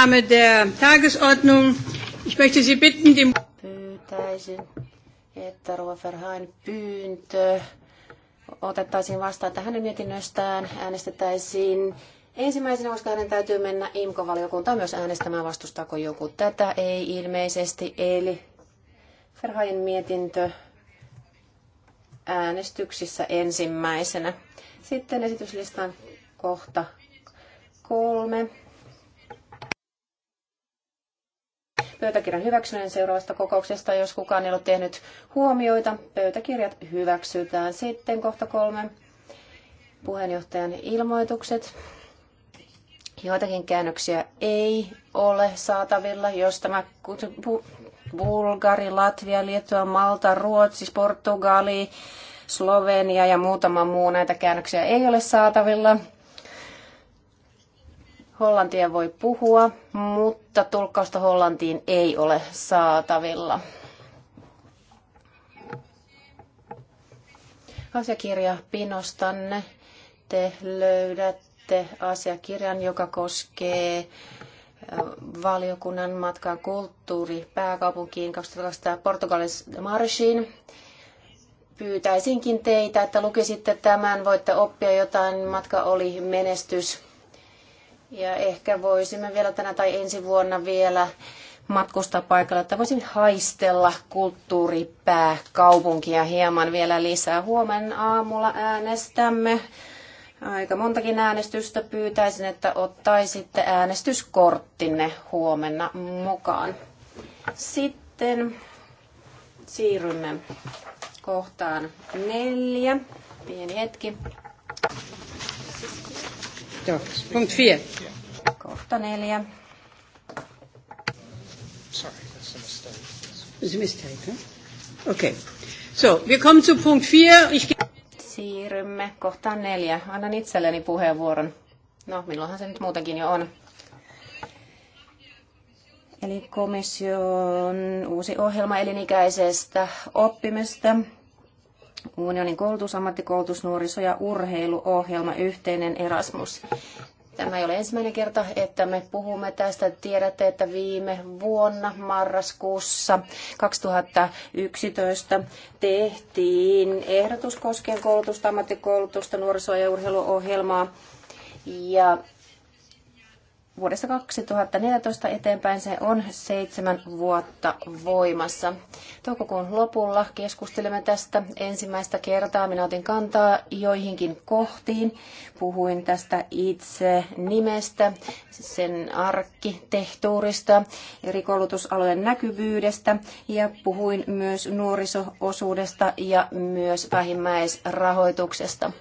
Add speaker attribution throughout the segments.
Speaker 1: Annahme der Tagesordnung. Ich möchte Sie bitten, dem
Speaker 2: Pyytäisin, että Ruoferhain pyyntö otettaisiin vastaan, että hänen mietinnöstään äänestettäisiin ensimmäisenä, koska hänen täytyy mennä IMKO-valiokuntaan myös äänestämään, vastustaako joku tätä. Ei ilmeisesti, eli Ferhain mietintö äänestyksissä ensimmäisenä. Sitten esityslistan kohta kolme. pöytäkirjan hyväksyminen seuraavasta kokouksesta. Jos kukaan ei ole tehnyt huomioita, pöytäkirjat hyväksytään. Sitten kohta kolme puheenjohtajan ilmoitukset. Joitakin käännöksiä ei ole saatavilla, jos tämä Bulgari, Latvia, Liettua, Malta, Ruotsi, Portugali, Slovenia ja muutama muu näitä käännöksiä ei ole saatavilla. Hollantia voi puhua, mutta tulkkausta Hollantiin ei ole saatavilla. Asiakirja pinostanne. Te löydätte asiakirjan, joka koskee valiokunnan matkan kulttuuri pääkaupunkiin 2020 Portugalis Marsiin. Pyytäisinkin teitä, että lukisitte tämän, voitte oppia jotain. Matka oli menestys ja ehkä voisimme vielä tänä tai ensi vuonna vielä matkustaa paikalla, että voisin haistella kulttuuripääkaupunkia hieman vielä lisää. Huomenna aamulla äänestämme. Aika montakin äänestystä pyytäisin, että ottaisitte äänestyskorttinne huomenna mukaan. Sitten siirrymme kohtaan neljä. Pieni hetki
Speaker 3: angenommen. Punkt 4.
Speaker 2: Kohta neljä.
Speaker 4: Sorry, that's a mistake.
Speaker 2: It's a mistake, huh? Okay. So, wir kommen zu Punkt 4. Ich... Siirrymme kohtaan neljä. Annan itselleni puheenvuoron. No, milloinhan se nyt muutenkin jo on. Eli komission uusi ohjelma elinikäisestä oppimista. Unionin koulutus, ammattikoulutus, nuoriso- ja urheiluohjelma, yhteinen Erasmus. Tämä ei ole ensimmäinen kerta, että me puhumme tästä. Tiedätte, että viime vuonna marraskuussa 2011 tehtiin ehdotus koskien koulutusta, ammattikoulutusta, nuoriso- ja urheiluohjelmaa. Ja vuodesta 2014 eteenpäin se on seitsemän vuotta voimassa. Toukokuun lopulla keskustelemme tästä ensimmäistä kertaa. Minä otin kantaa joihinkin kohtiin. Puhuin tästä itse nimestä, sen arkkitehtuurista, eri koulutusalojen näkyvyydestä ja puhuin myös nuoriso-osuudesta ja myös vähimmäisrahoituksesta.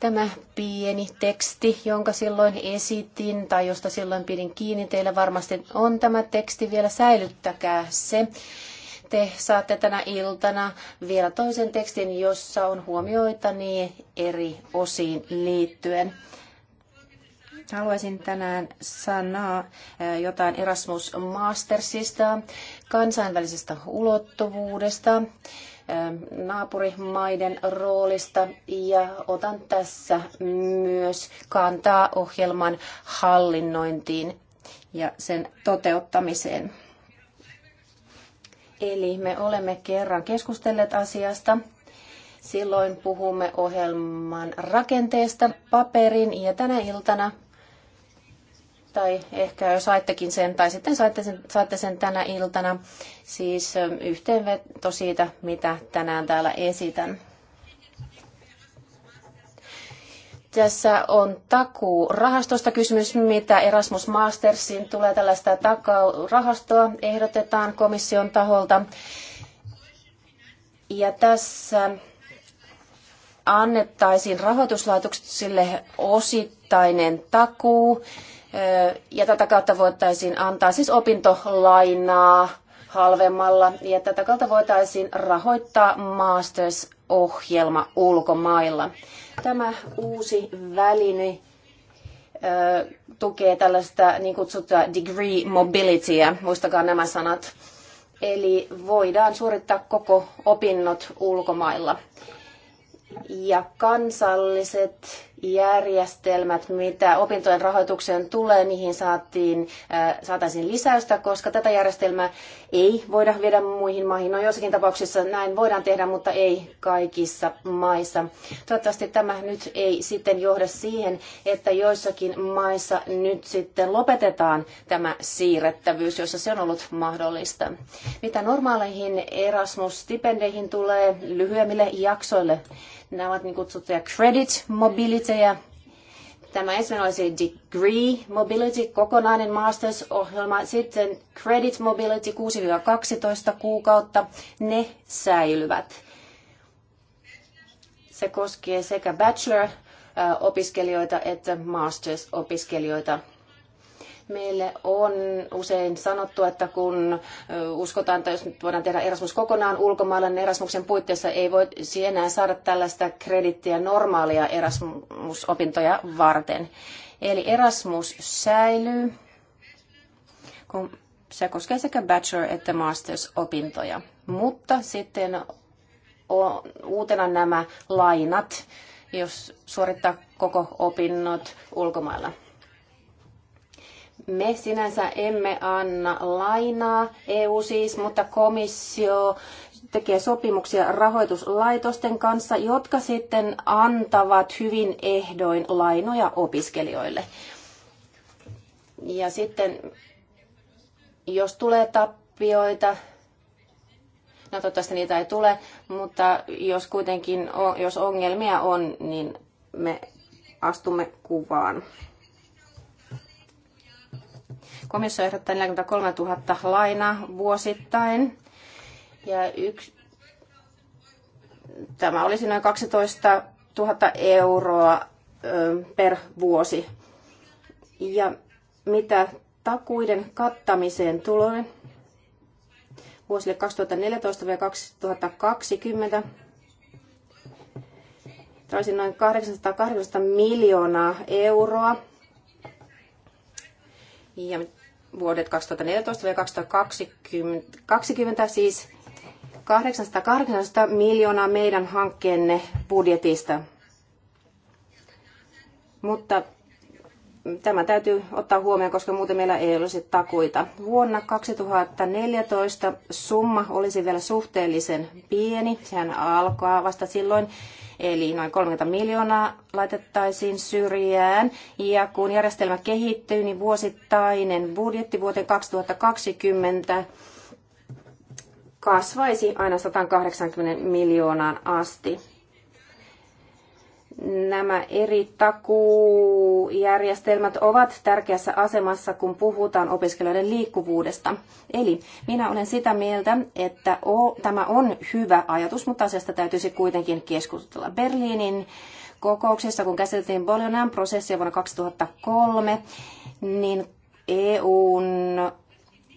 Speaker 2: Tämä pieni teksti, jonka silloin esitin tai josta silloin pidin kiinni, teillä varmasti on tämä teksti vielä säilyttäkää se. Te saatte tänä iltana vielä toisen tekstin, jossa on huomioita niin eri osiin liittyen. Haluaisin tänään sanoa eh, jotain Erasmus Mastersista, kansainvälisestä ulottuvuudesta, Ähm, naapurimaiden roolista ja otan tässä myös kantaa ohjelman hallinnointiin ja sen toteuttamiseen. Eli me olemme kerran keskustelleet asiasta. Silloin puhumme ohjelman rakenteesta paperin ja tänä iltana tai ehkä jo saittekin sen, tai sitten saitte sen, saitte sen tänä iltana. Siis yhteenveto siitä, mitä tänään täällä esitän. Tässä on takuu rahastosta kysymys, mitä Erasmus Mastersin tulee tällaista takaurahastoa ehdotetaan komission taholta. Ja tässä annettaisiin rahoituslaitoksille osittainen takuu ja tätä kautta voitaisiin antaa siis opintolainaa halvemmalla ja tätä kautta voitaisiin rahoittaa masters-ohjelma ulkomailla. Tämä uusi väline tukee tällaista niin kutsuttua degree mobilityä, muistakaa nämä sanat. Eli voidaan suorittaa koko opinnot ulkomailla. Ja kansalliset järjestelmät, mitä opintojen rahoitukseen tulee, niihin saatiin, äh, saataisiin lisäystä, koska tätä järjestelmää ei voida viedä muihin maihin. No joissakin tapauksissa näin voidaan tehdä, mutta ei kaikissa maissa. Toivottavasti tämä nyt ei sitten johda siihen, että joissakin maissa nyt sitten lopetetaan tämä siirrettävyys, jossa se on ollut mahdollista. Mitä normaaleihin Erasmus-stipendeihin tulee lyhyemmille jaksoille, nämä ovat niin kutsuttuja credit mobility referenssejä. Tämä ensimmäinen olisi Degree Mobility, kokonainen mastersohjelma, sitten Credit Mobility 6-12 kuukautta, ne säilyvät. Se koskee sekä bachelor-opiskelijoita että masters-opiskelijoita. Meille on usein sanottu, että kun uskotaan, että jos nyt voidaan tehdä Erasmus kokonaan ulkomailla, niin Erasmuksen puitteissa ei voi enää saada tällaista kredittiä normaalia Erasmus-opintoja varten. Eli Erasmus säilyy, kun se koskee sekä bachelor- että masters-opintoja. Mutta sitten on uutena nämä lainat, jos suorittaa koko opinnot ulkomailla. Me sinänsä emme anna lainaa, EU siis, mutta komissio tekee sopimuksia rahoituslaitosten kanssa, jotka sitten antavat hyvin ehdoin lainoja opiskelijoille. Ja sitten, jos tulee tappioita, no toivottavasti niitä ei tule, mutta jos kuitenkin, jos ongelmia on, niin me astumme kuvaan. Komissio ehdottaa 43 000 lainaa vuosittain. Ja yksi, tämä olisi noin 12 000 euroa per vuosi. Ja mitä takuiden kattamiseen tulee vuosille 2014-2020, tämä olisi noin 880 miljoonaa euroa ja vuodet 2014-2020 siis 880 miljoonaa meidän hankkeenne budjetista. Mutta tämä täytyy ottaa huomioon, koska muuten meillä ei olisi takuita. Vuonna 2014 summa olisi vielä suhteellisen pieni. Sehän alkaa vasta silloin. Eli noin 30 miljoonaa laitettaisiin syrjään. Ja kun järjestelmä kehittyy, niin vuosittainen budjetti vuoteen 2020 kasvaisi aina 180 miljoonaan asti. Nämä eri takuujärjestelmät ovat tärkeässä asemassa, kun puhutaan opiskelijoiden liikkuvuudesta. Eli minä olen sitä mieltä, että o tämä on hyvä ajatus, mutta asiasta täytyisi kuitenkin keskustella. Berliinin kokouksessa, kun käsiteltiin Bolognan prosessia vuonna 2003, niin EUn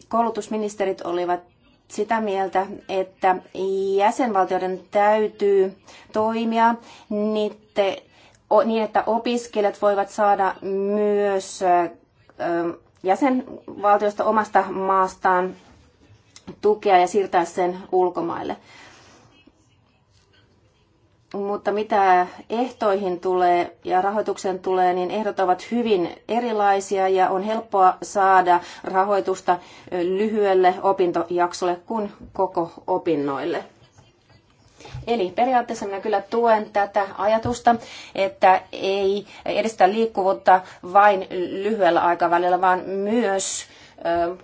Speaker 2: koulutusministerit olivat sitä mieltä, että jäsenvaltioiden täytyy toimia niin sitten niin, että opiskelijat voivat saada myös jäsenvaltiosta omasta maastaan tukea ja siirtää sen ulkomaille. Mutta mitä ehtoihin tulee ja rahoituksen tulee, niin ehdot ovat hyvin erilaisia ja on helppoa saada rahoitusta lyhyelle opintojaksolle kuin koko opinnoille. Eli periaatteessa minä kyllä tuen tätä ajatusta, että ei edistä liikkuvuutta vain lyhyellä aikavälillä, vaan myös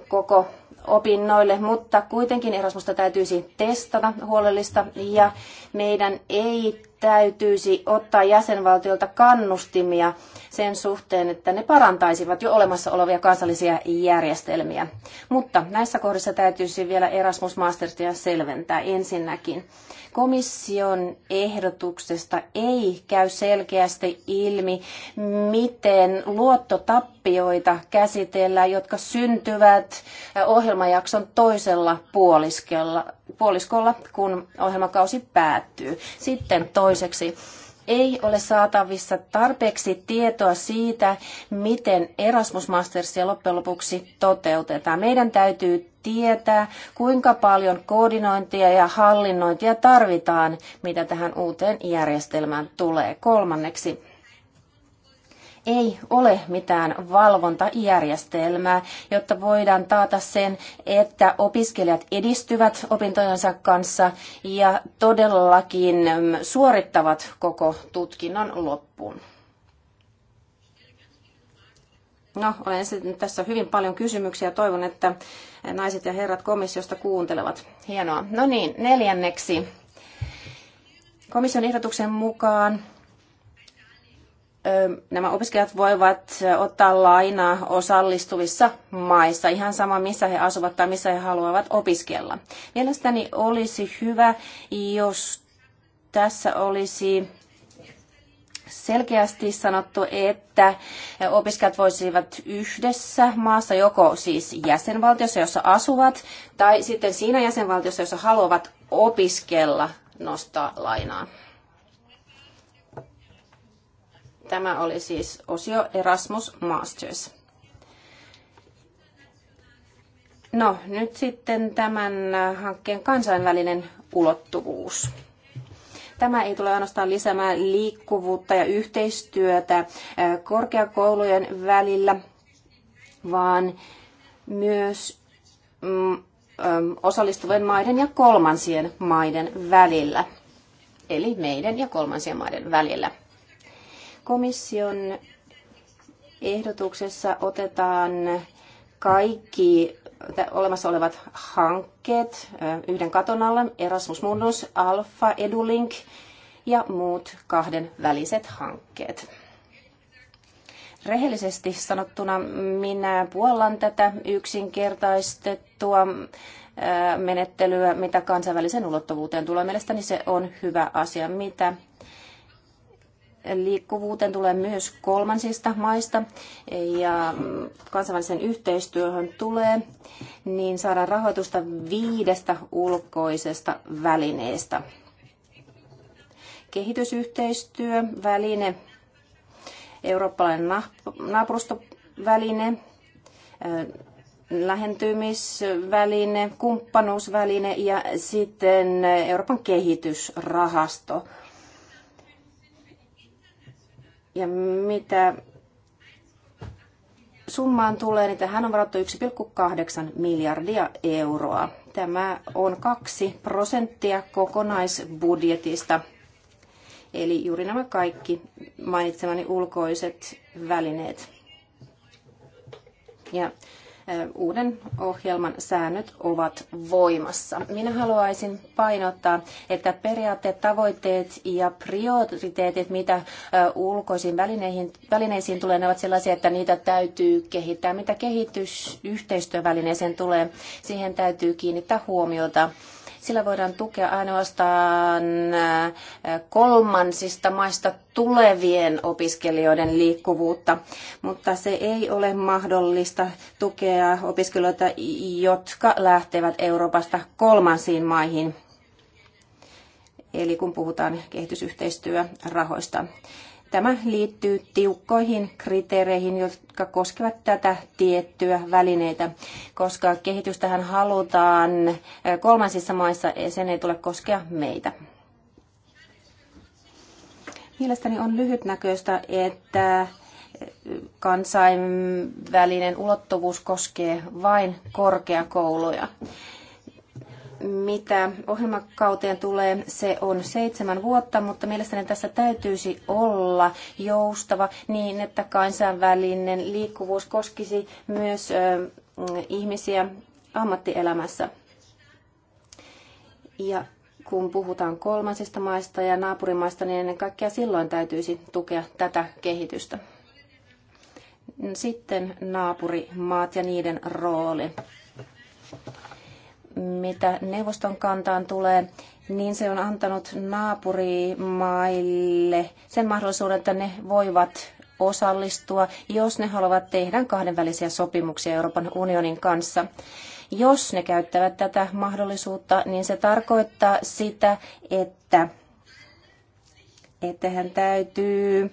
Speaker 2: koko opinnoille, mutta kuitenkin Erasmusta täytyisi testata huolellista ja meidän ei täytyisi ottaa jäsenvaltiolta kannustimia sen suhteen, että ne parantaisivat jo olemassa olevia kansallisia järjestelmiä. Mutta näissä kohdissa täytyisi vielä Erasmus Mastertia selventää ensinnäkin komission ehdotuksesta ei käy selkeästi ilmi, miten luottotappioita käsitellään, jotka syntyvät ohjelmajakson toisella puoliskolla, puoliskolla kun ohjelmakausi päättyy. Sitten toiseksi ei ole saatavissa tarpeeksi tietoa siitä, miten Erasmus Mastersia loppujen lopuksi toteutetaan. Meidän täytyy tietää, kuinka paljon koordinointia ja hallinnointia tarvitaan, mitä tähän uuteen järjestelmään tulee. Kolmanneksi, ei ole mitään valvontajärjestelmää, jotta voidaan taata sen, että opiskelijat edistyvät opintojensa kanssa ja todellakin mm, suorittavat koko tutkinnon loppuun. No, olen esittänyt tässä hyvin paljon kysymyksiä. Toivon, että naiset ja herrat komissiosta kuuntelevat. Hienoa. No niin, neljänneksi. Komission ehdotuksen mukaan nämä opiskelijat voivat ottaa lainaa osallistuvissa maissa, ihan sama missä he asuvat tai missä he haluavat opiskella. Mielestäni olisi hyvä, jos tässä olisi selkeästi sanottu, että opiskelijat voisivat yhdessä maassa joko siis jäsenvaltiossa, jossa asuvat, tai sitten siinä jäsenvaltiossa, jossa haluavat opiskella nostaa lainaa. Tämä oli siis osio Erasmus Masters. No, nyt sitten tämän hankkeen kansainvälinen ulottuvuus. Tämä ei tule ainoastaan lisäämään liikkuvuutta ja yhteistyötä äh, korkeakoulujen välillä, vaan myös mm, ähm, osallistuvien maiden ja kolmansien maiden välillä. Eli meidän ja kolmansien maiden välillä. Komission ehdotuksessa otetaan kaikki olemassa olevat hankkeet yhden katon alla, Erasmus Mundus, alfa Edulink ja muut kahden väliset hankkeet. Rehellisesti sanottuna minä puollan tätä yksinkertaistettua menettelyä, mitä kansainväliseen ulottuvuuteen tulee. Mielestäni se on hyvä asia. Mitä liikkuvuuteen tulee myös kolmansista maista ja kansainväliseen yhteistyöhön tulee, niin saadaan rahoitusta viidestä ulkoisesta välineestä. Kehitysyhteistyö, väline, eurooppalainen naapurustoväline, äh, lähentymisväline, kumppanuusväline ja sitten Euroopan kehitysrahasto – ja mitä summaan tulee, niin tähän on varattu 1,8 miljardia euroa. Tämä on 2 prosenttia kokonaisbudjetista. Eli juuri nämä kaikki mainitsemani ulkoiset välineet. Ja uuden ohjelman säännöt ovat voimassa. Minä haluaisin painottaa, että periaatteet, tavoitteet ja prioriteetit, mitä ulkoisiin välineihin, välineisiin tulee, ne ovat sellaisia, että niitä täytyy kehittää. Mitä kehitysyhteistyövälineeseen tulee, siihen täytyy kiinnittää huomiota sillä voidaan tukea ainoastaan äh, kolmansista maista tulevien opiskelijoiden liikkuvuutta, mutta se ei ole mahdollista tukea opiskelijoita, jotka lähtevät Euroopasta kolmansiin maihin. Eli kun puhutaan kehitysyhteistyörahoista. Tämä liittyy tiukkoihin kriteereihin, jotka koskevat tätä tiettyä välineitä, koska kehitystähän halutaan eh, kolmansissa maissa, sen ei tule koskea meitä. Mielestäni on lyhytnäköistä, että eh, kansainvälinen ulottuvuus koskee vain korkeakouluja mitä ohjelmakauteen tulee, se on seitsemän vuotta, mutta mielestäni tässä täytyisi olla joustava niin, että kansainvälinen liikkuvuus koskisi myös ihmisiä ammattielämässä. Ja kun puhutaan kolmansista maista ja naapurimaista, niin ennen kaikkea silloin täytyisi tukea tätä kehitystä. Sitten naapurimaat ja niiden rooli. Mitä neuvoston kantaan tulee, niin se on antanut naapurimaille sen mahdollisuuden, että ne voivat osallistua, jos ne haluavat tehdä kahdenvälisiä sopimuksia Euroopan unionin kanssa. Jos ne käyttävät tätä mahdollisuutta, niin se tarkoittaa sitä, että että hän täytyy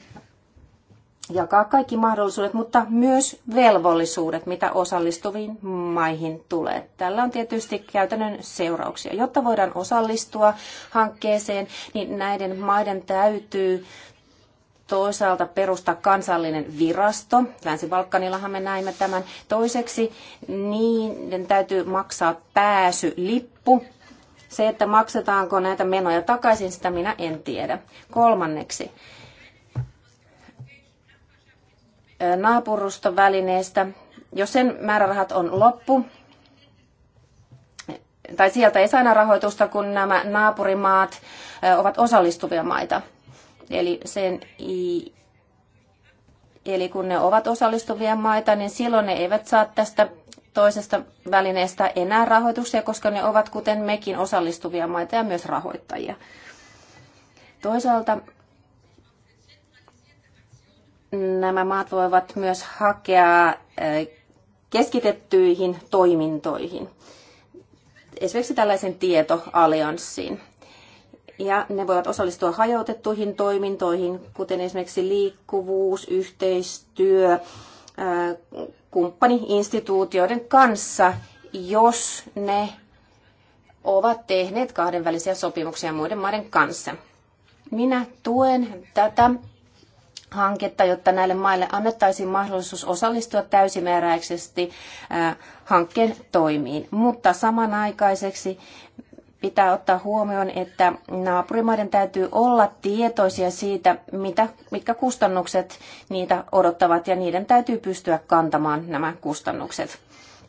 Speaker 2: jakaa kaikki mahdollisuudet, mutta myös velvollisuudet, mitä osallistuviin maihin tulee. Tällä on tietysti käytännön seurauksia. Jotta voidaan osallistua hankkeeseen, niin näiden maiden täytyy toisaalta perustaa kansallinen virasto. Länsi-Balkanillahan me näimme tämän. Toiseksi niiden täytyy maksaa pääsylippu. Se, että maksetaanko näitä menoja takaisin, sitä minä en tiedä. Kolmanneksi, naapurustovälineestä. Jos sen määrärahat on loppu, tai sieltä ei saada rahoitusta, kun nämä naapurimaat ovat osallistuvia maita. Eli, sen, eli kun ne ovat osallistuvia maita, niin silloin ne eivät saa tästä toisesta välineestä enää rahoituksia, koska ne ovat kuten mekin osallistuvia maita ja myös rahoittajia. Toisaalta nämä maat voivat myös hakea keskitettyihin toimintoihin, esimerkiksi tällaisen tietoallianssiin. Ja ne voivat osallistua hajautettuihin toimintoihin, kuten esimerkiksi liikkuvuus, yhteistyö, kumppaniinstituutioiden kanssa, jos ne ovat tehneet kahdenvälisiä sopimuksia muiden maiden kanssa. Minä tuen tätä hanketta, jotta näille maille annettaisiin mahdollisuus osallistua täysimääräisesti hankkeen toimiin. Mutta samanaikaiseksi pitää ottaa huomioon, että naapurimaiden täytyy olla tietoisia siitä, mitä, mitkä kustannukset niitä odottavat, ja niiden täytyy pystyä kantamaan nämä kustannukset.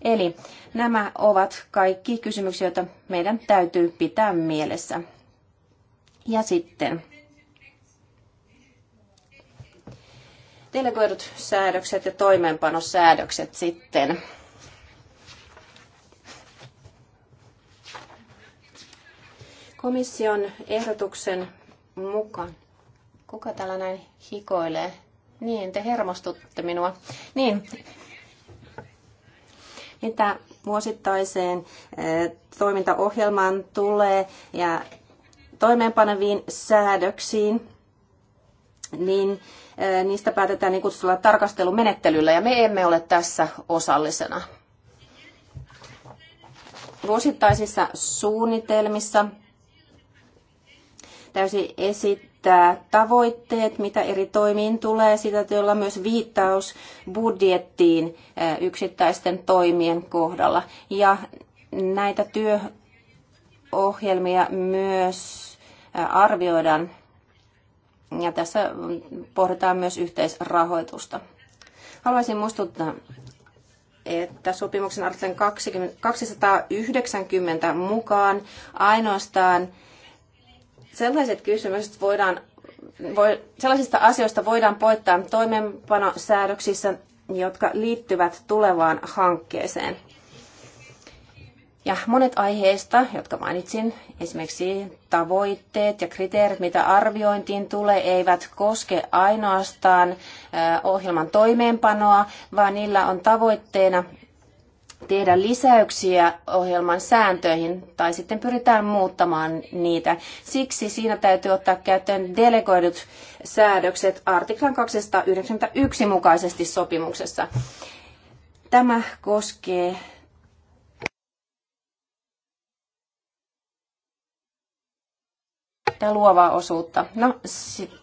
Speaker 2: Eli nämä ovat kaikki kysymyksiä, joita meidän täytyy pitää mielessä. Ja sitten Delegoidut säädökset ja toimeenpanosäädökset sitten. Komission ehdotuksen mukaan. Kuka täällä näin hikoilee? Niin, te hermostutte minua. Niin, mitä vuosittaiseen eh, toimintaohjelmaan tulee ja toimeenpaneviin säädöksiin niin niistä päätetään niin kutsutulla tarkastelumenettelyllä ja me emme ole tässä osallisena. Vuosittaisissa suunnitelmissa täysi esittää tavoitteet, mitä eri toimiin tulee. Sitä työllä myös viittaus budjettiin yksittäisten toimien kohdalla. Ja näitä työohjelmia myös arvioidaan ja tässä pohditaan myös yhteisrahoitusta. Haluaisin muistuttaa, että sopimuksen artiklan 290 mukaan ainoastaan sellaiset kysymykset voidaan, voi, sellaisista asioista voidaan poittaa toimeenpanosäädöksissä, jotka liittyvät tulevaan hankkeeseen. Ja monet aiheista, jotka mainitsin, esimerkiksi tavoitteet ja kriteerit, mitä arviointiin tulee, eivät koske ainoastaan ohjelman toimeenpanoa, vaan niillä on tavoitteena tehdä lisäyksiä ohjelman sääntöihin tai sitten pyritään muuttamaan niitä. Siksi siinä täytyy ottaa käyttöön delegoidut säädökset artiklan 291 mukaisesti sopimuksessa. Tämä koskee käyttää luovaa osuutta. No, si-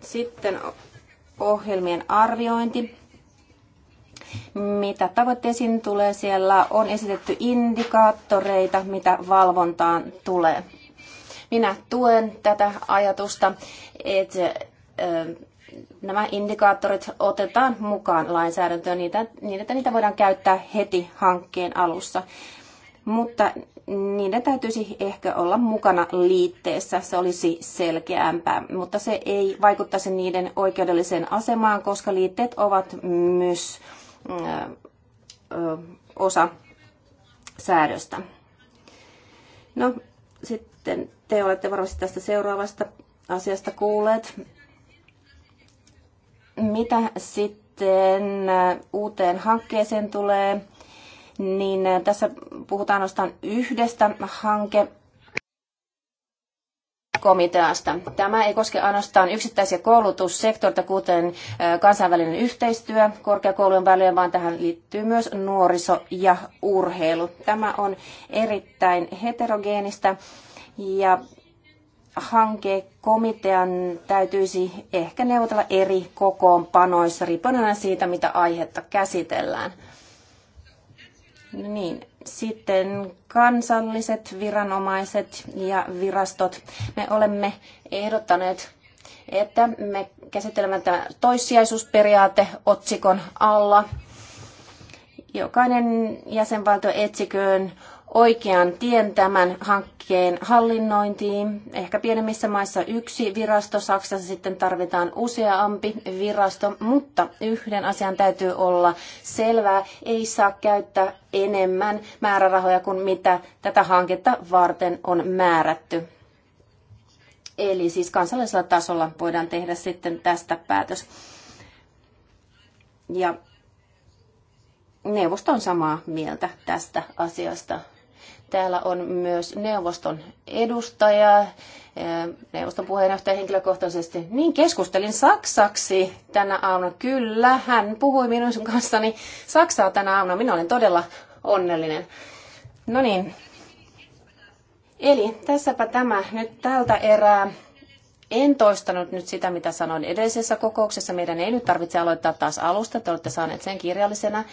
Speaker 2: sitten ohjelmien arviointi. Mitä tavoitteisiin tulee, siellä on esitetty indikaattoreita, mitä valvontaan tulee. Minä tuen tätä ajatusta, että nämä indikaattorit otetaan mukaan lainsäädäntöön niitä, niin, että niitä voidaan käyttää heti hankkeen alussa. Mutta niiden täytyisi ehkä olla mukana liitteessä. Se olisi selkeämpää, mutta se ei vaikuttaisi niiden oikeudelliseen asemaan, koska liitteet ovat myös osa säädöstä. No, sitten te olette varmasti tästä seuraavasta asiasta kuulleet. Mitä sitten uuteen hankkeeseen tulee? niin äh, tässä puhutaan ainoastaan yhdestä hanke komiteasta. Tämä ei koske ainoastaan yksittäisiä koulutussektorita, kuten äh, kansainvälinen yhteistyö korkeakoulujen välillä, vaan tähän liittyy myös nuoriso ja urheilu. Tämä on erittäin heterogeenistä ja hankekomitean täytyisi ehkä neuvotella eri kokoonpanoissa riippuen siitä, mitä aihetta käsitellään. Niin, sitten kansalliset viranomaiset ja virastot. Me olemme ehdottaneet, että me käsittelemme tämä toissijaisuusperiaate otsikon alla. Jokainen jäsenvaltio etsiköön oikean tien tämän hankkeen hallinnointiin. Ehkä pienemmissä maissa yksi virasto, Saksassa sitten tarvitaan useampi virasto, mutta yhden asian täytyy olla selvää. Ei saa käyttää enemmän määrärahoja kuin mitä tätä hanketta varten on määrätty. Eli siis kansallisella tasolla voidaan tehdä sitten tästä päätös. Ja neuvosto on samaa mieltä tästä asiasta. Täällä on myös neuvoston edustaja, eh, neuvoston puheenjohtaja henkilökohtaisesti. Niin keskustelin saksaksi tänä aamuna. Kyllä, hän puhui minun kanssani saksaa tänä aamuna. Minä olen todella onnellinen. No niin. Eli tässäpä tämä nyt tältä erää. En toistanut nyt sitä, mitä sanoin edellisessä kokouksessa. Meidän ei nyt tarvitse aloittaa taas alusta. Te olette saaneet sen kirjallisena.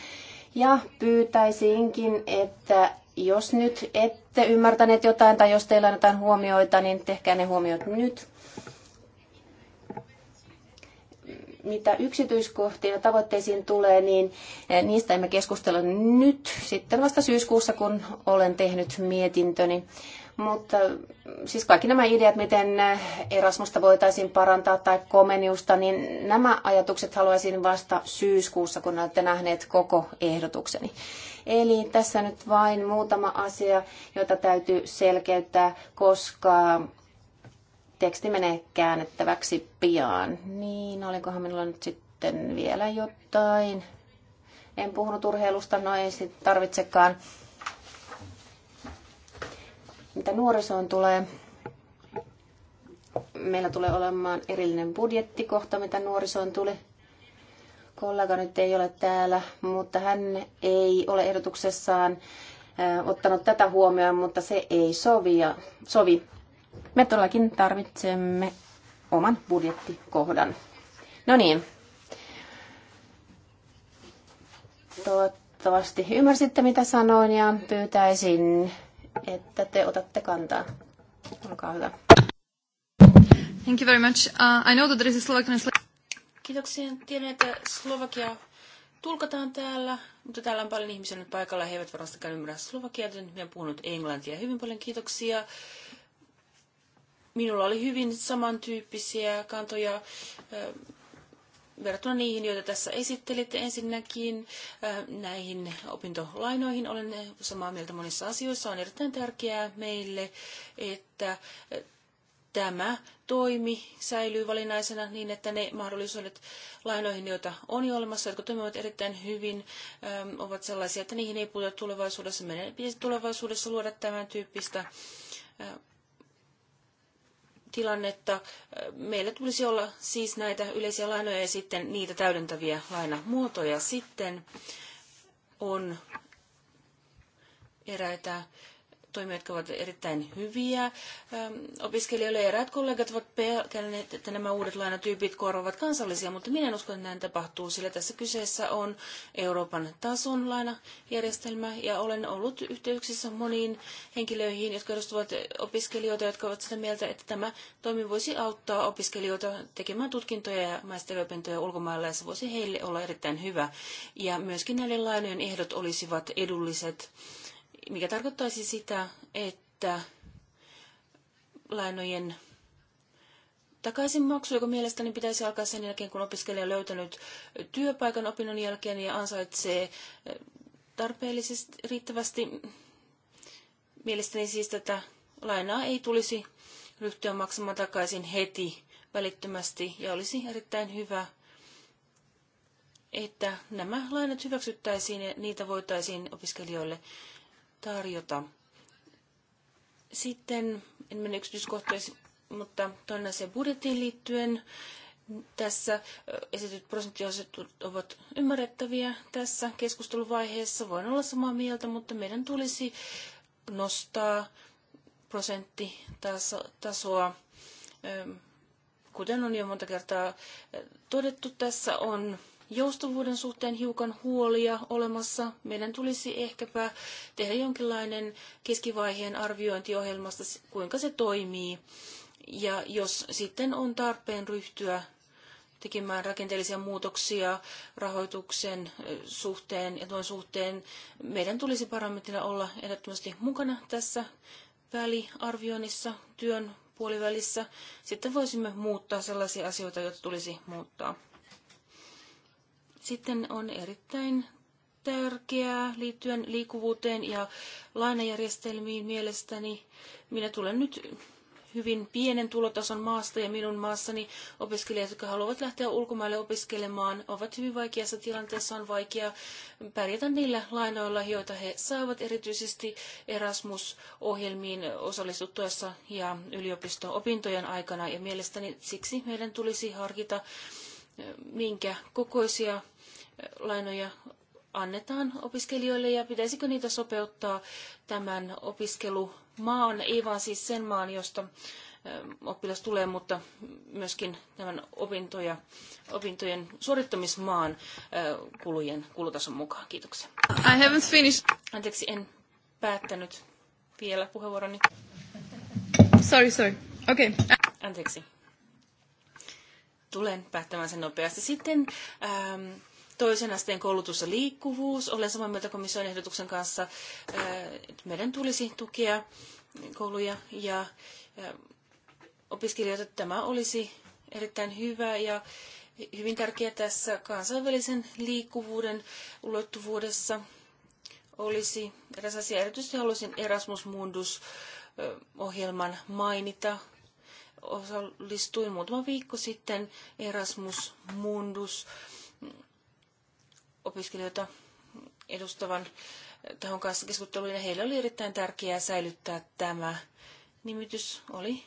Speaker 2: Ja pyytäisinkin, että jos nyt ette ymmärtäneet jotain tai jos teillä on jotain huomioita, niin tehkää ne huomiot nyt. Mitä yksityiskohtia tavoitteisiin tulee, niin eh, niistä emme keskustella nyt, sitten vasta syyskuussa, kun olen tehnyt mietintöni. Mutta siis kaikki nämä ideat, miten Erasmusta voitaisiin parantaa tai komeniusta, niin nämä ajatukset haluaisin vasta syyskuussa, kun olette nähneet koko ehdotukseni. Eli tässä nyt vain muutama asia, jota täytyy selkeyttää, koska teksti menee käännettäväksi pian. Niin, olikohan minulla nyt sitten vielä jotain? En puhunut urheilusta, no ei sit tarvitsekaan. Mitä nuorisoon tulee, meillä tulee olemaan erillinen budjettikohta, mitä nuorisoon tulee. Kollega nyt ei ole täällä, mutta hän ei ole ehdotuksessaan äh, ottanut tätä huomioon, mutta se ei sovi. Ja, sovi. Me todellakin tarvitsemme oman budjettikohdan. No niin. Toivottavasti ymmärsitte, mitä sanoin, ja pyytäisin että te otatte kantaa. Olkaa hyvä. Thank you
Speaker 5: very much. Uh, I know that there is a Slovakian...
Speaker 1: Kiitoksia. Tiedän, että Slovakia tulkataan täällä, mutta täällä on paljon ihmisiä nyt paikalla. He eivät varmastikaan ymmärrä Slovakia, joten minä olen puhunut englantia. Hyvin paljon kiitoksia. Minulla oli hyvin samantyyppisiä kantoja. Uh, verrattuna niihin, joita tässä esittelitte ensinnäkin äh, näihin opintolainoihin. Olen samaa mieltä monissa asioissa. On erittäin tärkeää meille, että äh, tämä toimi säilyy valinnaisena niin, että ne mahdollisuudet lainoihin, joita on jo olemassa, jotka toimivat erittäin hyvin, ähm, ovat sellaisia, että niihin ei puhuta tulevaisuudessa. Meidän pitäisi tulevaisuudessa luoda tämän tyyppistä äh, tilannetta. Meillä tulisi olla siis näitä yleisiä lainoja ja sitten niitä täydentäviä lainamuotoja. Sitten on eräitä toimia, jotka ovat erittäin hyviä ähm, opiskelijoille. Eräät kollegat ovat pelkänneet, että nämä uudet lainatyypit korvaavat kansallisia, mutta minä en usko, että näin tapahtuu, sillä tässä kyseessä on Euroopan tason lainajärjestelmä, ja olen ollut yhteyksissä moniin henkilöihin, jotka edustavat opiskelijoita, jotka ovat sitä mieltä, että tämä toimi voisi auttaa opiskelijoita tekemään tutkintoja ja maisteriopintoja ulkomailla, ja se voisi heille olla erittäin hyvä. Ja myöskin näiden lainojen ehdot olisivat edulliset mikä tarkoittaisi sitä, että lainojen takaisinmaksu, joka mielestäni pitäisi alkaa sen jälkeen, kun opiskelija on löytänyt työpaikan opinnon jälkeen ja ansaitsee eh, tarpeellisesti riittävästi. Mielestäni siis tätä lainaa ei tulisi ryhtyä maksamaan takaisin heti välittömästi ja olisi erittäin hyvä, että nämä lainat hyväksyttäisiin ja niitä voitaisiin opiskelijoille tarjota. Sitten, en mene yksityiskohtaisesti, mutta toinen asia budjettiin liittyen. Tässä esityt prosenttiosuudet ovat ymmärrettäviä tässä keskusteluvaiheessa. Voin olla samaa mieltä, mutta meidän tulisi nostaa prosenttitasoa. Kuten on jo monta kertaa todettu, tässä on joustavuuden suhteen hiukan huolia olemassa. Meidän tulisi ehkäpä tehdä jonkinlainen keskivaiheen arviointiohjelmasta, kuinka se toimii. Ja jos sitten on tarpeen ryhtyä tekemään rakenteellisia muutoksia rahoituksen suhteen ja tuon suhteen, meidän tulisi parametrina olla ehdottomasti mukana tässä väliarvioinnissa työn puolivälissä. Sitten voisimme muuttaa sellaisia asioita, joita tulisi muuttaa. Sitten on erittäin tärkeää liittyen liikkuvuuteen ja lainajärjestelmiin mielestäni. Minä tulen nyt hyvin pienen tulotason maasta ja minun maassani opiskelijat, jotka haluavat lähteä ulkomaille opiskelemaan, ovat hyvin vaikeassa tilanteessa. On vaikea pärjätä niillä lainoilla, joita he saavat erityisesti Erasmus-ohjelmiin osallistuttuessa ja yliopisto-opintojen aikana. Ja mielestäni siksi meidän tulisi harkita minkä kokoisia lainoja annetaan opiskelijoille ja pitäisikö niitä sopeuttaa tämän opiskelumaan, ei vaan siis sen maan, josta oppilas tulee, mutta myöskin tämän opintoja, opintojen suorittamismaan kulujen kulutason mukaan. Kiitoksia. I haven't finished. Anteeksi, en päättänyt vielä puheenvuoroni. Sorry, sorry. Okay. Anteeksi tulen päättämään sen nopeasti. Sitten ähm, toisen asteen koulutus ja liikkuvuus. Olen samaa mieltä komission ehdotuksen kanssa, äh, että meidän tulisi tukea kouluja ja äh, opiskelijoita. Tämä olisi erittäin hyvä ja hyvin tärkeä tässä kansainvälisen liikkuvuuden ulottuvuudessa olisi eräs asia. Erityisesti haluaisin Erasmus Mundus-ohjelman äh, mainita osallistuin muutama viikko sitten Erasmus Mundus opiskelijoita edustavan tahon kanssa keskusteluun ja heille oli erittäin tärkeää säilyttää tämä nimitys oli.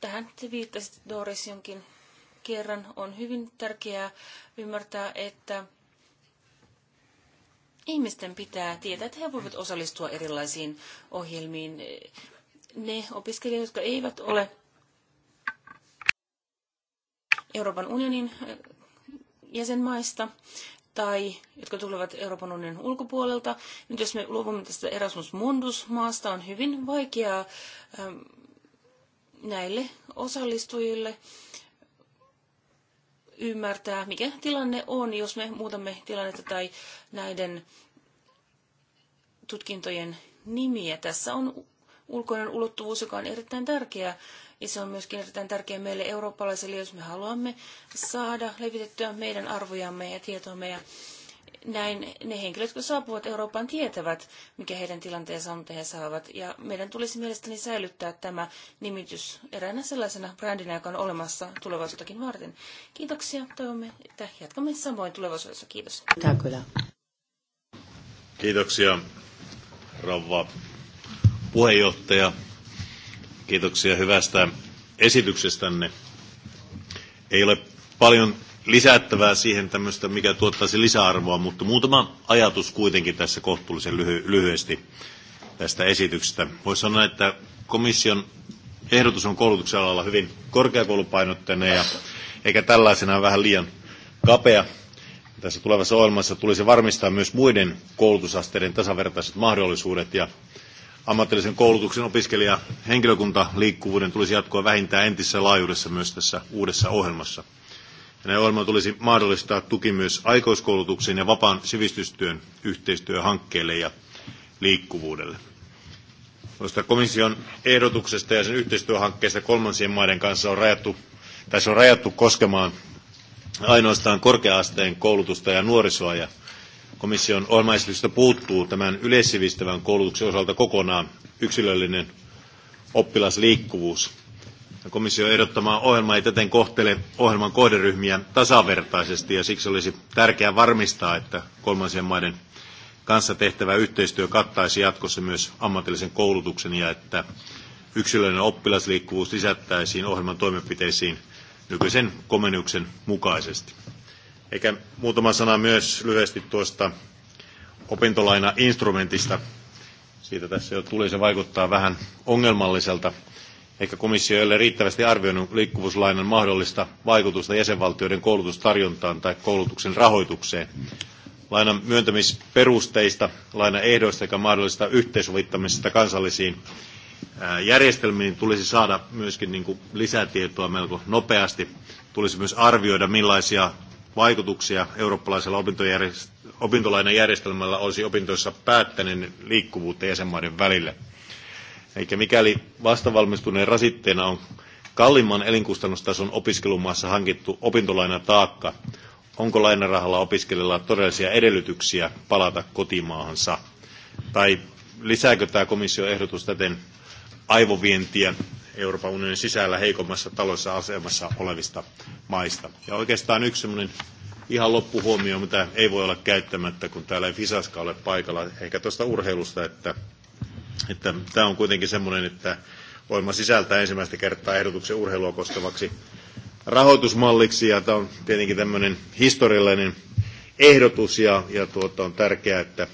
Speaker 1: Tähän te viittasit Doris jonkin kerran. On hyvin tärkeää ymmärtää, että ihmisten pitää tietää, että he voivat osallistua erilaisiin ohjelmiin ne opiskelijat, jotka eivät ole Euroopan unionin jäsenmaista tai jotka tulevat Euroopan unionin ulkopuolelta. Nyt jos me luovumme tästä Erasmus Mundus-maasta, on hyvin vaikeaa näille osallistujille ymmärtää, mikä tilanne on, jos me muutamme tilannetta tai näiden tutkintojen nimiä. Tässä on ulkoinen ulottuvuus, joka on erittäin tärkeä. Ja se on myöskin erittäin tärkeä meille eurooppalaisille, jos me haluamme saada levitettyä meidän arvojamme ja tietoamme. Ja näin ne henkilöt, jotka saapuvat Eurooppaan, tietävät, mikä heidän tilanteensa on, mitä he saavat. Ja meidän tulisi mielestäni säilyttää tämä nimitys eräänä sellaisena brändinä, joka on olemassa tulevaisuuttakin varten. Kiitoksia. Toivomme, että jatkamme samoin tulevaisuudessa.
Speaker 4: Kiitos. Kiitoksia, rouva puheenjohtaja. Kiitoksia hyvästä esityksestänne. Ei ole paljon lisättävää siihen tämmöistä, mikä tuottaisi lisäarvoa, mutta muutama ajatus kuitenkin tässä kohtuullisen lyhy- lyhyesti tästä esityksestä. Voisi sanoa, että komission ehdotus on koulutuksen alalla hyvin korkeakoulupainotteinen ja eikä tällaisena vähän liian kapea. Tässä tulevassa ohjelmassa tulisi varmistaa myös muiden koulutusasteiden tasavertaiset mahdollisuudet ja ammatillisen koulutuksen opiskelija liikkuvuuden tulisi jatkoa vähintään entisessä laajuudessa myös tässä uudessa ohjelmassa. Ja näin ohjelma tulisi mahdollistaa tuki myös aikoiskoulutuksen ja vapaan sivistystyön yhteistyöhankkeille ja liikkuvuudelle. Tuosta komission ehdotuksesta ja sen yhteistyöhankkeesta kolmansien maiden kanssa on rajattu, tässä on rajattu koskemaan ainoastaan korkeaasteen koulutusta ja nuorisoa ja komission ohjelmaesityksestä puuttuu tämän yleissivistävän koulutuksen osalta kokonaan yksilöllinen oppilasliikkuvuus. Komission ehdottama ohjelma ei täten kohtele ohjelman kohderyhmiä tasavertaisesti ja siksi olisi tärkeää varmistaa, että kolmansien maiden kanssa tehtävä yhteistyö kattaisi jatkossa myös ammatillisen koulutuksen ja että yksilöllinen oppilasliikkuvuus lisättäisiin ohjelman toimenpiteisiin nykyisen komennuksen mukaisesti. Eikä muutama sana myös lyhyesti tuosta opintolaina-instrumentista. Siitä tässä jo tuli, se vaikuttaa vähän ongelmalliselta. Ehkä komissio ei ole riittävästi arvioinut liikkuvuuslainan mahdollista vaikutusta jäsenvaltioiden koulutustarjontaan tai koulutuksen rahoitukseen. Lainan myöntämisperusteista, lainaehdoista sekä mahdollista yhteensovittamisesta kansallisiin järjestelmiin tulisi saada myöskin niin kuin lisätietoa melko nopeasti. Tulisi myös arvioida, millaisia vaikutuksia eurooppalaisella opintolainajärjestelmällä olisi opintoissa päättäneen liikkuvuutta jäsenmaiden välillä. Eli mikäli vastavalmistuneen rasitteena on kalliimman elinkustannustason opiskelumaassa hankittu opintolainataakka, onko lainarahalla opiskelijalla todellisia edellytyksiä palata kotimaahansa? Tai lisääkö tämä komission ehdotus täten aivovientiä Euroopan unionin sisällä heikommassa taloudellisessa asemassa olevista maista. Ja oikeastaan yksi semmoinen ihan loppuhuomio, mitä ei voi olla käyttämättä, kun täällä ei Fisaska ole paikalla, ehkä tuosta urheilusta, että, että tämä on kuitenkin semmoinen, että voima sisältää ensimmäistä kertaa ehdotuksen urheilua koskevaksi rahoitusmalliksi, ja tämä on tietenkin tämmöinen historiallinen ehdotus, ja, ja tuota, on tärkeää, että,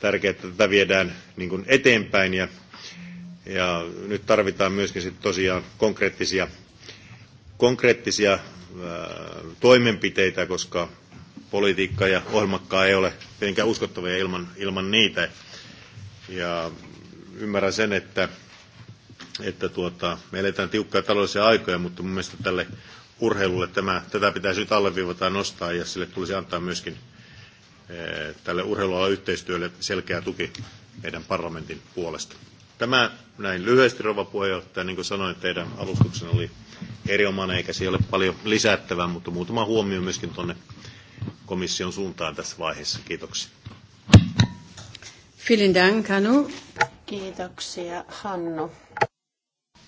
Speaker 4: tärkeää, että tätä viedään niin kuin eteenpäin, ja ja nyt tarvitaan myöskin sit tosiaan konkreettisia, konkreettisia äh, toimenpiteitä, koska politiikka ja ohjelmakkaa ei ole tietenkään uskottavia ilman, ilman niitä. Ja ymmärrän sen, että, että tuota, me eletään tiukkaa taloudellisia aikoja, mutta mun mielestä tälle urheilulle tämä, tätä pitäisi nyt alleviivata ja nostaa, ja sille tulisi antaa myöskin e, tälle urheilualan yhteistyölle selkeä tuki meidän parlamentin puolesta. Tämä näin lyhyesti, rouva puheenjohtaja, niin kuin sanoin, teidän alustuksen oli erinomainen, eikä siellä ole paljon lisättävää, mutta muutama huomio myöskin tuonne komission suuntaan tässä vaiheessa. Kiitoksia.
Speaker 1: Vielen Dank, Hannu.
Speaker 2: Kiitoksia, Hannu.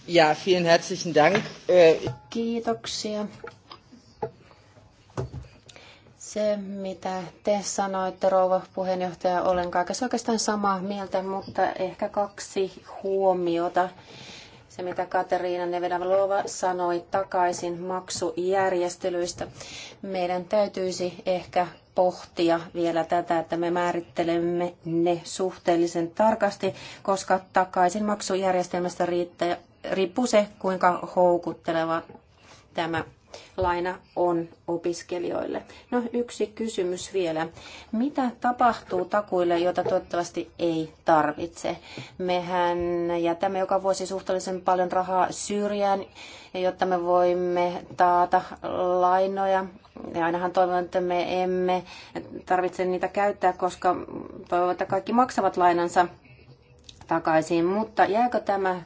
Speaker 2: Ja, vielen herzlichen Dank. Äh, Kiitoksia. Se, mitä te sanoitte, rouva puheenjohtaja, olen kaikessa oikeastaan samaa mieltä, mutta ehkä kaksi huomiota. Se, mitä Katariina Nevedavlova sanoi takaisin maksujärjestelyistä. Meidän täytyisi ehkä pohtia vielä tätä, että me määrittelemme ne suhteellisen tarkasti, koska takaisin maksujärjestelmästä riittää, riippuu se, kuinka houkutteleva tämä laina on opiskelijoille. No yksi kysymys vielä. Mitä tapahtuu takuille, joita toivottavasti ei tarvitse? Mehän jätämme joka vuosi suhteellisen paljon rahaa syrjään, jotta me voimme taata lainoja. Ja ainahan toivon, että me emme tarvitse niitä käyttää, koska toivon, että kaikki maksavat lainansa takaisin. Mutta jääkö tämä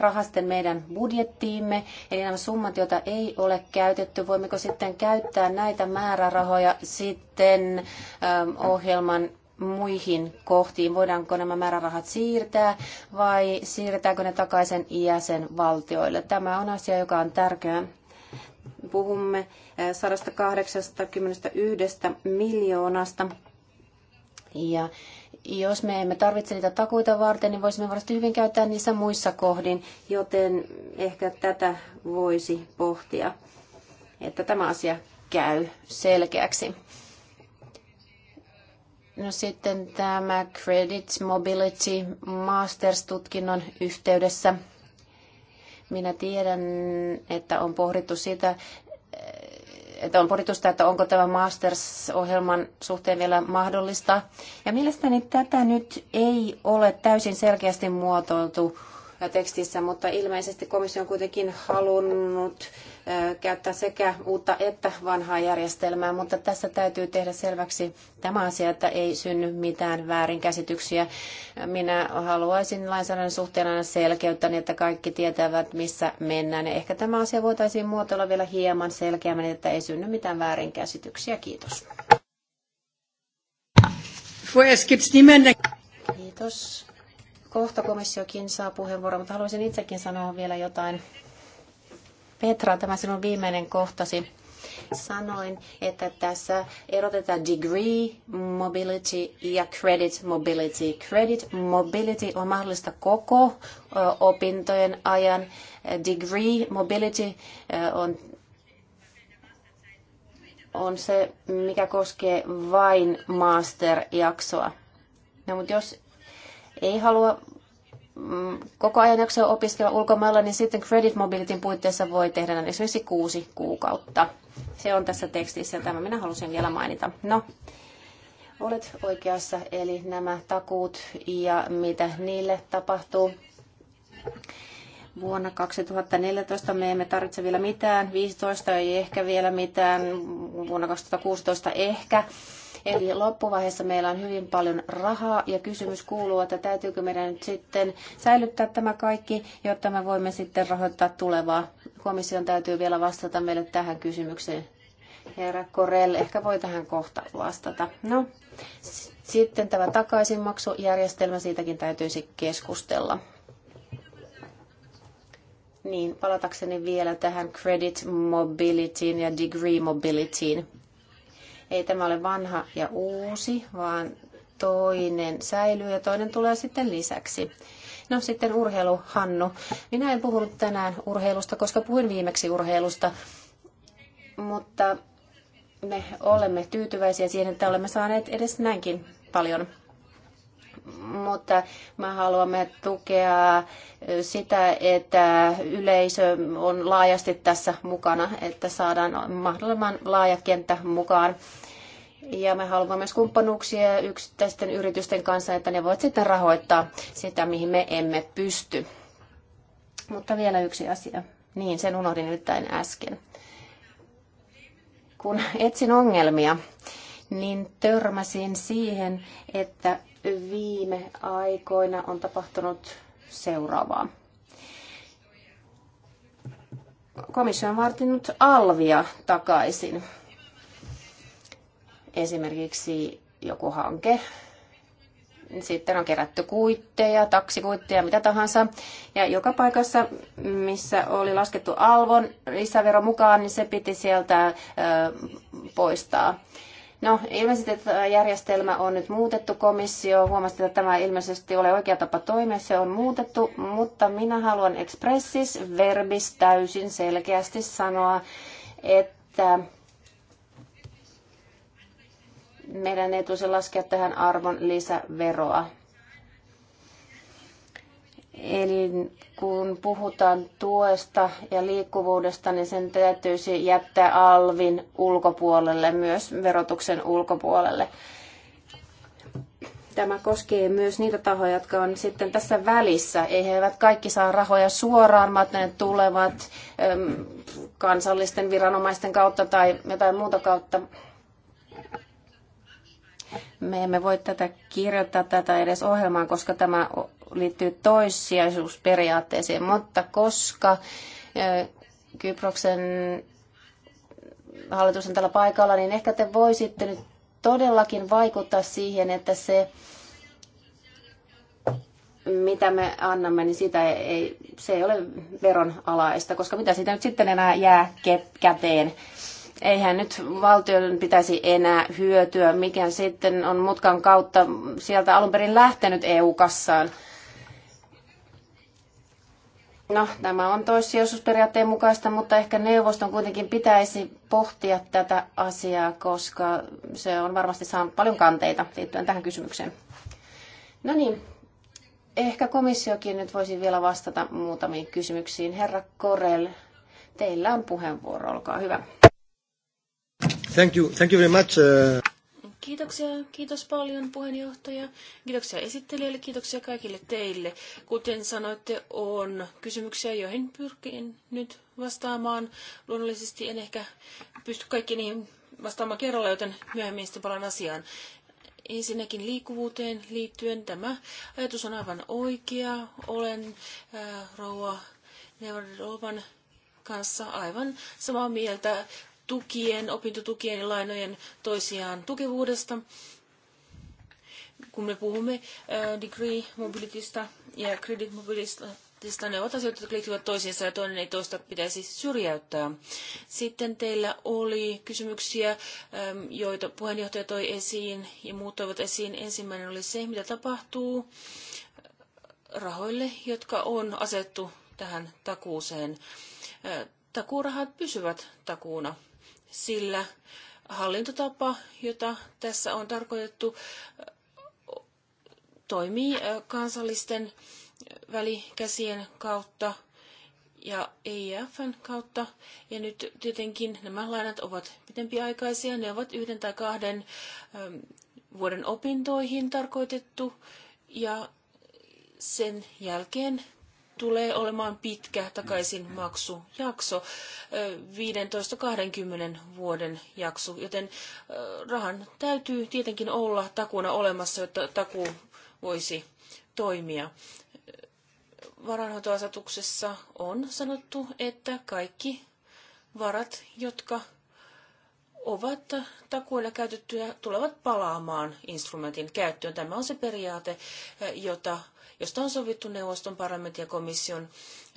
Speaker 2: rahasten meidän budjettiimme, eli nämä summat, joita ei ole käytetty, voimmeko sitten käyttää näitä määrärahoja sitten ähm, ohjelman muihin kohtiin? Voidaanko nämä määrärahat siirtää vai siirretäänkö ne takaisin jäsenvaltioille? Tämä on asia, joka on tärkeä. Puhumme 181 äh, miljoonasta ja jos me emme tarvitse niitä takuita varten, niin voisimme varmasti hyvin käyttää niissä muissa kohdin, joten ehkä tätä voisi pohtia, että tämä asia käy selkeäksi. No sitten tämä Credit Mobility Masters-tutkinnon yhteydessä. Minä tiedän, että on pohdittu sitä, että on pohdittu sitä, että onko tämä Masters-ohjelman suhteen vielä mahdollista. Ja mielestäni tätä nyt ei ole täysin selkeästi muotoiltu tekstissä, mutta ilmeisesti komissio on kuitenkin halunnut käyttää sekä uutta että vanhaa järjestelmää, mutta tässä täytyy tehdä selväksi tämä asia, että ei synny mitään väärinkäsityksiä. Minä haluaisin lainsäädännön suhteen aina selkeyttä, niin että kaikki tietävät, missä mennään. Ja ehkä tämä asia voitaisiin muotoilla vielä hieman selkeämmin, että ei synny mitään väärinkäsityksiä. Kiitos. Kiitos. Kohta komissiokin saa puheenvuoron, mutta haluaisin itsekin sanoa vielä jotain. Petra, tämä sinun viimeinen kohtasi. Sanoin, että tässä erotetaan degree mobility ja credit mobility. Credit mobility on mahdollista koko opintojen ajan. Degree mobility on on se, mikä koskee vain master-jaksoa. No, mutta jos ei halua koko ajan jaksaa opiskella ulkomailla, niin sitten Credit Mobilityn puitteissa voi tehdä esimerkiksi kuusi kuukautta. Se on tässä tekstissä ja tämä minä halusin vielä mainita. No, olet oikeassa, eli nämä takuut ja mitä niille tapahtuu. Vuonna 2014 me emme tarvitse vielä mitään, 15 ei ehkä vielä mitään, vuonna 2016 ehkä Eli loppuvaiheessa meillä on hyvin paljon rahaa ja kysymys kuuluu, että täytyykö meidän nyt sitten säilyttää tämä kaikki, jotta me voimme sitten rahoittaa tulevaa. Komission täytyy vielä vastata meille tähän kysymykseen. Herra Korelle, ehkä voi tähän kohta vastata. No, sitten tämä takaisinmaksujärjestelmä, siitäkin täytyisi keskustella. Niin, palatakseni vielä tähän Credit Mobilityin ja Degree Mobilityin. Ei tämä ole vanha ja uusi, vaan toinen säilyy ja toinen tulee sitten lisäksi. No sitten urheilu, Hannu. Minä en puhunut tänään urheilusta, koska puhuin viimeksi urheilusta, mutta me olemme tyytyväisiä siihen, että olemme saaneet edes näinkin paljon. Mutta me haluamme tukea sitä, että yleisö on laajasti tässä mukana, että saadaan mahdollisimman laaja kenttä mukaan ja me haluamme myös kumppanuuksia yksittäisten yritysten kanssa, että ne voivat sitten rahoittaa sitä, mihin me emme pysty. Mutta vielä yksi asia. Niin, sen unohdin nimittäin äsken. Kun etsin ongelmia, niin törmäsin siihen, että viime aikoina on tapahtunut seuraavaa. Komissio on vartinut alvia takaisin Esimerkiksi joku hanke, sitten on kerätty kuitteja, taksikuitteja, mitä tahansa. Ja joka paikassa, missä oli laskettu alvon lisävero mukaan, niin se piti sieltä ö, poistaa. No, ilmeisesti tämä järjestelmä on nyt muutettu komissio. Huomasi, että tämä ilmeisesti ole oikea tapa toimia. Se on muutettu, mutta minä haluan expressis verbis täysin selkeästi sanoa, että meidän ei tulisi laskea tähän arvon lisäveroa. Eli kun puhutaan tuesta ja liikkuvuudesta, niin sen täytyisi jättää alvin ulkopuolelle, myös verotuksen ulkopuolelle. Tämä koskee myös niitä tahoja, jotka on sitten tässä välissä. Ei he eivät kaikki saa rahoja suoraan, vaan ne tulevat kansallisten viranomaisten kautta tai jotain muuta kautta. Me emme voi tätä kirjoittaa tätä edes ohjelmaan, koska tämä liittyy toissijaisuusperiaatteeseen, mutta koska Kyproksen hallitus on tällä paikalla, niin ehkä te voisitte nyt todellakin vaikuttaa siihen, että se, mitä me annamme, niin sitä ei, se ei ole veron alaista, koska mitä siitä nyt sitten enää jää käteen eihän nyt valtioiden pitäisi enää hyötyä, mikä sitten on mutkan kautta sieltä alun perin lähtenyt EU-kassaan. No, tämä on toissijaisuusperiaatteen mukaista, mutta ehkä neuvoston kuitenkin pitäisi pohtia tätä asiaa, koska se on varmasti saanut paljon kanteita liittyen tähän kysymykseen. No niin, ehkä komissiokin nyt voisi vielä vastata muutamiin kysymyksiin. Herra Korel, teillä on
Speaker 1: puheenvuoro, olkaa hyvä.
Speaker 2: Thank you, thank you very much. Uh,
Speaker 1: kiitoksia, kiitos paljon puheenjohtaja. Kiitoksia esittelijälle, kiitoksia kaikille teille. Kuten sanoitte, on kysymyksiä, joihin pyrkin nyt vastaamaan. Luonnollisesti en ehkä pysty kaikki niihin vastaamaan kerralla, joten myöhemmin sitten palaan asiaan. Ensinnäkin liikkuvuuteen liittyen tämä ajatus on aivan oikea. Olen äh, rouva Neverdovan kanssa aivan samaa mieltä tukien, opintotukien ja lainojen toisiaan tukevuudesta. Kun me puhumme degree mobilitysta ja credit mobilitysta, ne ovat asioita, jotka liittyvät toisiinsa ja toinen ei toista pitäisi syrjäyttää. Sitten teillä oli kysymyksiä, joita puheenjohtaja toi esiin ja muut toivat esiin. Ensimmäinen oli se, mitä tapahtuu rahoille, jotka on asettu tähän takuuseen. Takuurahat pysyvät takuuna sillä hallintotapa, jota tässä on tarkoitettu, toimii kansallisten välikäsien kautta ja EIFn kautta. Ja nyt tietenkin nämä lainat ovat pitempiaikaisia. Ne ovat yhden tai kahden vuoden opintoihin tarkoitettu ja sen jälkeen tulee olemaan pitkä takaisinmaksujakso, 15-20 vuoden jakso, joten rahan täytyy tietenkin olla takuna olemassa, jotta takuu voisi toimia. Varanhoitoasetuksessa on sanottu, että kaikki varat, jotka ovat takuilla käytettyjä, tulevat palaamaan instrumentin käyttöön. Tämä on se periaate, jota josta on sovittu neuvoston, parlamentin ja komission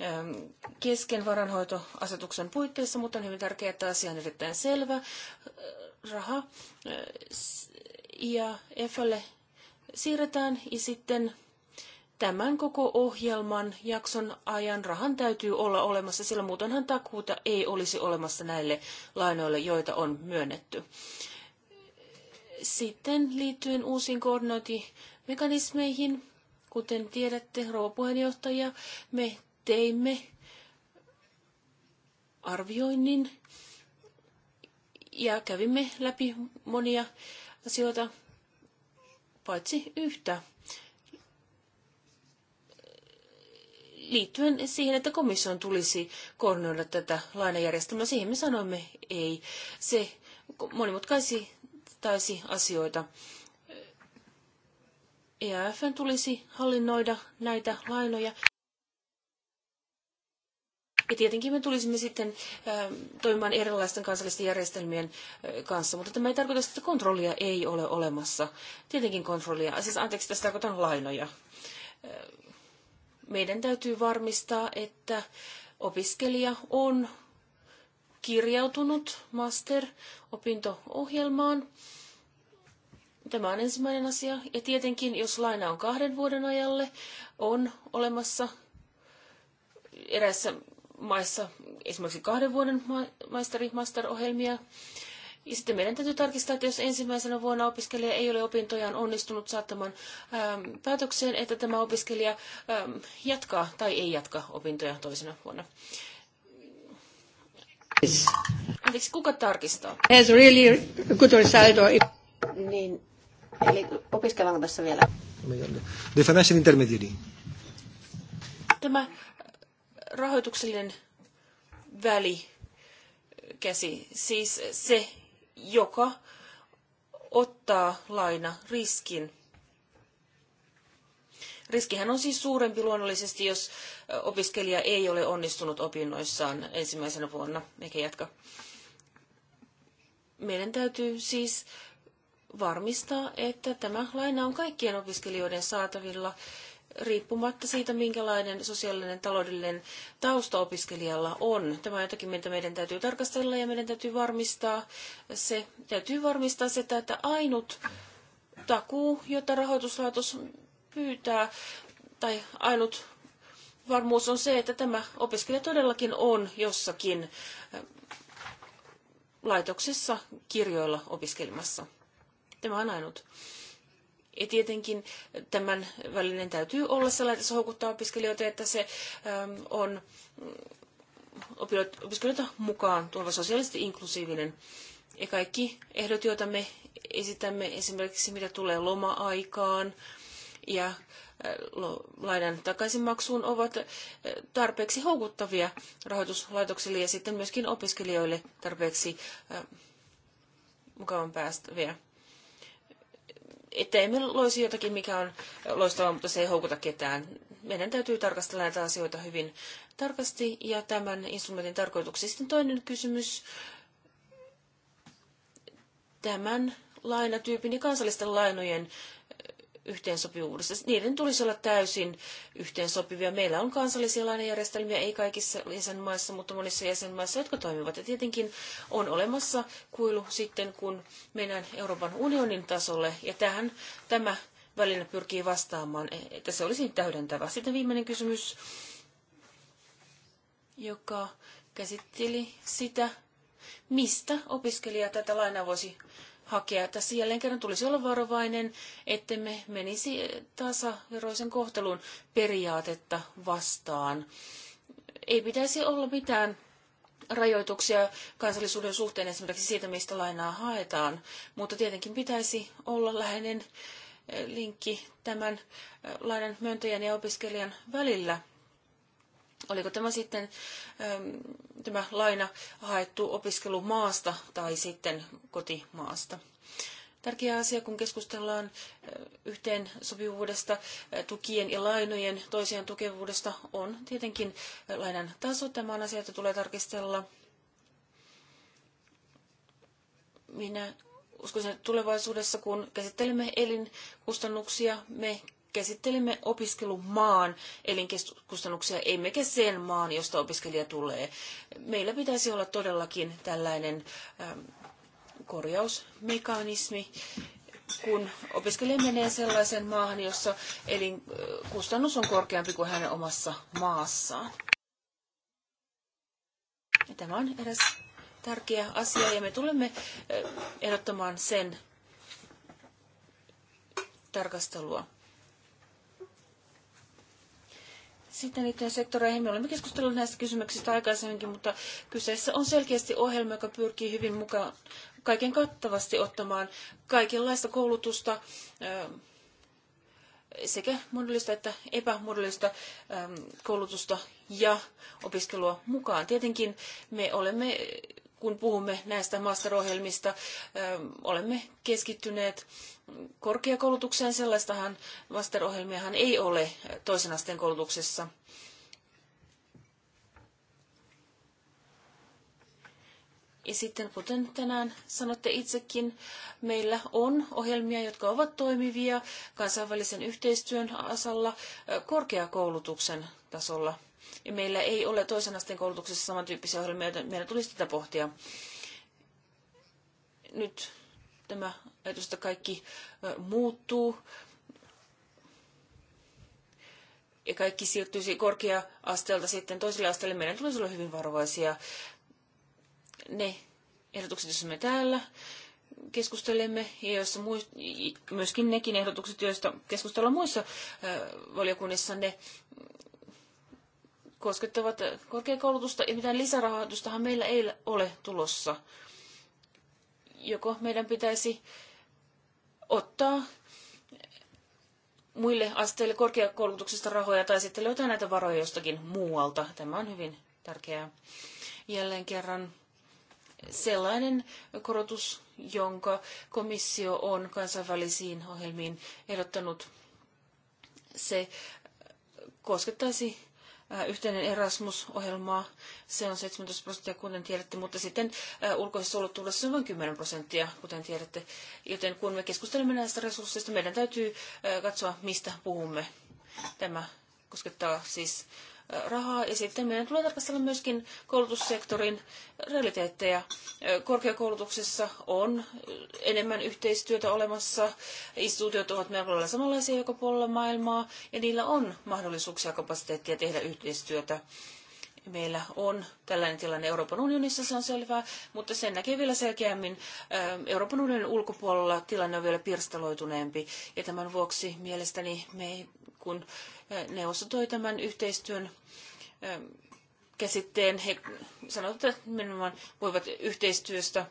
Speaker 1: ähm, kesken varanhoitoasetuksen puitteissa, mutta on hyvin tärkeää, että asia on erittäin selvä. Äh, raha äh, ja EFLe siirretään ja sitten tämän koko ohjelman jakson ajan rahan täytyy olla olemassa, sillä muutenhan takuuta ei olisi olemassa näille lainoille, joita on myönnetty. Sitten liittyen uusiin koordinointimekanismeihin, Kuten tiedätte, rouva puheenjohtaja, me teimme arvioinnin ja kävimme läpi monia asioita, paitsi yhtä. liittyen siihen, että komission tulisi koordinoida tätä lainajärjestelmää. Siihen me sanoimme ei. Se monimutkaisi taisi asioita. EAFn tulisi hallinnoida näitä lainoja. Ja tietenkin me tulisimme sitten toimimaan erilaisten kansallisten järjestelmien kanssa, mutta tämä ei tarkoita sitä, että kontrollia ei ole olemassa. Tietenkin kontrollia, siis anteeksi, tässä tarkoitan lainoja. meidän täytyy varmistaa, että opiskelija on kirjautunut master-opinto-ohjelmaan Tämä on ensimmäinen asia. Ja tietenkin, jos laina on kahden vuoden ajalle, on olemassa eräissä maissa esimerkiksi kahden vuoden maisteri master-ohjelmia. Ja sitten meidän täytyy tarkistaa, että jos ensimmäisenä vuonna opiskelija ei ole opintojaan onnistunut saattamaan äm, päätökseen, että tämä opiskelija äm, jatkaa tai ei jatka opintoja toisena vuonna. Anteeksi, kuka tarkistaa? Has really good result or... Niin, Eli opiskellaanko tässä vielä?
Speaker 4: The financial intermediary.
Speaker 1: Tämä rahoituksellinen välikäsi, siis se, joka ottaa laina riskin. Riskihän on siis suurempi luonnollisesti, jos opiskelija ei ole onnistunut opinnoissaan ensimmäisenä vuonna, eikä jatka. Meidän täytyy siis varmistaa, että tämä laina on kaikkien opiskelijoiden saatavilla riippumatta siitä, minkälainen sosiaalinen taloudellinen tausta opiskelijalla on. Tämä on jotakin, mitä meidän täytyy tarkastella ja meidän täytyy varmistaa se, täytyy varmistaa se, että ainut takuu, jota rahoituslaitos pyytää, tai ainut varmuus on se, että tämä opiskelija todellakin on jossakin laitoksessa kirjoilla opiskelemassa. Tämä on ainut. Ja tietenkin tämän välinen täytyy olla sellainen, että se houkuttaa opiskelijoita, että se ähm, on mm, opiskelijoita mukaan tuleva sosiaalisesti inklusiivinen. Ja kaikki ehdot, joita me esitämme, esimerkiksi mitä tulee loma-aikaan ja äh, lainan takaisinmaksuun, ovat äh, tarpeeksi houkuttavia rahoituslaitoksille ja sitten myöskin opiskelijoille tarpeeksi äh, mukavan päästäviä että emme loisi jotakin, mikä on loistavaa, mutta se ei houkuta ketään. Meidän täytyy tarkastella näitä asioita hyvin tarkasti ja tämän instrumentin tarkoituksi. Sitten toinen kysymys. Tämän lainatyypin ja kansallisten lainojen yhteensopivuudessa. Niiden tulisi olla täysin yhteensopivia. Meillä on kansallisia lainajärjestelmiä, ei kaikissa jäsenmaissa, mutta monissa jäsenmaissa, jotka toimivat. Ja tietenkin on olemassa kuilu sitten, kun mennään Euroopan unionin tasolle, ja tähän tämä väline pyrkii vastaamaan, että se olisi täydentävä. Sitten viimeinen kysymys, joka käsitteli sitä, mistä opiskelija tätä lainaa voisi hakea. Tässä jälleen kerran tulisi olla varovainen, ettemme menisi tasaveroisen kohtelun periaatetta vastaan. Ei pitäisi olla mitään rajoituksia kansallisuuden suhteen esimerkiksi siitä, mistä lainaa haetaan, mutta tietenkin pitäisi olla läheinen linkki tämän äh, lainan myöntäjän ja opiskelijan välillä. Oliko tämä sitten ähm, tämä laina haettu opiskelumaasta maasta tai sitten kotimaasta? Tärkeä asia, kun keskustellaan äh, yhteen sopivuudesta, äh, tukien ja lainojen toisiaan tukevuudesta, on tietenkin äh, lainan taso. Tämä on asia, jota tulee tarkistella. Minä uskoisin, että tulevaisuudessa, kun käsittelemme elinkustannuksia, me käsittelemme opiskelumaan elinkustannuksia, emmekä sen maan, josta opiskelija tulee. Meillä pitäisi olla todellakin tällainen ähm, korjausmekanismi, kun opiskelija menee sellaiseen maahan, jossa elinkustannus äh, on korkeampi kuin hänen omassa maassaan. Tämä on eräs tärkeä asia ja me tulemme äh, ehdottamaan sen tarkastelua. Sitten niiden sektoreihin, me olemme keskustelleet näistä kysymyksistä aikaisemminkin, mutta kyseessä on selkeästi ohjelma, joka pyrkii hyvin mukaan kaiken kattavasti ottamaan kaikenlaista koulutusta, ähm, sekä muodollista että epämuodollista ähm, koulutusta ja opiskelua mukaan. Tietenkin me olemme, kun puhumme näistä masterohjelmista, ähm, olemme keskittyneet korkeakoulutukseen. Sellaistahan masterohjelmiahan ei ole toisen asteen koulutuksessa. Ja sitten kuten tänään sanotte itsekin, meillä on ohjelmia, jotka ovat toimivia kansainvälisen yhteistyön asalla korkeakoulutuksen tasolla. Ja meillä ei ole toisen asteen koulutuksessa samantyyppisiä ohjelmia, joten meidän tulisi tätä pohtia. Nyt tämä josta kaikki muuttuu ja kaikki siirtyisi korkea-asteelta sitten toiselle asteelle, meidän tulisi olla hyvin varovaisia. Ne ehdotukset, joissa me täällä keskustelemme, ja joissa myöskin nekin ehdotukset, joista keskustellaan muissa valiokunnissa, ne koskettavat korkeakoulutusta, ja mitään lisärahoitustahan meillä ei ole tulossa. Joko meidän pitäisi ottaa muille asteille korkeakoulutuksesta rahoja tai sitten löytää näitä varoja jostakin muualta. Tämä on hyvin tärkeää. Jälleen kerran sellainen korotus, jonka komissio on kansainvälisiin ohjelmiin ehdottanut, se koskettaisi yhteinen Erasmus-ohjelma, se on 17 prosenttia, kuten tiedätte, mutta sitten ulkoisessa ulottuvuudessa se on vain 10 prosenttia, kuten tiedätte. Joten kun me keskustelemme näistä resursseista, meidän täytyy katsoa, mistä puhumme. Tämä koskettaa siis rahaa. Ja sitten meidän tulee tarkastella myöskin koulutussektorin realiteetteja. Korkeakoulutuksessa on enemmän yhteistyötä olemassa. Instituutiot ovat melko lailla samanlaisia joka puolella maailmaa ja niillä on mahdollisuuksia ja kapasiteettia tehdä yhteistyötä meillä on tällainen tilanne Euroopan unionissa, se on selvää, mutta sen näkee vielä selkeämmin. Euroopan unionin ulkopuolella tilanne on vielä pirstaloituneempi ja tämän vuoksi mielestäni me kun neuvosto toi tämän yhteistyön käsitteen, he sanoivat, että nimenomaan voivat yhteistyöstä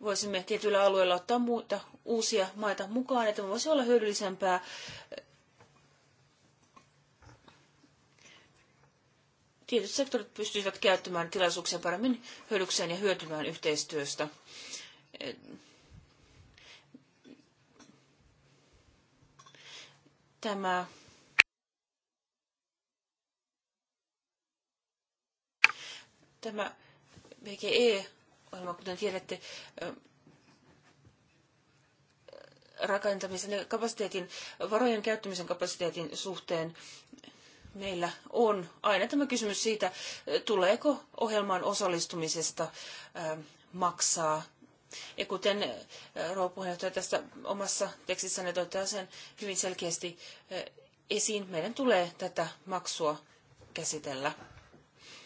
Speaker 1: voisimme tietyillä alueilla ottaa muuta, uusia maita mukaan, että voisi olla hyödyllisempää tietyt sektorit pystyisivät käyttämään tilaisuuksia paremmin hyödykseen ja hyötymään yhteistyöstä. tämä tämä BGE-ohjelma, kuten tiedätte, rakentamisen ja kapasiteetin, varojen käyttämisen kapasiteetin suhteen meillä on aina tämä kysymys siitä, tuleeko ohjelmaan osallistumisesta maksaa ja kuten eh, rouva puheenjohtaja tässä omassa tekstissänne toteaa sen hyvin selkeästi eh, esiin, meidän tulee tätä maksua käsitellä.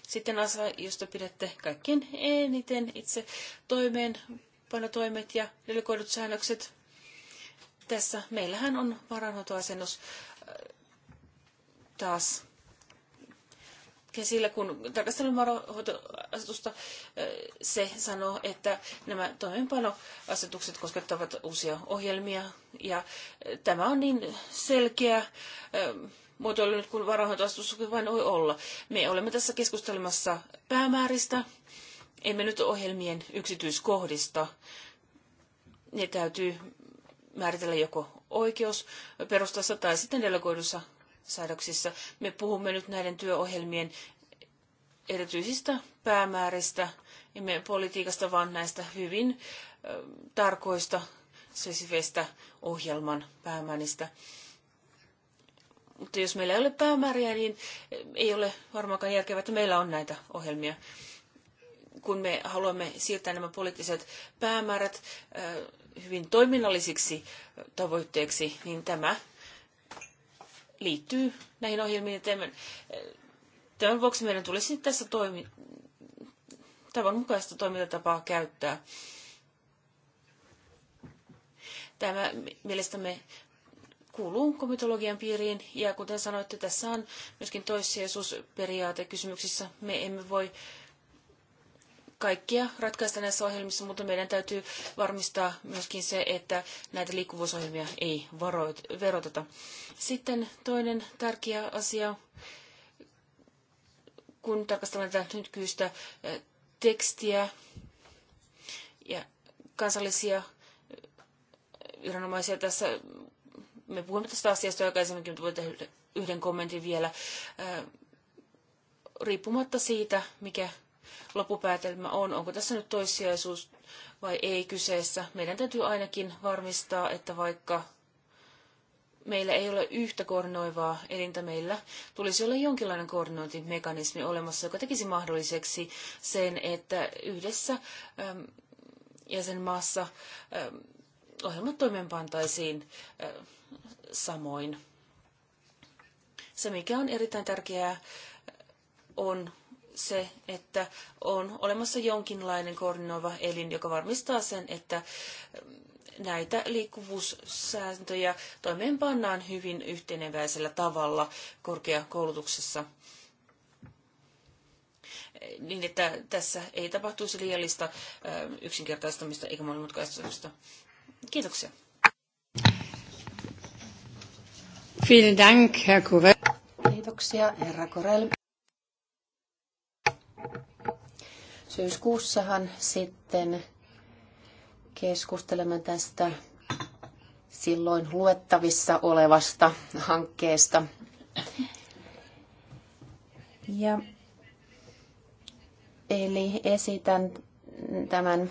Speaker 1: Sitten asia, josta pidätte kaikkein eniten itse toimeenpanotoimet ja delegoidut säännökset. Tässä meillähän on varanhoitoasennus eh, taas ja kun tarkastelemme varohoitoasetusta, se sanoo, että nämä toimeenpanoasetukset koskettavat uusia ohjelmia ja tämä on niin selkeä muotoilu nyt kuin varohoitoasetus vain voi olla. Me olemme tässä keskustelemassa päämääristä, emme nyt ohjelmien yksityiskohdista. Ne täytyy määritellä joko oikeus perustassa tai sitten delegoidussa säädöksissä. Me puhumme nyt näiden työohjelmien erityisistä päämääristä, emme politiikasta, vaan näistä hyvin tarkoista, spesifeistä ohjelman päämääristä. Mutta jos meillä ei ole päämääriä, niin ei ole varmaankaan järkevää, että meillä on näitä ohjelmia. Kun me haluamme siirtää nämä poliittiset päämäärät hyvin toiminnallisiksi tavoitteiksi, niin tämä liittyy näihin ohjelmiin. Tämän, tämän vuoksi meidän tulisi tässä toimi, tavan mukaista toimintatapaa käyttää. Tämä mielestämme kuuluu komitologian piiriin, ja kuten sanoitte, tässä on myöskin toissijaisuusperiaate kysymyksissä. Me emme voi äh, kaikkia ratkaista näissä ohjelmissa, mutta meidän täytyy varmistaa myöskin se, että näitä liikkuvuusohjelmia ei varoit, veroteta. Sitten toinen tärkeä asia, kun tarkastellaan tätä nykyistä tekstiä ja kansallisia viranomaisia tässä, me puhumme tästä asiasta jo aikaisemminkin, mutta voin tehdä yhden kommentin vielä riippumatta siitä, mikä loppupäätelmä on, onko tässä nyt toissijaisuus vai ei kyseessä. Meidän täytyy ainakin varmistaa, että vaikka meillä ei ole yhtä koordinoivaa elintä meillä, tulisi olla jonkinlainen koordinointimekanismi olemassa, joka tekisi mahdolliseksi sen, että yhdessä äm, jäsenmaassa äm, ohjelmat toimeenpantaisiin samoin. Se, mikä on erittäin tärkeää, on se, että on olemassa jonkinlainen koordinoiva elin, joka varmistaa sen, että mm, näitä liikkuvuussääntöjä toimeenpannaan hyvin yhteneväisellä tavalla korkeakoulutuksessa niin, että tässä ei tapahtuisi liiallista äh, yksinkertaistamista eikä monimutkaistamista. Kiitoksia.
Speaker 2: Vielen Dank, Herr Kurell.
Speaker 1: Kiitoksia, herra Korel.
Speaker 2: Syyskuussahan sitten keskustelemme tästä silloin luettavissa olevasta hankkeesta. Ja eli esitän tämän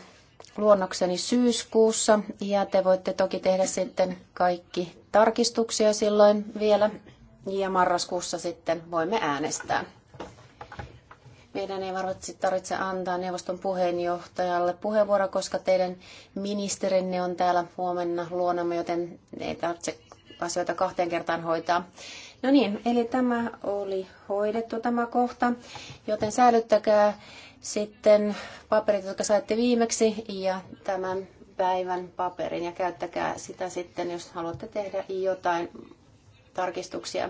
Speaker 2: luonnokseni syyskuussa ja te voitte toki tehdä sitten kaikki tarkistuksia silloin vielä ja marraskuussa sitten voimme äänestää. Meidän ei varmasti tarvitse antaa neuvoston puheenjohtajalle puheenvuoro, koska teidän ministerinne on täällä huomenna luonamme, joten ei tarvitse asioita kahteen kertaan hoitaa. No niin, eli tämä oli hoidettu tämä kohta, joten säilyttäkää sitten paperit, jotka saitte viimeksi ja tämän päivän paperin ja käyttäkää sitä sitten, jos haluatte tehdä jotain tarkistuksia.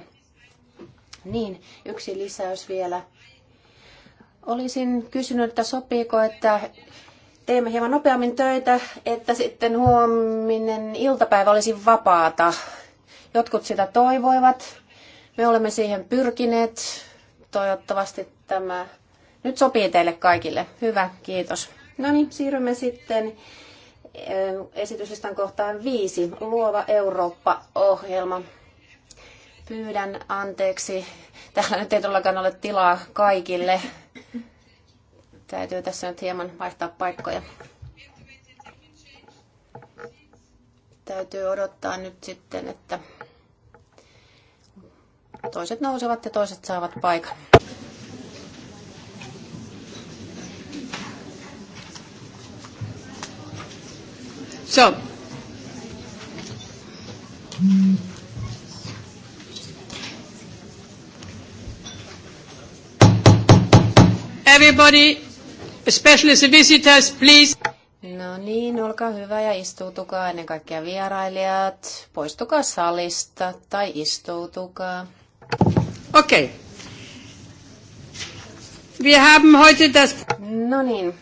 Speaker 2: Niin, yksi lisäys vielä. Olisin kysynyt, että sopiiko, että teemme hieman nopeammin töitä, että sitten huominen iltapäivä olisi vapaata. Jotkut sitä toivoivat. Me olemme siihen pyrkineet. Toivottavasti tämä nyt sopii teille kaikille. Hyvä, kiitos. No niin, siirrymme sitten eh, esityslistan kohtaan viisi. Luova Eurooppa-ohjelma. Pyydän anteeksi. Täällä nyt ei todellakaan ole tilaa kaikille Täytyy tässä nyt hieman vaihtaa paikkoja. Täytyy odottaa nyt sitten, että toiset nousevat ja toiset saavat paikan.
Speaker 1: So. Mm. everybody, especially the visitors, please.
Speaker 2: No niin, olkaa hyvä ja istuutukaa ennen kaikkea vierailijat. Poistukaa salista tai istuutukaa.
Speaker 4: Okei. Okay.
Speaker 1: Wir haben heute das...
Speaker 2: No niin.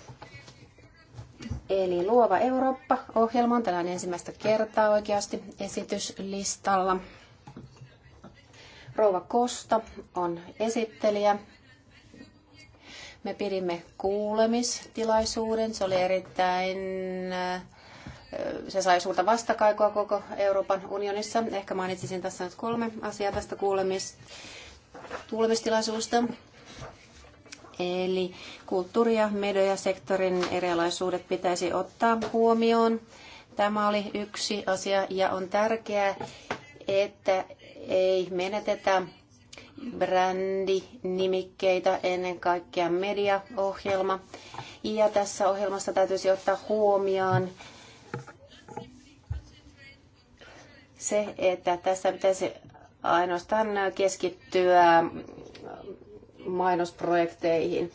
Speaker 2: Eli Luova Eurooppa-ohjelma on tällainen ensimmäistä kertaa oikeasti esityslistalla. Rouva Kosta on esittelijä me pidimme kuulemistilaisuuden. Se oli erittäin äh, se sai suurta vastakaikua koko Euroopan unionissa. Ehkä mainitsisin tässä nyt kolme asiaa tästä kuulemis, kuulemistilaisuudesta. Eli kulttuuri- ja mediasektorin erilaisuudet pitäisi ottaa huomioon. Tämä oli yksi asia ja on tärkeää, että ei menetetä brändinimikkeitä, ennen kaikkea mediaohjelma. Ja tässä ohjelmassa täytyisi ottaa huomioon se, että tässä pitäisi ainoastaan keskittyä mainosprojekteihin.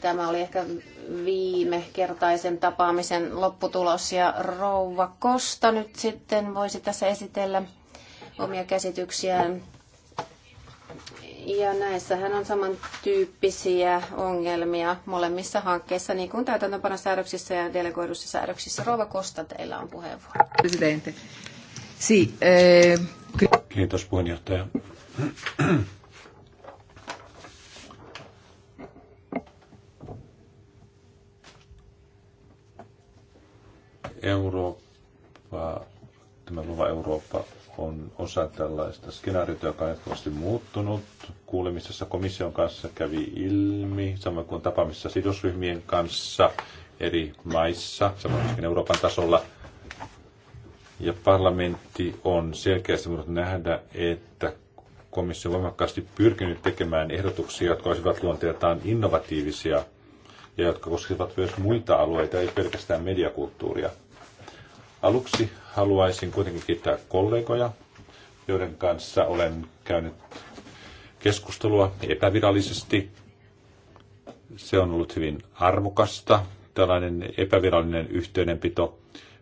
Speaker 2: Tämä oli ehkä viime kertaisen tapaamisen lopputulos ja rouva Kosta nyt sitten voisi tässä esitellä omia käsityksiään ja näissähän on samantyyppisiä ongelmia molemmissa hankkeissa, niin kuin täytäntöpanosäädöksissä ja delegoidussa säädöksissä. Rova Kosta, teillä on puheenvuoro.
Speaker 5: Presidente. Si,
Speaker 3: eh... Kiitos puheenjohtaja. Eurooppa, tämä luva Eurooppa on osa tällaista skenaariota, joka on jatkuvasti muuttunut. Kuulemisessa komission kanssa kävi ilmi, samoin kuin tapaamisessa sidosryhmien kanssa eri maissa, samoin myöskin Euroopan tasolla. Ja parlamentti on selkeästi voinut nähdä, että komissio on voimakkaasti pyrkinyt tekemään ehdotuksia, jotka olisivat luonteeltaan innovatiivisia ja jotka koskevat myös muita alueita, ei pelkästään mediakulttuuria – Aluksi haluaisin kuitenkin kiittää kollegoja, joiden kanssa olen käynyt keskustelua epävirallisesti. Se on ollut hyvin arvokasta, tällainen epävirallinen yhteydenpito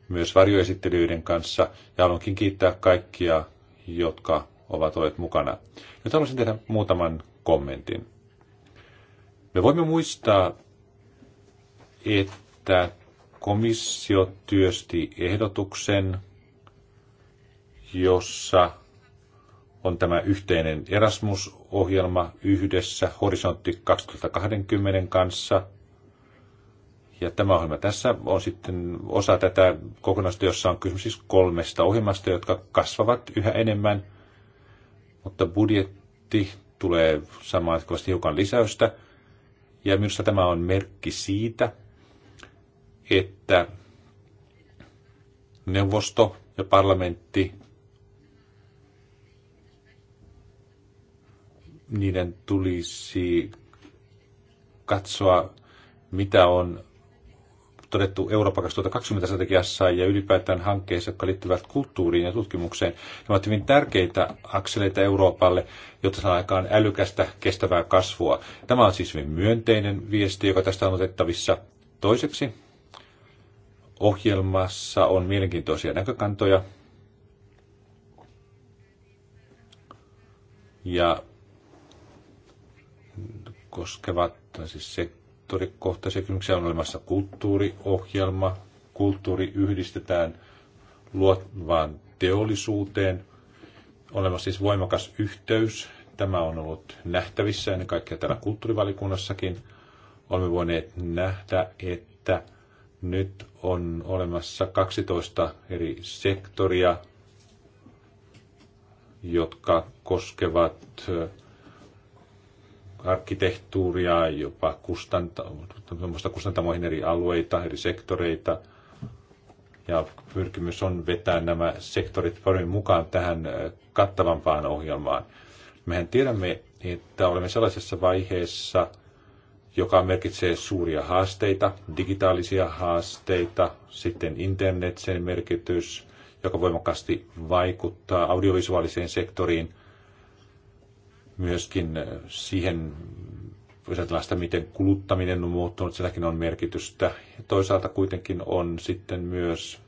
Speaker 3: myös varjoesittelyiden kanssa. Ja haluankin kiittää kaikkia, jotka ovat olleet mukana. Nyt haluaisin tehdä muutaman kommentin. Me voimme muistaa, että komissio työsti ehdotuksen, jossa on tämä yhteinen Erasmus-ohjelma yhdessä Horisontti 2020 kanssa. Ja tämä ohjelma tässä on sitten osa tätä kokonaisuutta, jossa on kysymys siis kolmesta ohjelmasta, jotka kasvavat yhä enemmän, mutta budjetti tulee samaan hiukan lisäystä. Ja minusta tämä on merkki siitä, että neuvosto ja parlamentti, niiden tulisi katsoa, mitä on todettu Euroopan 2020 strategiassa ja ylipäätään hankkeissa, jotka liittyvät kulttuuriin ja tutkimukseen. Ne ovat hyvin tärkeitä akseleita Euroopalle, jotta saadaan aikaan älykästä, kestävää kasvua. Tämä on siis hyvin myönteinen viesti, joka tästä on otettavissa. Toiseksi ohjelmassa on mielenkiintoisia näkökantoja. Ja koskevat siis sektorikohtaisia kysymyksiä on olemassa kulttuuriohjelma. Kulttuuri yhdistetään luovaan teollisuuteen. olemassa siis voimakas yhteys. Tämä on ollut nähtävissä ennen kaikkea täällä kulttuurivalikunnassakin. Olemme voineet nähdä, että nyt on olemassa 12 eri sektoria, jotka koskevat arkkitehtuuria, jopa kustanta- kustantamoihin eri alueita, eri sektoreita. Ja pyrkimys on vetää nämä sektorit paremmin mukaan tähän kattavampaan ohjelmaan. Mehän tiedämme, että olemme sellaisessa vaiheessa – joka merkitsee suuria haasteita, digitaalisia haasteita, sitten internet, sen merkitys, joka voimakkaasti vaikuttaa audiovisuaaliseen sektoriin, myöskin äh, siihen, jos ajatellaan sitä, miten kuluttaminen on muuttunut, silläkin on merkitystä. Ja toisaalta kuitenkin on sitten myös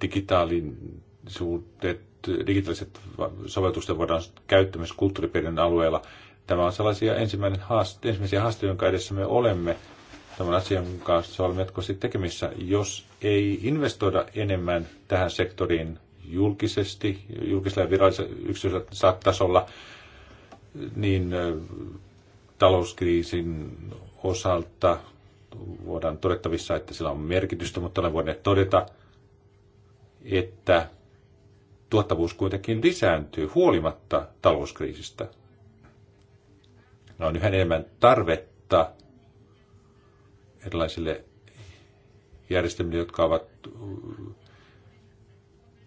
Speaker 3: digitaalisuudet, digitaaliset sovellukset voidaan käyttää myös kulttuuriperinnön alueella – Tämä on sellaisia ensimmäinen haaste, ensimmäisiä haasteita, jonka edessä me olemme tämän asian kanssa olemme jatkuvasti tekemissä. Jos ei investoida enemmän tähän sektoriin julkisesti, julkisella ja virallisella yksityisellä tasolla, niin talouskriisin osalta voidaan todettavissa, että sillä on merkitystä, mutta olen voinut todeta, että tuottavuus kuitenkin lisääntyy huolimatta talouskriisistä on yhä enemmän tarvetta erilaisille järjestelmille, jotka ovat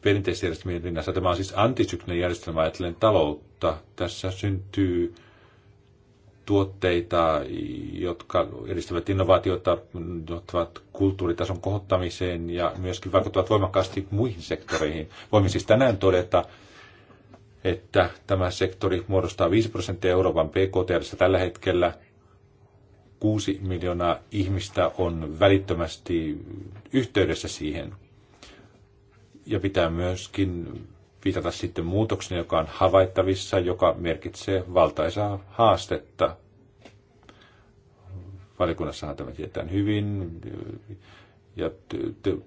Speaker 3: perinteisiä järjestelmien rinnassa. Tämä on siis antisyklinen järjestelmä ajatellen taloutta. Tässä syntyy tuotteita, jotka edistävät innovaatiota, johtavat kulttuuritason kohottamiseen ja myöskin vaikuttavat voimakkaasti muihin sektoreihin. Voimme siis tänään todeta, että tämä sektori muodostaa 5 prosenttia Euroopan BKT tällä hetkellä. 6 miljoonaa ihmistä on välittömästi yhteydessä siihen. Ja pitää myöskin viitata sitten muutoksen, joka on havaittavissa, joka merkitsee valtaisaa haastetta. Valikunnassahan tämä tietää hyvin, ja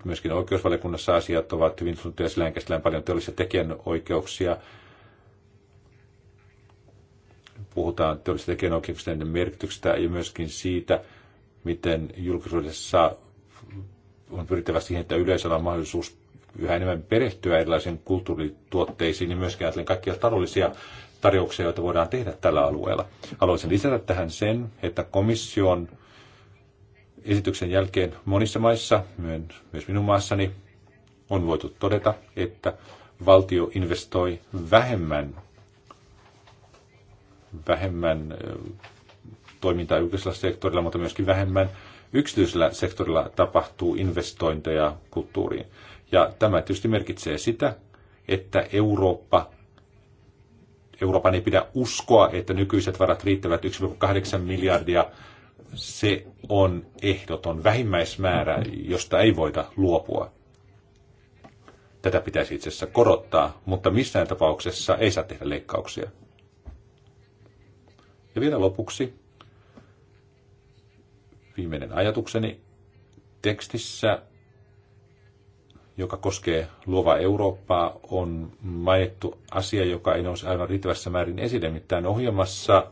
Speaker 3: myöskin oikeusvaliokunnassa asiat ovat hyvin tuntuja, sillä paljon teollisia tekijänoikeuksia, puhutaan teollisten tekijänoikeuksien merkityksestä ja myöskin siitä, miten julkisuudessa on pyrittävä siihen, että yleisöllä on mahdollisuus yhä enemmän perehtyä erilaisiin kulttuurituotteisiin ja myöskin ajatellen kaikkia taloudellisia tarjouksia, joita voidaan tehdä tällä alueella. Haluaisin lisätä tähän sen, että komission esityksen jälkeen monissa maissa, myös minun maassani, on voitu todeta, että valtio investoi vähemmän vähemmän toimintaa julkisella sektorilla, mutta myöskin vähemmän yksityisellä sektorilla tapahtuu investointeja kulttuuriin. Ja tämä tietysti merkitsee sitä, että Eurooppa, Euroopan ei pidä uskoa, että nykyiset varat riittävät 1,8 miljardia. Se on ehdoton vähimmäismäärä, josta ei voida luopua. Tätä pitäisi itse asiassa korottaa, mutta missään tapauksessa ei saa tehdä leikkauksia. Ja vielä lopuksi viimeinen ajatukseni tekstissä, joka koskee luovaa Eurooppaa, on mainittu asia, joka ei nouse aivan riittävässä määrin esille. Mitään ohjelmassa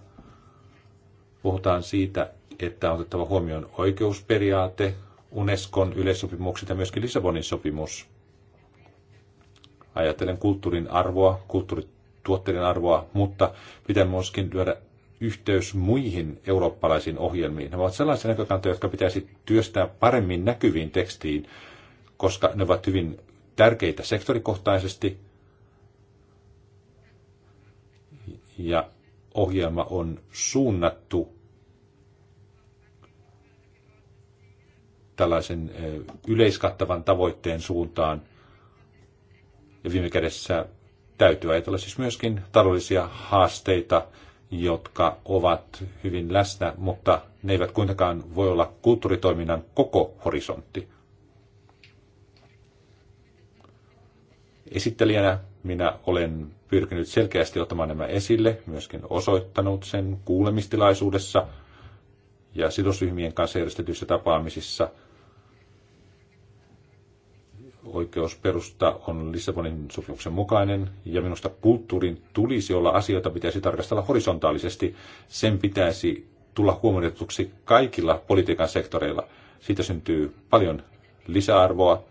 Speaker 3: puhutaan siitä, että on otettava huomioon oikeusperiaate, Unescon yleissopimukset ja myöskin Lissabonin sopimus. Ajattelen kulttuurin arvoa, kulttuurituotteiden arvoa, mutta pitää myöskin lyödä yhteys muihin eurooppalaisiin ohjelmiin. Ne ovat sellaisia näkökantoja, jotka pitäisi työstää paremmin näkyviin tekstiin, koska ne ovat hyvin tärkeitä sektorikohtaisesti. Ja ohjelma on suunnattu tällaisen eh, yleiskattavan tavoitteen suuntaan. Ja viime kädessä täytyy ajatella siis myöskin taloudellisia haasteita, jotka ovat hyvin läsnä, mutta ne eivät kuitenkaan voi olla kulttuuritoiminnan koko horisontti. Esittelijänä minä olen pyrkinyt selkeästi ottamaan nämä esille, myöskin osoittanut sen kuulemistilaisuudessa ja sidosryhmien kanssa järjestetyissä tapaamisissa – oikeusperusta on Lissabonin sopimuksen mukainen, ja minusta kulttuurin tulisi olla asioita, pitäisi tarkastella horisontaalisesti. Sen pitäisi tulla huomioiduksi kaikilla politiikan sektoreilla. Siitä syntyy paljon lisäarvoa,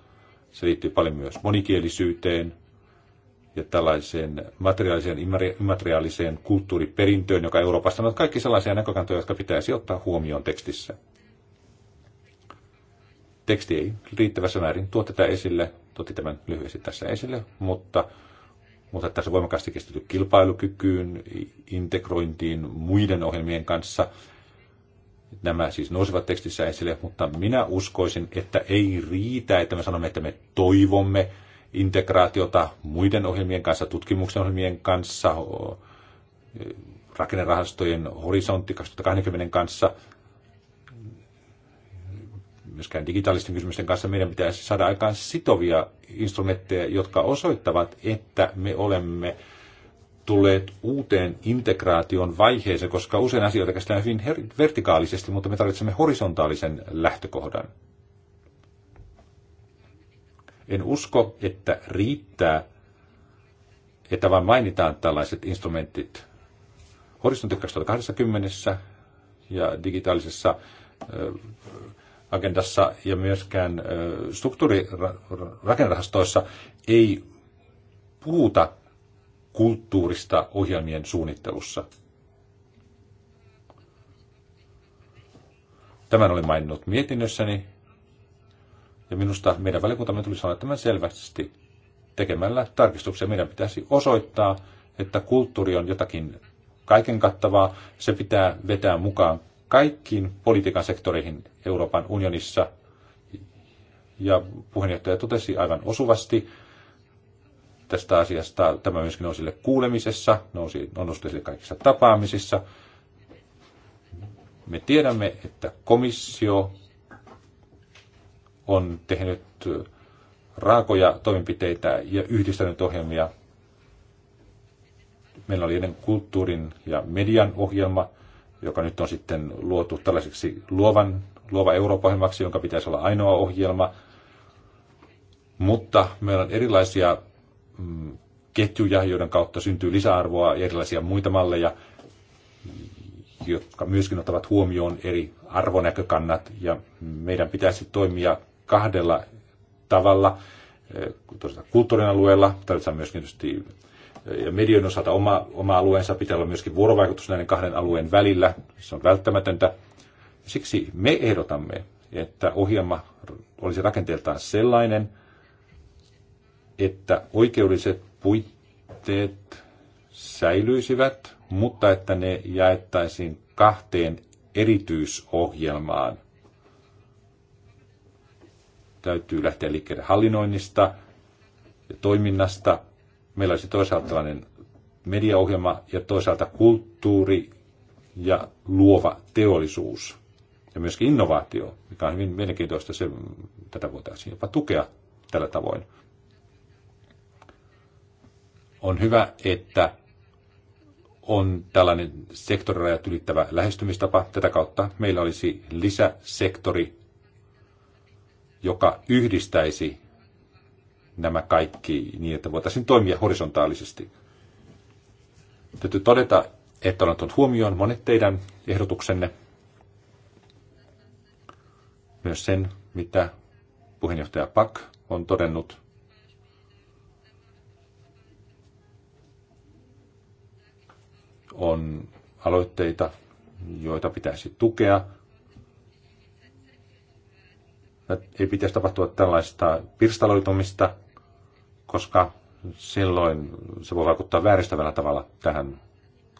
Speaker 3: se liittyy paljon myös monikielisyyteen ja tällaiseen materiaaliseen, immateriaaliseen kulttuuriperintöön, joka Euroopassa on kaikki sellaisia näkökantoja, jotka pitäisi ottaa huomioon tekstissä teksti ei riittävässä määrin tuo tätä esille, totti tämän lyhyesti tässä esille, mutta, mutta tässä voimakkaasti keskittyy kilpailukykyyn, integrointiin muiden ohjelmien kanssa. Nämä siis nousevat tekstissä esille, mutta minä uskoisin, että ei riitä, että me sanomme, että me toivomme integraatiota muiden ohjelmien kanssa, tutkimuksen ohjelmien kanssa, rakennerahastojen horisontti 2020 kanssa, myöskään digitaalisten kysymysten kanssa, meidän pitäisi saada aikaan sitovia instrumentteja, jotka osoittavat, että me olemme tulleet uuteen integraation vaiheeseen, koska usein asioita käsitellään hyvin vertikaalisesti, mutta me tarvitsemme horisontaalisen lähtökohdan. En usko, että riittää, että vain mainitaan tällaiset instrumentit. Horisontti 2020 ja digitaalisessa agendassa ja myöskään struktuurirakenrahastoissa ei puhuta kulttuurista ohjelmien suunnittelussa. Tämän olin maininnut mietinnössäni. Ja minusta meidän valiokuntamme tulisi sanoa tämän selvästi. Tekemällä tarkistuksia meidän pitäisi osoittaa, että kulttuuri on jotakin kaiken kattavaa. Se pitää vetää mukaan kaikkiin politiikan sektoreihin Euroopan unionissa. Ja puheenjohtaja totesi aivan osuvasti tästä asiasta. Tämä myöskin nousi sille kuulemisessa, nousi, on noussut esille kaikissa tapaamisissa. Me tiedämme, että komissio on tehnyt raakoja toimenpiteitä ja yhdistänyt ohjelmia. Meillä oli ennen kulttuurin ja median ohjelma, joka nyt on sitten luotu tällaiseksi luovan, luova Eurooppa-ohjelmaksi, jonka pitäisi olla ainoa ohjelma. Mutta meillä on erilaisia mm, ketjuja, joiden kautta syntyy lisäarvoa ja erilaisia muita malleja, jotka myöskin ottavat huomioon eri arvonäkökannat ja meidän pitäisi toimia kahdella tavalla. Kulttuurin alueella tarvitaan myöskin ja median osalta oma, oma alueensa pitää olla myöskin vuorovaikutus näiden kahden alueen välillä. Se on välttämätöntä. Siksi me ehdotamme, että ohjelma olisi rakenteeltaan sellainen, että oikeudelliset puitteet säilyisivät, mutta että ne jaettaisiin kahteen erityisohjelmaan. Täytyy lähteä liikkeelle hallinnoinnista ja toiminnasta Meillä olisi toisaalta tällainen mediaohjelma ja toisaalta kulttuuri ja luova teollisuus ja myöskin innovaatio, mikä on hyvin mielenkiintoista. Se, tätä voitaisiin jopa tukea tällä tavoin. On hyvä, että on tällainen sektorirajat ylittävä lähestymistapa. Tätä kautta meillä olisi lisäsektori, joka yhdistäisi nämä kaikki niin, että voitaisiin toimia horisontaalisesti. Täytyy todeta, että olen ottanut huomioon monet teidän ehdotuksenne, myös sen, mitä puheenjohtaja Pak on todennut. On aloitteita, joita pitäisi tukea. Ei pitäisi tapahtua tällaista pirstaloitumista, koska silloin se voi vaikuttaa vääristävällä tavalla tähän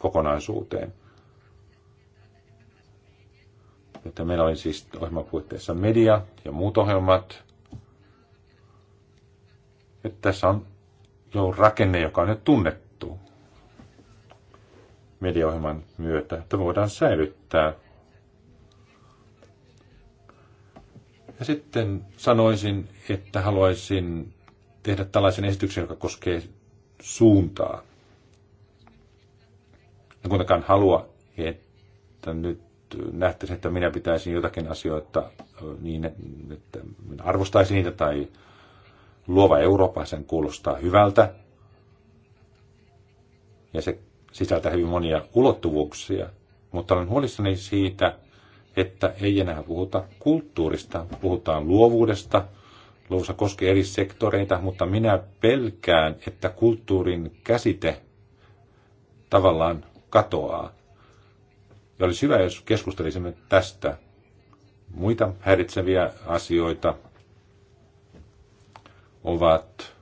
Speaker 3: kokonaisuuteen. Että meillä oli siis ohjelman puitteissa media ja muut ohjelmat. Että tässä on jo rakenne, joka on nyt tunnettu mediaohjelman myötä, että voidaan säilyttää. Ja sitten sanoisin, että haluaisin tehdä tällaisen esityksen, joka koskee suuntaa. En kuitenkaan halua, että nyt nähtäisiin, että minä pitäisin jotakin asioita niin, että minä arvostaisin niitä tai luova Eurooppa, sen kuulostaa hyvältä. Ja se sisältää hyvin monia ulottuvuuksia, mutta olen huolissani siitä, että ei enää puhuta kulttuurista, puhutaan luovuudesta – luvussa koski eri sektoreita, mutta minä pelkään, että kulttuurin käsite tavallaan katoaa. Ja olisi hyvä, jos keskustelisimme tästä. Muita häiritseviä asioita ovat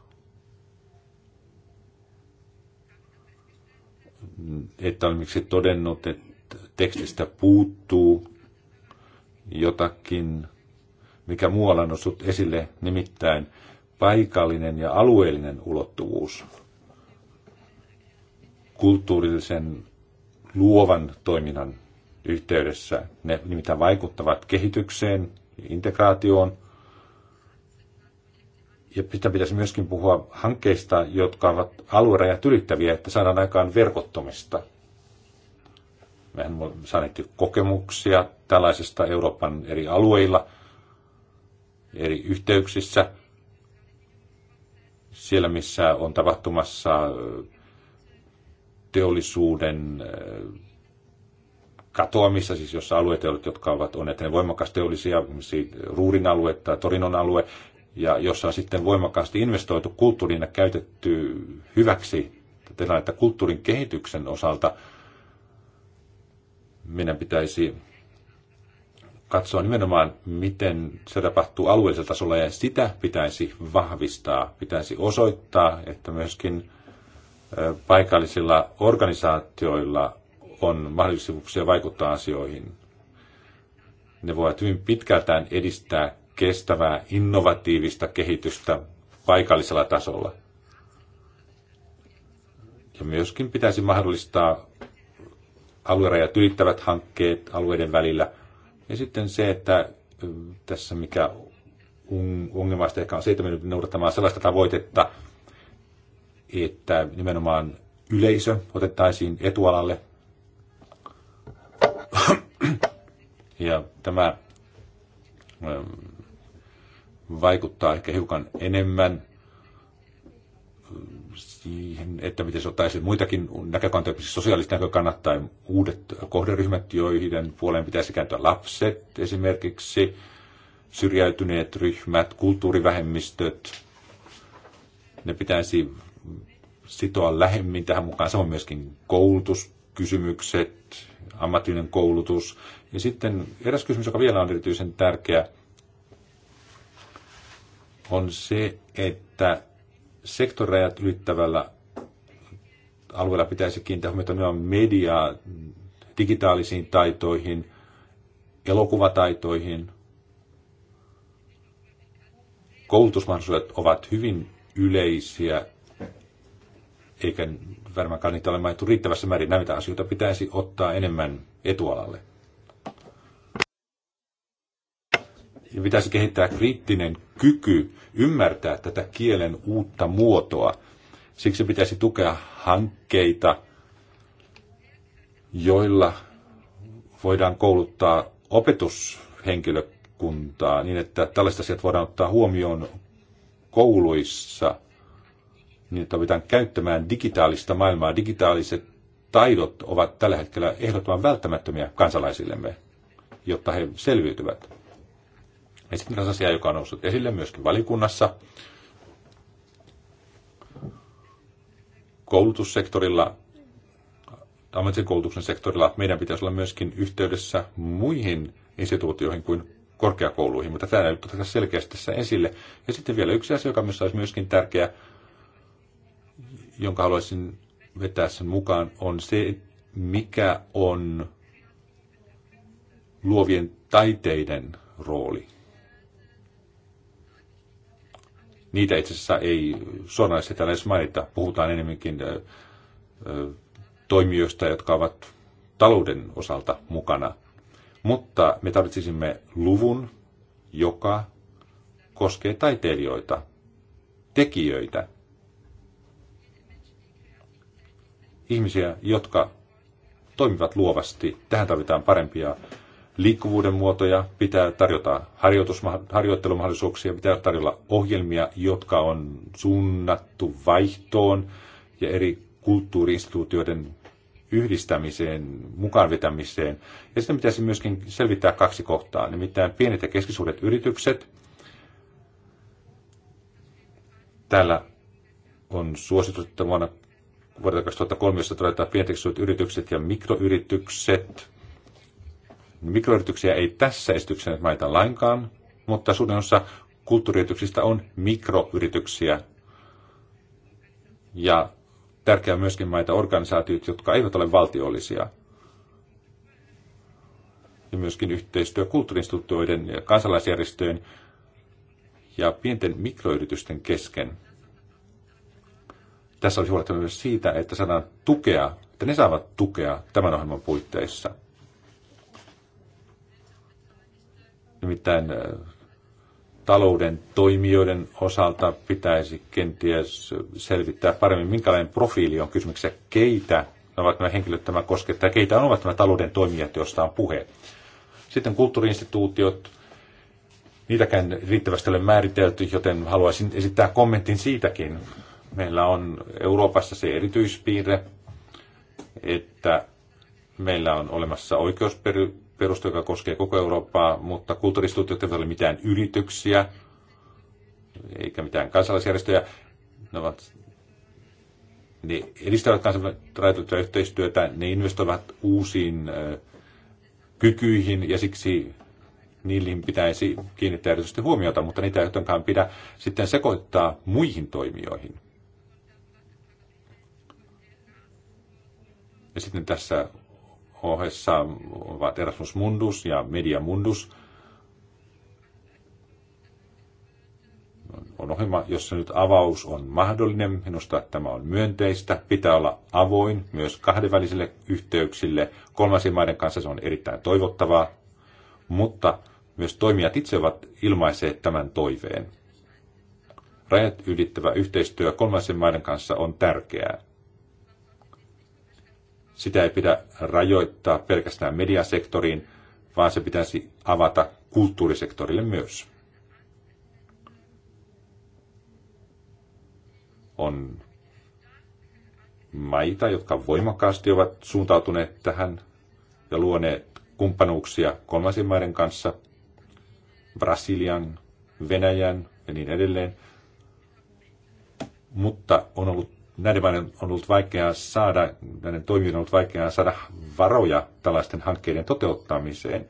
Speaker 3: että olen miksi todennut, että tekstistä puuttuu jotakin mikä muualla on noussut esille, nimittäin paikallinen ja alueellinen ulottuvuus. Kulttuurillisen luovan toiminnan yhteydessä. Ne nimittäin vaikuttavat kehitykseen ja integraatioon. Ja sitä pitäisi myöskin puhua hankkeista, jotka ovat aluerajat ylittäviä, että saadaan aikaan verkottomista. Mehän saaneet kokemuksia tällaisesta Euroopan eri alueilla – eri yhteyksissä. Siellä, missä on tapahtumassa teollisuuden katoamista, siis jos alueet, jotka ovat onneet voimakkaasti teollisia, ruurin alue tai torinon alue, ja jossa on sitten voimakkaasti investoitu kulttuuriin ja käytetty hyväksi tilannetta kulttuurin kehityksen osalta, meidän pitäisi katsoa nimenomaan, miten se tapahtuu alueellisella tasolla, ja sitä pitäisi vahvistaa. Pitäisi osoittaa, että myöskin paikallisilla organisaatioilla on mahdollisuuksia vaikuttaa asioihin. Ne voivat hyvin pitkältään edistää kestävää, innovatiivista kehitystä paikallisella tasolla. Ja myöskin pitäisi mahdollistaa aluerajat ylittävät hankkeet alueiden välillä – ja sitten se, että tässä mikä ongelmaista ehkä on se, että me noudattamaan sellaista tavoitetta, että nimenomaan yleisö otettaisiin etualalle. ja tämä vaikuttaa ehkä hiukan enemmän siihen, että miten se ottaisi muitakin näkökantoja, siis sosiaaliset näkökannat tai uudet kohderyhmät, joiden puoleen pitäisi kääntyä lapset esimerkiksi, syrjäytyneet ryhmät, kulttuurivähemmistöt, ne pitäisi sitoa lähemmin tähän mukaan. Samoin myöskin koulutuskysymykset, ammatillinen koulutus. Ja sitten eräs kysymys, joka vielä on erityisen tärkeä, on se, että sektorajat ylittävällä alueella pitäisi kiinnittää huomiota nimenomaan mediaa, digitaalisiin taitoihin, elokuvataitoihin. Koulutusmahdollisuudet ovat hyvin yleisiä, eikä varmaankaan niitä ole mainittu riittävässä määrin. Näitä asioita pitäisi ottaa enemmän etualalle. pitäisi kehittää kriittinen kyky ymmärtää tätä kielen uutta muotoa. Siksi pitäisi tukea hankkeita, joilla voidaan kouluttaa opetushenkilökuntaa niin, että tällaiset asiat voidaan ottaa huomioon kouluissa, niin että opitaan käyttämään digitaalista maailmaa. Digitaaliset taidot ovat tällä hetkellä ehdottoman välttämättömiä kansalaisillemme, jotta he selviytyvät. Ja niin sitten taas asia, joka on noussut esille myöskin valikunnassa. Koulutussektorilla, ammatillisen koulutuksen sektorilla meidän pitäisi olla myöskin yhteydessä muihin instituutioihin kuin korkeakouluihin, mutta tämä nyt tässä selkeästi tässä esille. Ja sitten vielä yksi asia, joka myös olisi myöskin tärkeä, jonka haluaisin vetää sen mukaan, on se, mikä on luovien taiteiden rooli. niitä itse asiassa ei suoranaisesti täällä edes mainita. Puhutaan enemmänkin äh, äh, toimijoista, jotka ovat talouden osalta mukana. Mutta me tarvitsisimme luvun, joka koskee taiteilijoita, tekijöitä, ihmisiä, jotka toimivat luovasti. Tähän tarvitaan parempia liikkuvuuden muotoja, pitää tarjota harjoittelumahdollisuuksia, pitää tarjolla ohjelmia, jotka on suunnattu vaihtoon ja eri kulttuuriinstituutioiden yhdistämiseen, mukaan vetämiseen. Ja sitten pitäisi myöskin selvittää kaksi kohtaa, nimittäin pienet ja keskisuuret yritykset. Täällä on suositus, että vuonna vuodelta jossa todetaan pienet ja yritykset ja mikroyritykset Mikroyrityksiä ei tässä esityksessä mainita lainkaan, mutta suunnitelmassa kulttuuriyrityksistä on mikroyrityksiä. Ja tärkeää on myöskin mainita organisaatiot, jotka eivät ole valtiollisia. Ja myöskin yhteistyö kulttuurinstituutioiden ja kansalaisjärjestöjen ja pienten mikroyritysten kesken. Tässä olisi huolehtiminen myös siitä, että saadaan tukea, että ne saavat tukea tämän ohjelman puitteissa – Nimittäin äh, talouden toimijoiden osalta pitäisi kenties äh, selvittää paremmin, minkälainen profiili on kysymyksessä, keitä ovat nämä henkilöt tämä koskettaa, keitä ovat nämä talouden toimijat, joista on puhe. Sitten kulttuuriinstituutiot, niitäkään riittävästi ole määritelty, joten haluaisin esittää kommentin siitäkin. Meillä on Euroopassa se erityispiirre, että meillä on olemassa oikeusperi- perusta, joka koskee koko Eurooppaa, mutta kulttuuristuutiot eivät ole mitään yrityksiä, eikä mitään Ne ovat ne edistävät kansainvälistä yhteistyötä, ne investoivat uusiin kykyihin ja siksi niihin pitäisi kiinnittää erityisesti huomiota, mutta niitä ei jotenkaan pidä sitten sekoittaa muihin toimijoihin. Ja sitten tässä ohessa ovat Erasmus Mundus ja Media Mundus. On ohjelma, jossa nyt avaus on mahdollinen. Minusta tämä on myönteistä. Pitää olla avoin myös kahdenvälisille yhteyksille. Kolmansien maiden kanssa se on erittäin toivottavaa. Mutta myös toimijat itse ovat ilmaiseet tämän toiveen. Rajat ylittävä yhteistyö kolmansien maiden kanssa on tärkeää. Sitä ei pidä rajoittaa pelkästään mediasektoriin, vaan se pitäisi avata kulttuurisektorille myös. On maita, jotka voimakkaasti ovat suuntautuneet tähän ja luoneet kumppanuuksia kolmansien maiden kanssa, Brasilian, Venäjän ja niin edelleen. Mutta on ollut näiden maiden on ollut vaikeaa saada, näiden toimijoiden on ollut vaikeaa saada varoja tällaisten hankkeiden toteuttamiseen.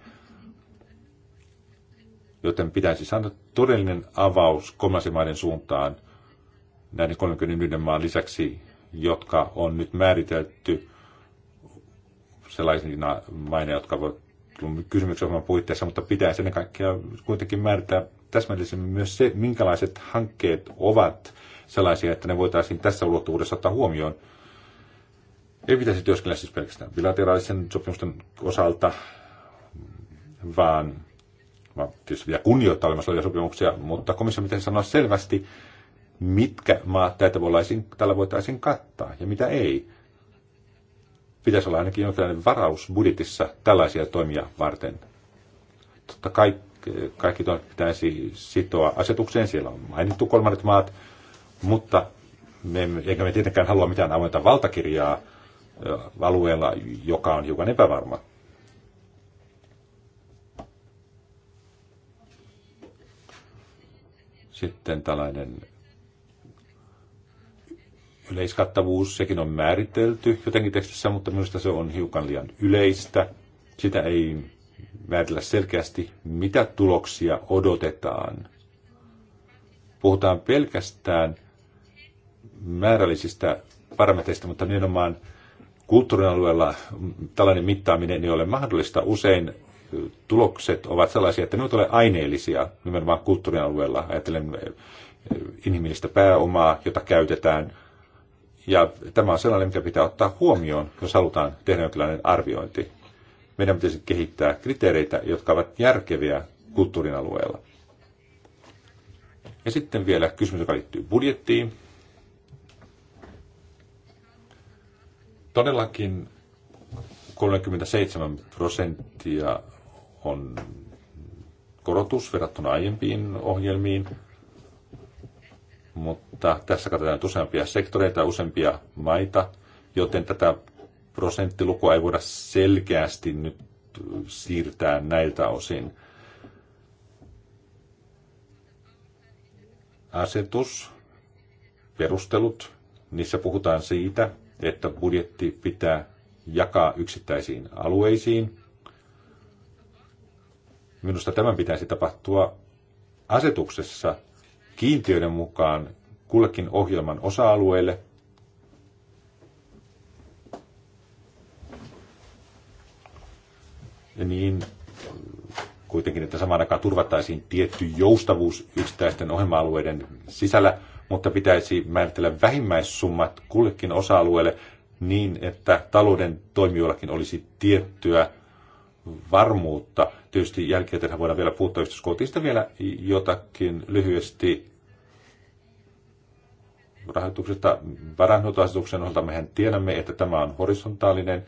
Speaker 3: Joten pitäisi saada todellinen avaus kolmansien maiden suuntaan näiden 31 maan lisäksi, jotka on nyt määritelty sellaisina maina, jotka voivat kysymyksen puitteissa, mutta pitäisi ennen kaikkea kuitenkin määrittää täsmällisemmin myös se, minkälaiset hankkeet ovat sellaisia, että ne voitaisiin tässä ulottuvuudessa ottaa huomioon. Ei pitäisi työskennellä siis pelkästään bilateraalisen sopimusten osalta, vaan, vaan tietysti vielä kunnioittaa olemassa olevia sopimuksia, mutta komissio pitäisi sanoa selvästi, mitkä maat tätä voitaisiin, tällä voitaisiin kattaa ja mitä ei. Pitäisi olla ainakin jonkinlainen varaus budjetissa tällaisia toimia varten. Totta kai kaikki toimet pitäisi sitoa asetukseen. Siellä on mainittu kolmannet maat, mutta me emme, eikä me tietenkään halua mitään avointa valtakirjaa alueella, joka on hiukan epävarma. Sitten tällainen yleiskattavuus, sekin on määritelty jotenkin tekstissä, mutta minusta se on hiukan liian yleistä. Sitä ei määritellä selkeästi, mitä tuloksia odotetaan. Puhutaan pelkästään määrällisistä parametreista, mutta nimenomaan kulttuurin alueella tällainen mittaaminen ei niin ole mahdollista. Usein tulokset ovat sellaisia, että ne ovat aineellisia nimenomaan kulttuurin alueella. Ajattelen inhimillistä pääomaa, jota käytetään. Ja tämä on sellainen, mikä pitää ottaa huomioon, jos halutaan tehdä jonkinlainen arviointi. Meidän pitäisi kehittää kriteereitä, jotka ovat järkeviä kulttuurin alueella. Ja sitten vielä kysymys, joka liittyy budjettiin. Todellakin 37 prosenttia on korotus verrattuna aiempiin ohjelmiin, mutta tässä katsotaan useampia sektoreita, useampia maita, joten tätä prosenttilukua ei voida selkeästi nyt siirtää näiltä osin. Asetus, perustelut, niissä puhutaan siitä, että budjetti pitää jakaa yksittäisiin alueisiin. Minusta tämän pitäisi tapahtua asetuksessa kiintiöiden mukaan kullekin ohjelman osa-alueelle. Ja niin kuitenkin, että samaan aikaan turvattaisiin tietty joustavuus yksittäisten ohjelma-alueiden sisällä, mutta pitäisi määritellä vähimmäissummat kullekin osa-alueelle niin, että talouden toimijoillakin olisi tiettyä varmuutta. Tietysti jälkikäteen voidaan vielä puuttua yksityiskohtista vielä jotakin lyhyesti rahoituksesta. Varainhoitoasetuksen osalta mehän tiedämme, että tämä on horisontaalinen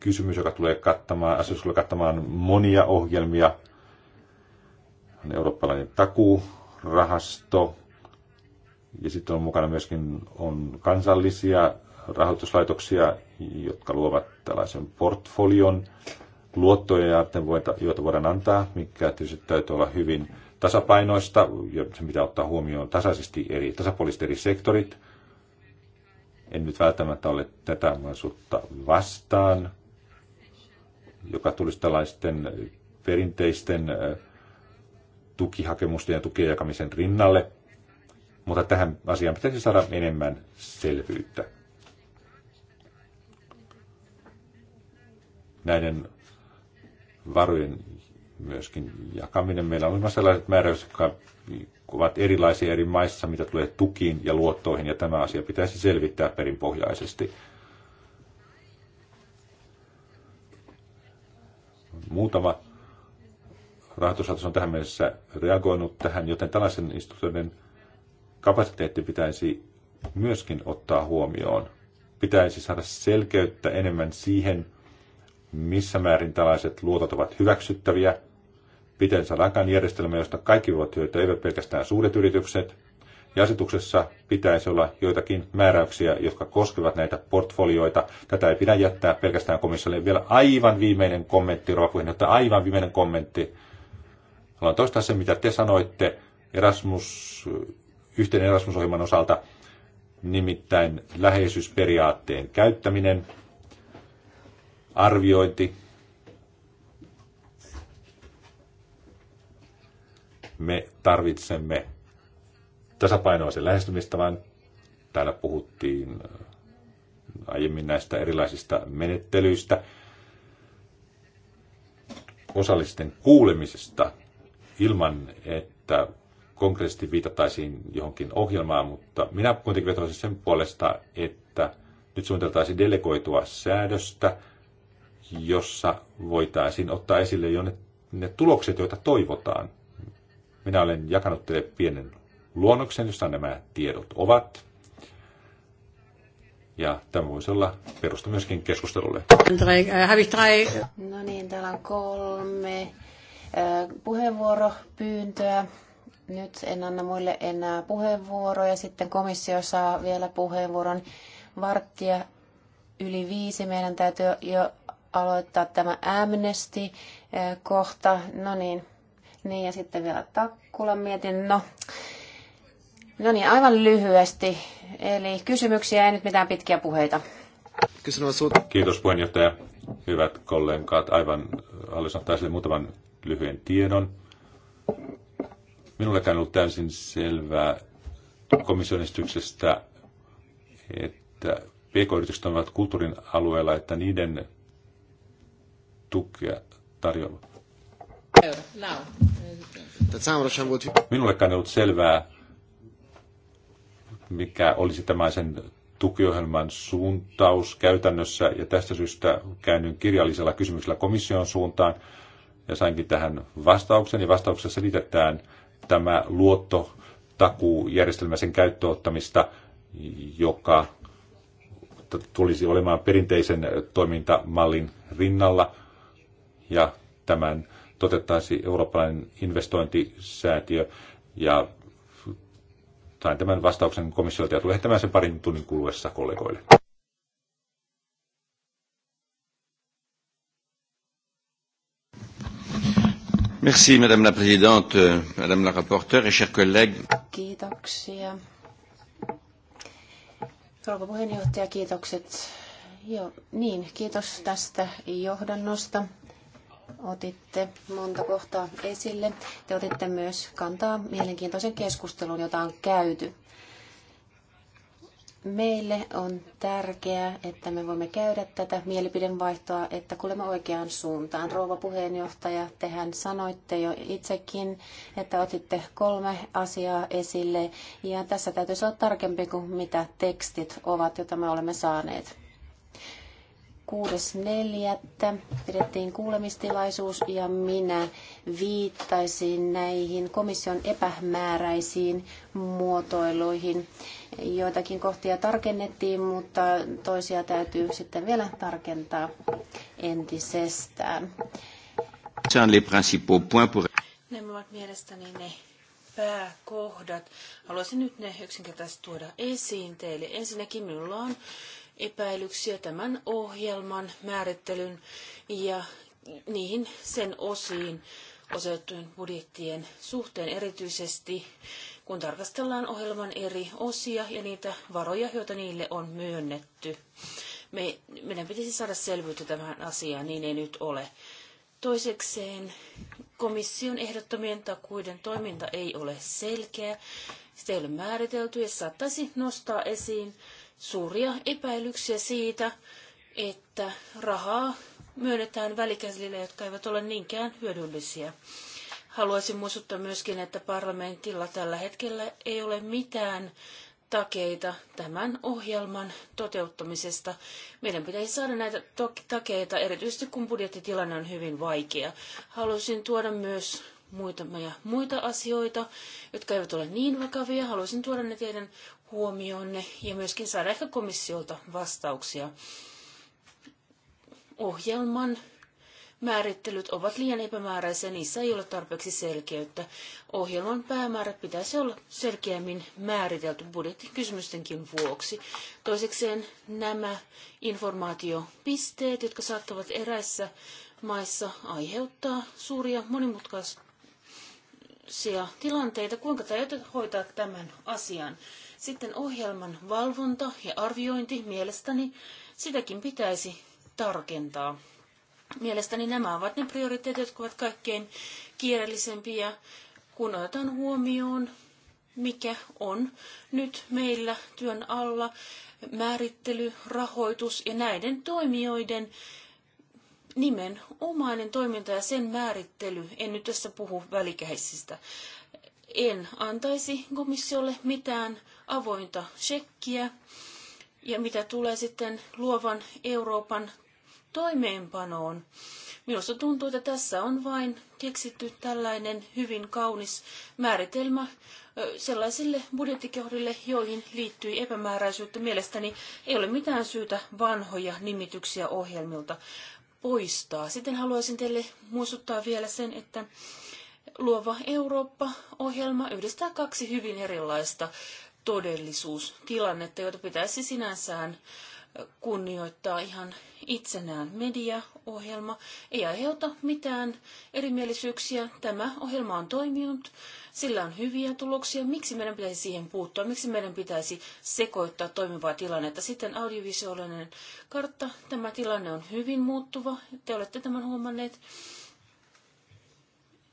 Speaker 3: kysymys, joka tulee kattamaan, asioissa tulee kattamaan monia ohjelmia. On eurooppalainen takuu, rahasto ja sitten on mukana myöskin on kansallisia rahoituslaitoksia, jotka luovat tällaisen portfolion luottoja, joita voidaan antaa, mikä tietysti täytyy olla hyvin tasapainoista, ja se pitää ottaa huomioon tasaisesti eri, tasapuoliset eri sektorit. En nyt välttämättä ole tätä mahdollisuutta vastaan, joka tulisi tällaisten perinteisten tukihakemusten ja tukien jakamisen rinnalle, mutta tähän asiaan pitäisi saada enemmän selvyyttä. Näiden varojen myöskin jakaminen. Meillä on olemassa sellaiset määräykset, jotka ovat erilaisia eri maissa, mitä tulee tukiin ja luottoihin, ja tämä asia pitäisi selvittää perinpohjaisesti. Muutama rahoituslaitos on tähän mennessä reagoinut tähän, joten tällaisen instituutioiden kapasiteetti pitäisi myöskin ottaa huomioon. Pitäisi saada selkeyttä enemmän siihen, missä määrin tällaiset luotot ovat hyväksyttäviä. Pitäisi saada aikaan järjestelmä, josta kaikki voivat hyötyä, eivät pelkästään suuret yritykset. Ja asetuksessa pitäisi olla joitakin määräyksiä, jotka koskevat näitä portfolioita. Tätä ei pidä jättää pelkästään komissiolle. Vielä aivan viimeinen kommentti, rouva puheenjohtaja, aivan viimeinen kommentti Haluan toistaa sen, mitä te sanoitte Erasmus, yhteen Erasmus-ohjelman osalta, nimittäin läheisyysperiaatteen käyttäminen, arviointi. Me tarvitsemme tasapainoisen lähestymistavan. Täällä puhuttiin äh, aiemmin näistä erilaisista menettelyistä, osallisten kuulemisesta ilman, että konkreettisesti viitattaisiin johonkin ohjelmaan, mutta minä kuitenkin vetoisin sen puolesta, että nyt suunniteltaisiin delegoitua säädöstä, jossa voitaisiin ottaa esille jo ne, ne tulokset, joita toivotaan. Minä olen jakanut teille pienen luonnoksen, jossa nämä tiedot ovat. Ja tämä voisi olla perusta myöskin keskustelulle.
Speaker 1: Äh,
Speaker 2: no niin, täällä on kolme puheenvuoropyyntöä. Nyt en anna muille enää puheenvuoroja. Sitten komissio saa vielä puheenvuoron. Varttia yli viisi. Meidän täytyy jo aloittaa tämä Amnesty-kohta. No niin. Niin, ja sitten vielä Takkulan mietin. No, no niin, aivan lyhyesti. Eli kysymyksiä ei nyt mitään pitkiä puheita.
Speaker 3: Kiitos puheenjohtaja. Hyvät kollegat, aivan haluaisin ottaa esille muutaman lyhyen tiedon. Minulle ei ollut täysin selvää komission esityksestä, että pk-yritykset ovat kulttuurin alueella, että niiden tukea tarjolla. Minullekään ei ollut selvää, mikä olisi tämä sen tukiohjelman suuntaus käytännössä, ja tästä syystä käännyn kirjallisella kysymyksellä komission suuntaan, ja sainkin tähän vastauksen. Ja vastauksessa selitetään tämä luotto takuujärjestelmä sen käyttöottamista, joka tulisi olemaan perinteisen toimintamallin rinnalla ja tämän toteuttaisi eurooppalainen investointisäätiö ja sain tämän vastauksen komissiolta ja tulee tämän sen parin tunnin kuluessa kollegoille.
Speaker 5: Merci, Madame la Présidente, euh, Madame la Rapporteure et chers collègues.
Speaker 2: Kiitoksia. Rouva puheenjohtaja, kiitokset. Joo, niin, kiitos tästä johdannosta. Otitte monta kohtaa esille. Te otitte myös kantaa mielenkiintoisen keskusteluun, jota on käyty. Meille on tärkeää, että me voimme käydä tätä mielipidenvaihtoa, että kuulemme oikeaan suuntaan. Rouva puheenjohtaja, tehän sanoitte jo itsekin, että otitte kolme asiaa esille, ja tässä täytyisi olla tarkempi kuin mitä tekstit ovat, joita me olemme saaneet. 6.4. pidettiin kuulemistilaisuus ja minä viittaisin näihin komission epämääräisiin muotoiluihin. Joitakin kohtia tarkennettiin, mutta toisia täytyy sitten vielä tarkentaa
Speaker 1: entisestään. Nämä ovat mielestäni ne pääkohdat. Haluaisin nyt ne yksinkertaisesti tuoda esiin teille. Ensinnäkin minulla on epäilyksiä tämän ohjelman määrittelyn ja niihin sen osiin osoitettujen budjettien suhteen erityisesti, kun tarkastellaan ohjelman eri osia ja niitä varoja, joita niille on myönnetty. Me, meidän pitäisi saada selvyyttä tähän asiaan, niin ei nyt ole. Toisekseen komission ehdottomien takuiden toiminta ei ole selkeä, sitä ei ole määritelty ja saattaisi nostaa esiin suuria epäilyksiä siitä, että rahaa myönnetään välikäsille, jotka eivät ole niinkään hyödyllisiä. Haluaisin muistuttaa myöskin, että parlamentilla tällä hetkellä ei ole mitään takeita tämän ohjelman toteuttamisesta. Meidän pitäisi saada näitä takeita, erityisesti kun budjettitilanne on hyvin vaikea. Haluaisin tuoda myös muutamia muita asioita, jotka eivät ole niin vakavia. Haluaisin tuoda ne teidän huomionne ja myöskin saada ehkä komissiolta vastauksia. Ohjelman määrittelyt ovat liian epämääräisiä, niissä ei ole tarpeeksi selkeyttä. Ohjelman päämäärät pitäisi olla selkeämmin määritelty budjettikysymystenkin vuoksi. Toisekseen nämä informaatiopisteet, jotka saattavat eräissä maissa aiheuttaa suuria monimutkaisia tilanteita. Kuinka te hoitaa tämän asian? Sitten ohjelman valvonta ja arviointi mielestäni, sitäkin pitäisi tarkentaa. Mielestäni nämä ovat ne prioriteetit, jotka ovat kaikkein kiireellisempiä, kun otetaan huomioon, mikä on nyt meillä työn alla, määrittely, rahoitus ja näiden toimijoiden nimenomainen toiminta ja sen määrittely. En nyt tässä puhu välikäisistä. En antaisi komissiolle mitään avointa shekkiä. Ja mitä tulee sitten luovan Euroopan toimeenpanoon. Minusta tuntuu, että tässä on vain keksitty tällainen hyvin kaunis määritelmä sellaisille budjettikohdille, joihin liittyi epämääräisyyttä. Mielestäni ei ole mitään syytä vanhoja nimityksiä ohjelmilta poistaa. Sitten haluaisin teille muistuttaa vielä sen, että Luova Eurooppa-ohjelma yhdistää kaksi hyvin erilaista todellisuustilannetta, jota pitäisi sinänsään kunnioittaa ihan itsenään. Mediaohjelma ei aiheuta mitään erimielisyyksiä. Tämä ohjelma on toiminut, sillä on hyviä tuloksia. Miksi meidän pitäisi siihen puuttua? Miksi meidän pitäisi sekoittaa toimivaa tilannetta? Sitten audiovisuaalinen kartta. Tämä tilanne on hyvin muuttuva. Te olette tämän huomanneet.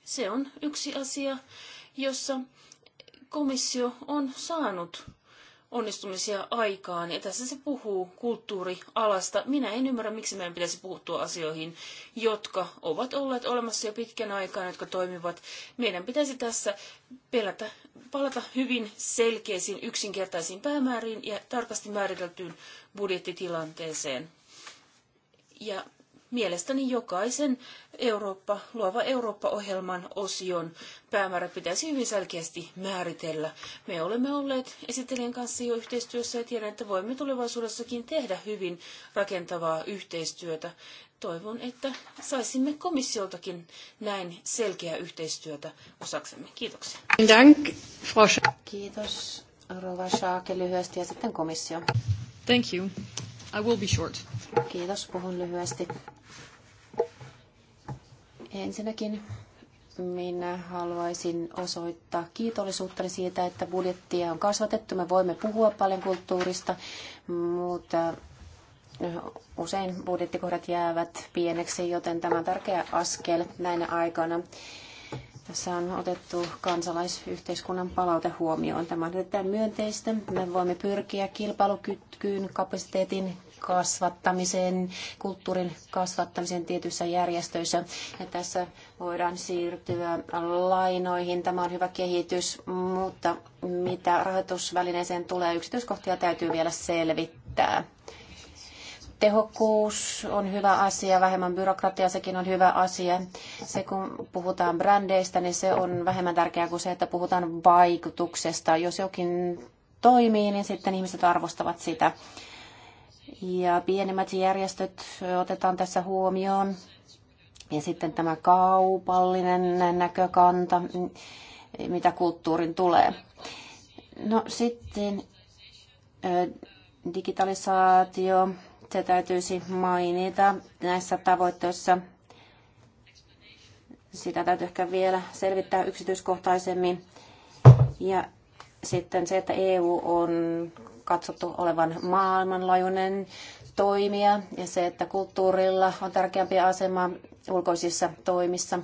Speaker 1: Se on yksi asia, jossa komissio on saanut onnistumisia aikaan. Ja tässä se puhuu kulttuurialasta. Minä en ymmärrä, miksi meidän pitäisi puuttua asioihin, jotka ovat olleet olemassa jo pitkän aikaa, jotka toimivat. Meidän pitäisi tässä pelätä, palata hyvin selkeisiin, yksinkertaisiin päämääriin ja tarkasti määriteltyyn budjettitilanteeseen. Ja mielestäni jokaisen Eurooppa, luova Eurooppa-ohjelman osion päämäärä pitäisi hyvin selkeästi määritellä. Me olemme olleet esittelijän kanssa jo yhteistyössä ja tiedän, että voimme tulevaisuudessakin tehdä hyvin rakentavaa yhteistyötä. Toivon, että saisimme komissioltakin näin selkeää yhteistyötä osaksemme. Kiitoksia.
Speaker 2: Kiitos, Rova Schaake lyhyesti ja sitten komissio. Thank you. I will be short. Kiitos, puhun lyhyesti. Ensinnäkin minä haluaisin osoittaa kiitollisuutta siitä, että budjettia on kasvatettu. Me voimme puhua paljon kulttuurista, mutta usein budjettikohdat jäävät pieneksi, joten tämä on tärkeä askel näinä aikana. Tässä on otettu kansalaisyhteiskunnan palaute huomioon. Tämä on erittäin myönteistä. Me voimme pyrkiä kilpailukykyyn, kapasiteetin kasvattamiseen, kulttuurin kasvattamiseen tietyissä järjestöissä. Ja tässä voidaan siirtyä lainoihin. Tämä on hyvä kehitys, mutta mitä rahoitusvälineeseen tulee, yksityiskohtia täytyy vielä selvittää. Tehokkuus on hyvä asia, vähemmän byrokratia, sekin on hyvä asia. Se kun puhutaan brändeistä, niin se on vähemmän tärkeää kuin se, että puhutaan vaikutuksesta. Jos jokin toimii, niin sitten ihmiset arvostavat sitä ja pienemmät järjestöt otetaan tässä huomioon. Ja sitten tämä kaupallinen näkökanta, mitä kulttuurin tulee. No sitten digitalisaatio, se täytyisi mainita näissä tavoitteissa. Sitä täytyy ehkä vielä selvittää yksityiskohtaisemmin. Ja sitten se, että EU on katsottu olevan maailmanlaajuinen toimija ja se, että kulttuurilla on tärkeämpi asema ulkoisissa toimissa.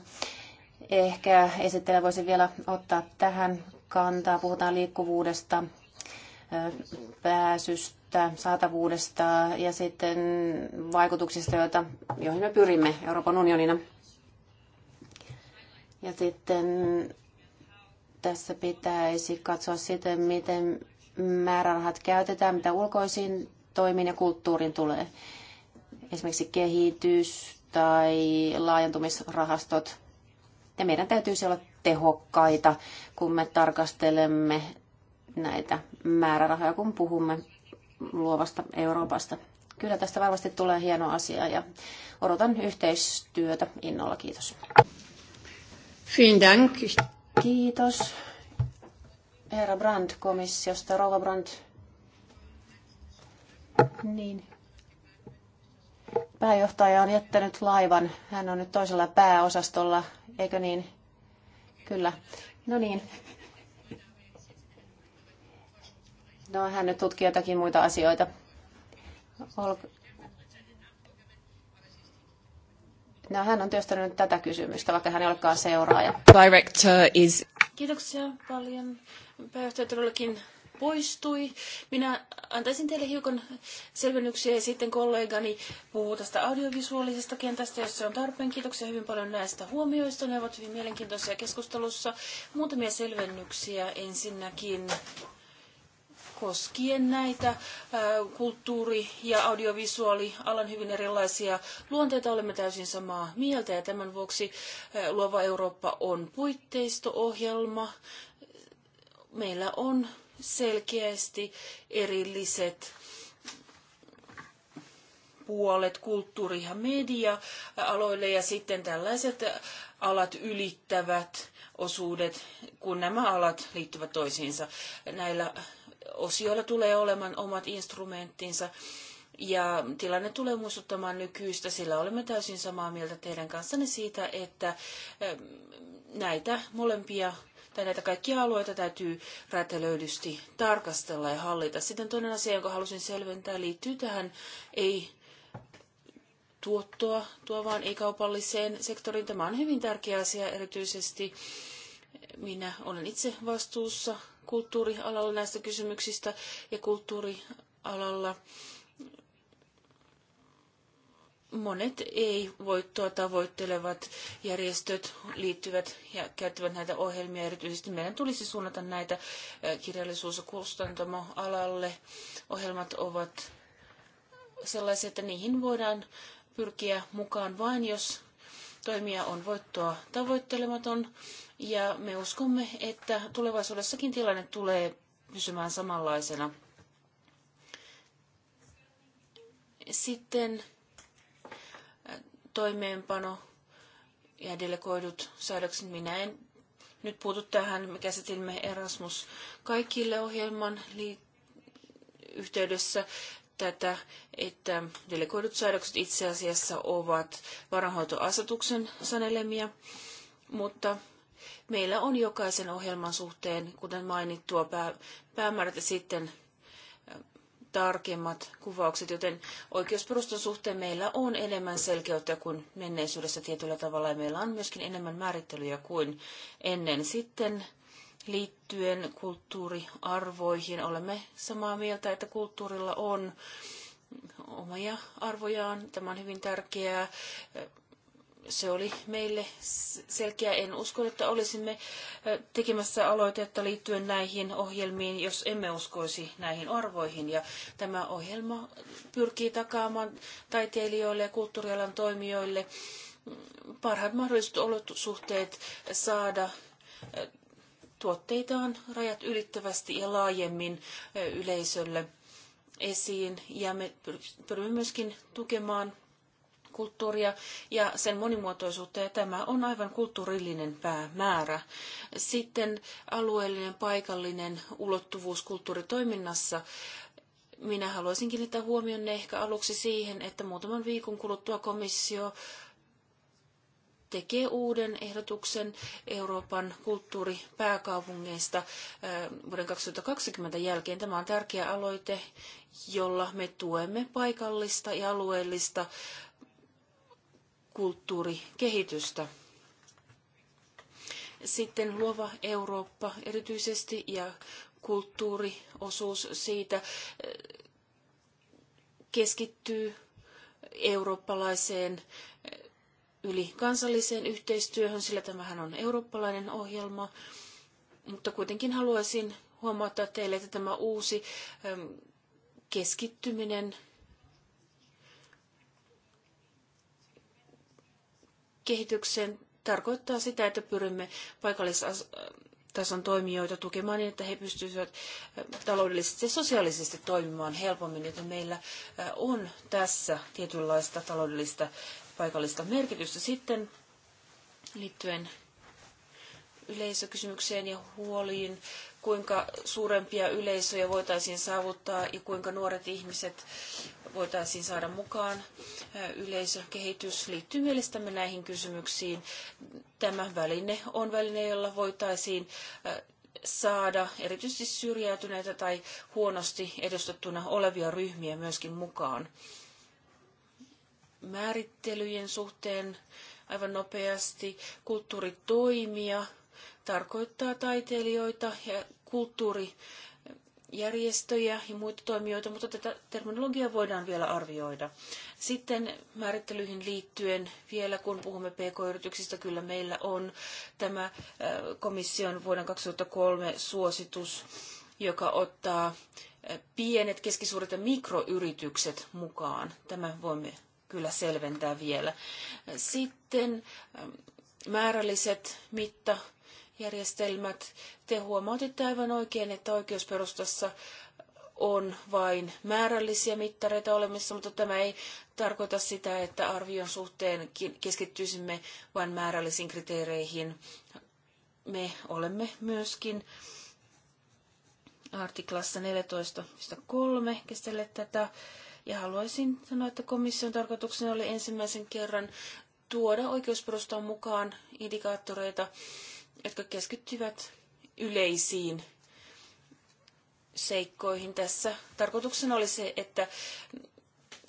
Speaker 2: Ehkä esittelijä voisi vielä ottaa tähän kantaa. Puhutaan liikkuvuudesta, pääsystä, saatavuudesta ja sitten vaikutuksista, joita, joihin me pyrimme Euroopan unionina. Ja sitten tässä pitäisi katsoa sitten, miten määrärahat käytetään, mitä ulkoisiin toimiin ja kulttuuriin tulee. Esimerkiksi kehitys tai laajentumisrahastot. Ja meidän täytyisi olla tehokkaita, kun me tarkastelemme näitä määrärahoja, kun puhumme luovasta Euroopasta. Kyllä tästä varmasti tulee hieno asia ja odotan yhteistyötä innolla. Kiitos. Vielen Dank. Kiitos herra Brand komissiosta, Rova Brand. Niin. Pääjohtaja on jättänyt laivan. Hän on nyt toisella pääosastolla, eikö niin? Kyllä. No niin. No, hän nyt tutkii jotakin muita asioita. Ol... No, hän on työstänyt tätä kysymystä, vaikka hän ei olekaan seuraaja.
Speaker 1: Director is... Kiitoksia paljon. Pääjohtaja todellakin poistui. Minä antaisin teille hiukan selvennyksiä ja sitten kollegani puhuu tästä audiovisuaalisesta kentästä, jos se on tarpeen. Kiitoksia hyvin paljon näistä huomioista. Ne ovat hyvin mielenkiintoisia keskustelussa. Muutamia selvennyksiä ensinnäkin koskien näitä kulttuuri- ja audiovisuaalialan hyvin erilaisia luonteita olemme täysin samaa mieltä ja tämän vuoksi Luova Eurooppa on puitteisto-ohjelma. Meillä on selkeästi erilliset puolet, kulttuuri- ja media-aloille ja sitten tällaiset alat ylittävät osuudet, kun nämä alat liittyvät toisiinsa. Näillä osioilla tulee olemaan omat instrumenttinsa. Ja tilanne tulee muistuttamaan nykyistä, sillä olemme täysin samaa mieltä teidän kanssanne siitä, että ähm, näitä molempia tai näitä kaikkia alueita täytyy räätälöidysti tarkastella ja hallita. Sitten toinen asia, jonka halusin selventää, liittyy tähän ei tuottoa tuovaan ei-kaupalliseen sektoriin. Tämä on hyvin tärkeä asia erityisesti. Minä olen itse vastuussa kulttuurialalla näistä kysymyksistä ja kulttuurialalla monet ei-voittoa tavoittelevat järjestöt liittyvät ja käyttävät näitä ohjelmia. Erityisesti meidän tulisi suunnata näitä kirjallisuus- ja kustantamoalalle. Ohjelmat ovat sellaisia, että niihin voidaan pyrkiä mukaan vain, jos toimija on voittoa tavoittelematon. Ja me uskomme, että tulevaisuudessakin tilanne tulee pysymään samanlaisena. Sitten äh, toimeenpano ja delegoidut säädökset. Minä en nyt puutu tähän. Me käsitimme Erasmus kaikille ohjelman yhteydessä tätä, että delegoidut säädökset itse asiassa ovat varanhoitoasetuksen sanelemia, mutta Meillä on jokaisen ohjelman suhteen, kuten mainittua, pää, päämäärät ja sitten tarkemmat kuvaukset, joten oikeusperustan suhteen meillä on enemmän selkeyttä kuin menneisyydessä tietyllä tavalla ja meillä on myöskin enemmän määrittelyjä kuin ennen. Sitten liittyen kulttuuriarvoihin olemme samaa mieltä, että kulttuurilla on omia arvojaan. Tämä on hyvin tärkeää se oli meille selkeä. En usko, että olisimme tekemässä aloitetta liittyen näihin ohjelmiin, jos emme uskoisi näihin arvoihin. Ja tämä ohjelma pyrkii takaamaan taiteilijoille ja kulttuurialan toimijoille mm, parhaat mahdolliset olosuhteet saada tuotteitaan rajat ylittävästi ja laajemmin yleisölle esiin. Ja me pyrimme myöskin tukemaan kulttuuria ja sen monimuotoisuutta, ja tämä on aivan kulttuurillinen päämäärä. Sitten alueellinen, paikallinen ulottuvuus kulttuuritoiminnassa. Minä haluaisin kiinnittää huomionne ehkä aluksi siihen, että muutaman viikon kuluttua komissio tekee uuden ehdotuksen Euroopan kulttuuripääkaupungeista vuoden 2020 jälkeen. Tämä on tärkeä aloite, jolla me tuemme paikallista ja alueellista kulttuurikehitystä. Sitten luova Eurooppa erityisesti ja kulttuuriosuus siitä eh, keskittyy eurooppalaiseen eh, yli kansalliseen yhteistyöhön, sillä tämähän on eurooppalainen ohjelma. Mutta kuitenkin haluaisin huomauttaa teille, että tämä uusi eh, keskittyminen kehitykseen tarkoittaa sitä, että pyrimme paikallistason toimijoita tukemaan niin, että he pystyisivät taloudellisesti ja sosiaalisesti toimimaan helpommin, joten meillä on tässä tietynlaista taloudellista paikallista merkitystä sitten liittyen yleisökysymykseen ja huoliin, kuinka suurempia yleisöjä voitaisiin saavuttaa ja kuinka nuoret ihmiset voitaisiin saada mukaan. Yleisökehitys liittyy mielestämme näihin kysymyksiin. Tämä väline on väline, jolla voitaisiin saada erityisesti syrjäytyneitä tai huonosti edustettuna olevia ryhmiä myöskin mukaan. Määrittelyjen suhteen aivan nopeasti kulttuuritoimija tarkoittaa taiteilijoita ja kulttuurijärjestöjä ja muita toimijoita, mutta tätä terminologiaa voidaan vielä arvioida. Sitten määrittelyihin liittyen vielä, kun puhumme pk-yrityksistä, kyllä meillä on tämä äh, komission vuoden 2003 suositus, joka ottaa äh, pienet, keskisuuret ja mikroyritykset mukaan. Tämä voimme kyllä selventää vielä. Sitten ähm, määrälliset mitta järjestelmät. Te huomautitte aivan oikein, että oikeusperustassa on vain määrällisiä mittareita olemassa, mutta tämä ei tarkoita sitä, että arvion suhteen keskittyisimme vain määrällisiin kriteereihin. Me olemme myöskin artiklassa 14.3 kestelle tätä. Ja haluaisin sanoa, että komission tarkoituksena oli ensimmäisen kerran tuoda oikeusperustaan mukaan indikaattoreita jotka keskittyvät yleisiin seikkoihin. Tässä tarkoituksena oli se, että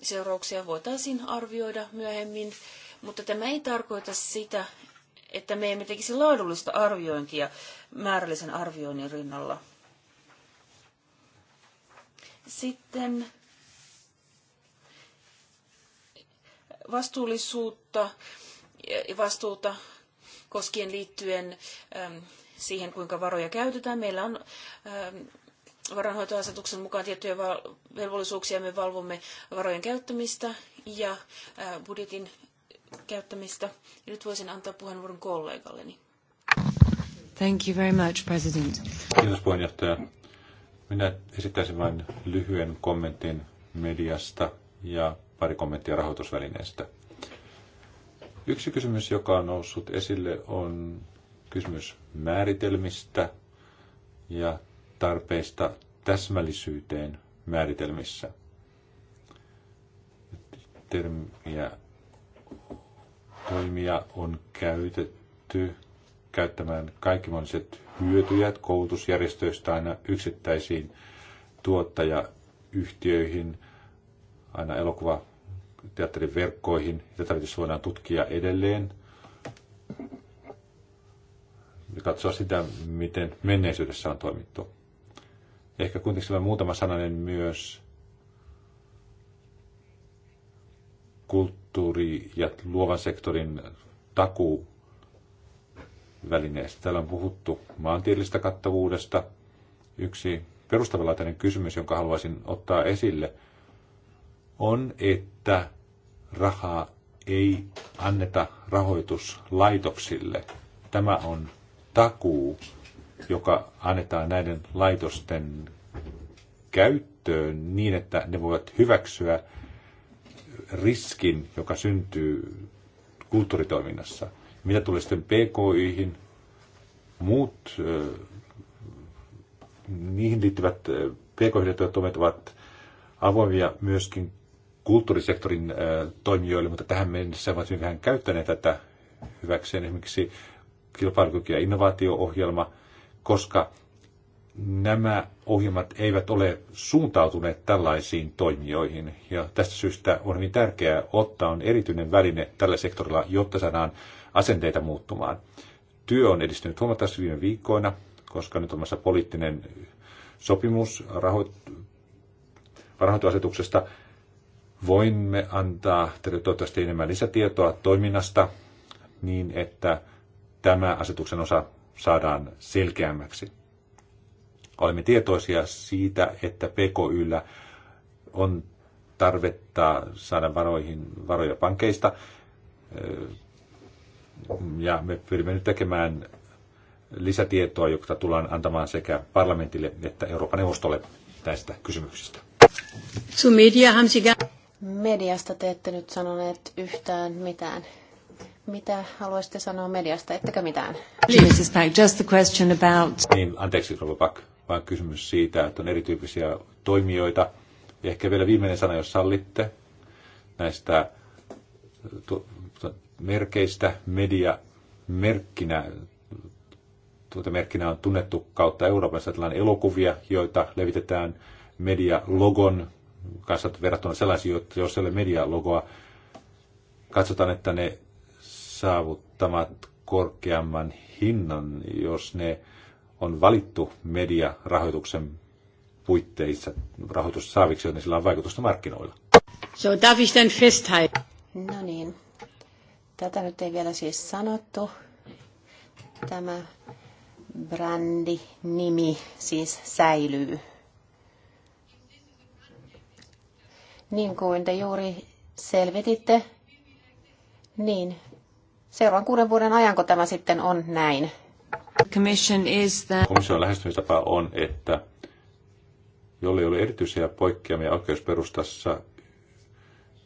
Speaker 1: seurauksia voitaisiin arvioida myöhemmin, mutta tämä ei tarkoita sitä, että me emme tekisi laadullista arviointia määrällisen arvioinnin rinnalla. Sitten vastuullisuutta ja vastuuta koskien liittyen ähm, siihen, kuinka varoja käytetään. Meillä on ähm, varanhoitoasetuksen mukaan tiettyjä velvollisuuksia. Me valvomme varojen käyttämistä ja äh, budjetin käyttämistä. Nyt voisin antaa puheenvuoron kollegalleni. Thank you very much, President.
Speaker 3: Kiitos puheenjohtaja. Minä esittäisin vain lyhyen kommentin mediasta ja pari kommenttia rahoitusvälineestä. Yksi kysymys, joka on noussut esille, on kysymys määritelmistä ja tarpeista täsmällisyyteen määritelmissä. Termiä toimia on käytetty käyttämään kaikki mahdolliset hyötyjät koulutusjärjestöistä aina yksittäisiin tuottajayhtiöihin, aina elokuva teatterin verkkoihin. Tätä tietysti voidaan tutkia edelleen ja katsoa sitä, miten menneisyydessä on toimittu. Ehkä kuitenkin muutama sananen myös kulttuuri- ja luovan sektorin takuu välineestä. Täällä on puhuttu maantieteellisestä kattavuudesta. Yksi perustavanlaatuinen kysymys, jonka haluaisin ottaa esille – on, että rahaa ei anneta rahoituslaitoksille. Tämä on takuu, joka annetaan näiden laitosten käyttöön niin, että ne voivat hyväksyä riskin, joka syntyy kulttuuritoiminnassa. Mitä tulee sitten PKYihin, muut, niihin liittyvät pk toimet ovat avoimia myöskin kulttuurisektorin toimijoille, mutta tähän mennessä ovat hyvin vähän käyttäneet tätä hyväkseen. Esimerkiksi kilpailukyky- ja innovaatio-ohjelma, koska nämä ohjelmat eivät ole suuntautuneet tällaisiin toimijoihin. Ja tästä syystä on hyvin tärkeää ottaa on erityinen väline tällä sektorilla, jotta saadaan asenteita muuttumaan. Työ on edistynyt huomattavasti viime viikkoina, koska nyt on poliittinen sopimus rahoit- Voimme antaa teille toivottavasti enemmän lisätietoa toiminnasta niin, että tämä asetuksen osa saadaan selkeämmäksi. Olemme tietoisia siitä, että PKYllä on tarvetta saada varoihin, varoja pankeista. Ja me pyrimme nyt tekemään lisätietoa, jota tullaan antamaan sekä parlamentille että Euroopan neuvostolle näistä kysymyksistä.
Speaker 1: Zu Media haben Sie
Speaker 2: Mediasta te ette nyt sanoneet yhtään mitään. Mitä haluaisitte sanoa mediasta, ettekö mitään?
Speaker 1: Mrs. Pack, just the question about...
Speaker 3: Niin, anteeksi, Rolo Pak, vaan kysymys siitä, että on erityyppisiä toimijoita. Ja ehkä vielä viimeinen sana, jos sallitte, näistä merkeistä media merkkinä tuota merkkinä on tunnettu kautta Euroopassa tällainen elokuvia, joita levitetään media logon kanssa verrattuna sellaisiin, joissa ei ole medialogoa, katsotaan, että ne saavuttamat korkeamman hinnan, jos ne on valittu mediarahoituksen puitteissa rahoitus saaviksi, joten sillä on vaikutusta markkinoilla.
Speaker 2: So, darf ich denn festhalten? No niin. Tätä nyt ei vielä siis sanottu. Tämä brändi, nimi siis säilyy Niin kuin te juuri selvititte, niin seuraavan kuuden vuoden ajanko tämä sitten on näin? Commission
Speaker 1: is the...
Speaker 3: Komission lähestymistapa on, että jolle oli erityisiä poikkeamia oikeusperustassa,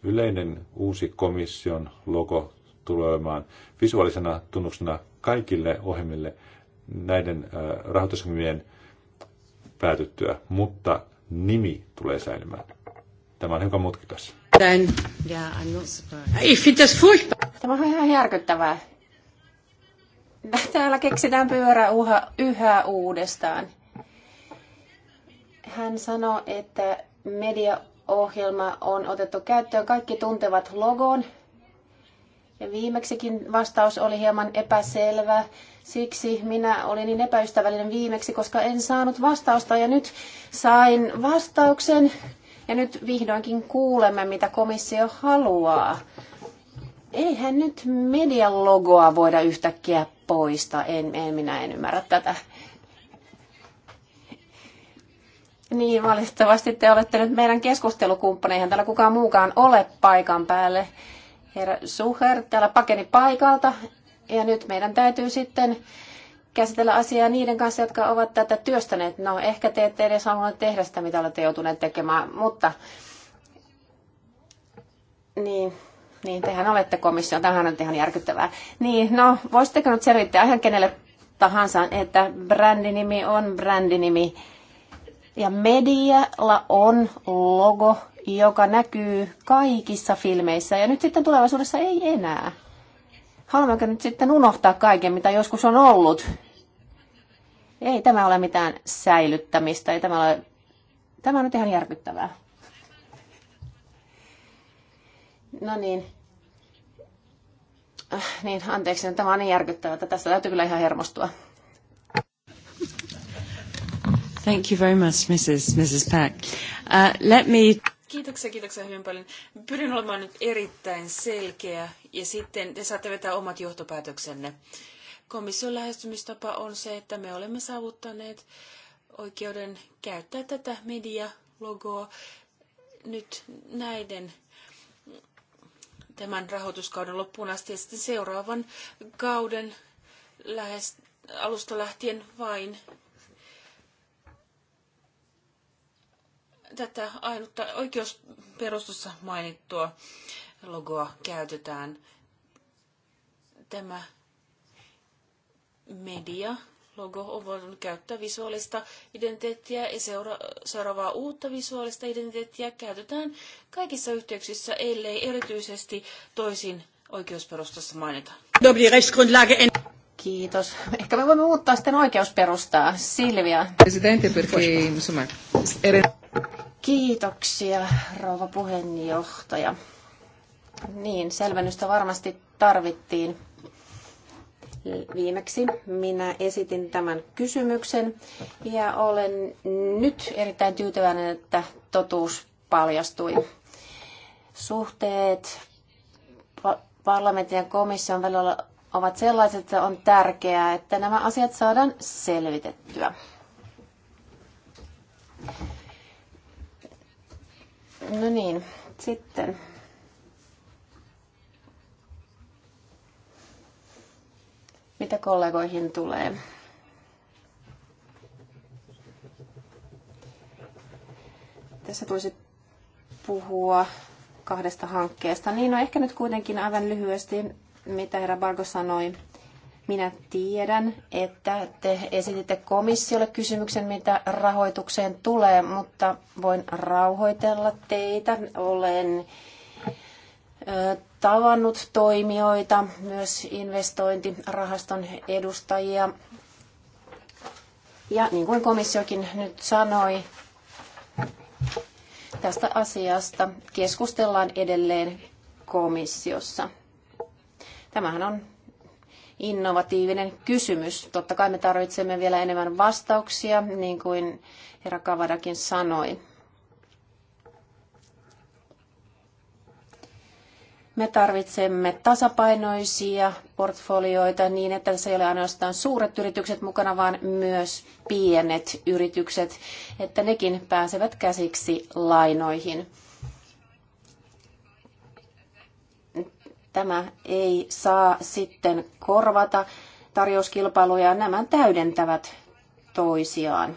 Speaker 3: yleinen uusi komission logo tulee olemaan visuaalisena tunnuksena kaikille ohjelmille näiden äh, rahoitusohjelmien päätyttyä, mutta nimi tulee säilymään. Tämä on hiukan mutkikas.
Speaker 1: Tän. Yeah, I'm not surprised.
Speaker 2: Tämä on ihan järkyttävää. Täällä keksitään pyörä uha, yhä uudestaan. Hän sanoi, että mediaohjelma on otettu käyttöön. Kaikki tuntevat logon. Ja viimeksikin vastaus oli hieman epäselvä. Siksi minä olin niin epäystävällinen viimeksi, koska en saanut vastausta ja nyt sain vastauksen. Ja nyt vihdoinkin kuulemme, mitä komissio haluaa. Eihän nyt median logoa voida yhtäkkiä poistaa. En, en minä en ymmärrä tätä. Niin, valitettavasti te olette nyt meidän keskustelukumppaneihin Eihän täällä kukaan muukaan ole paikan päälle. Herra Suher täällä pakeni paikalta. Ja nyt meidän täytyy sitten käsitellä asiaa niiden kanssa, jotka ovat tätä työstäneet. No ehkä te ette edes halunneet tehdä sitä, mitä olette joutuneet tekemään, mutta niin, niin tehän olette komissio, tämähän on ihan järkyttävää. Niin, no voisitteko nyt selvittää ihan kenelle tahansa, että brändinimi on brändinimi. Ja medialla on logo, joka näkyy kaikissa filmeissä ja nyt sitten tulevaisuudessa ei enää. Haluammeko nyt sitten unohtaa kaiken, mitä joskus on ollut ei tämä ole mitään säilyttämistä, ei tämä, ole, tämä on nyt ihan järkyttävää. No niin. Äh, niin, anteeksi, no tämä on niin järkyttävää, että tässä täytyy kyllä ihan hermostua.
Speaker 1: Thank you very much, Mrs. Mrs. Pack. Uh, let me... Kiitoksia, kiitoksia hyvin paljon. Pyrin olemaan nyt erittäin selkeä ja sitten te saatte vetää omat johtopäätöksenne. Komission lähestymistapa on se, että me olemme saavuttaneet oikeuden käyttää tätä medialogoa nyt näiden tämän rahoituskauden loppuun asti ja sitten seuraavan kauden lähes alusta lähtien vain tätä ainutta oikeusperustussa mainittua logoa käytetään. Tämä media logo on voinut käyttää visuaalista identiteettiä ja seura- seuraavaa uutta visuaalista identiteettiä käytetään kaikissa yhteyksissä, ellei erityisesti toisin oikeusperustassa mainita. Kiitos.
Speaker 2: Ehkä me voimme muuttaa sitten oikeusperustaa. Silvia. Presidente, Kiitoksia, rouva puheenjohtaja. Niin, selvennystä varmasti tarvittiin viimeksi minä esitin tämän kysymyksen ja olen nyt erittäin tyytyväinen, että totuus paljastui. Suhteet parlamentin ja komission välillä ovat sellaiset, että on tärkeää, että nämä asiat saadaan selvitettyä. No niin, sitten mitä kollegoihin tulee. Tässä tulisi puhua kahdesta hankkeesta. Niin, no ehkä nyt kuitenkin aivan lyhyesti, mitä herra Bargo sanoi. Minä tiedän, että te esititte komissiolle kysymyksen, mitä rahoitukseen tulee, mutta voin rauhoitella teitä. Olen tavannut toimijoita, myös investointirahaston edustajia. Ja niin kuin komissiokin nyt sanoi, tästä asiasta keskustellaan edelleen komissiossa. Tämähän on innovatiivinen kysymys. Totta kai me tarvitsemme vielä enemmän vastauksia, niin kuin herra Kavadakin sanoi. Me tarvitsemme tasapainoisia portfolioita niin, että tässä ei ole ainoastaan suuret yritykset mukana, vaan myös pienet yritykset, että nekin pääsevät käsiksi lainoihin. Tämä ei saa sitten korvata tarjouskilpailuja, nämä täydentävät toisiaan.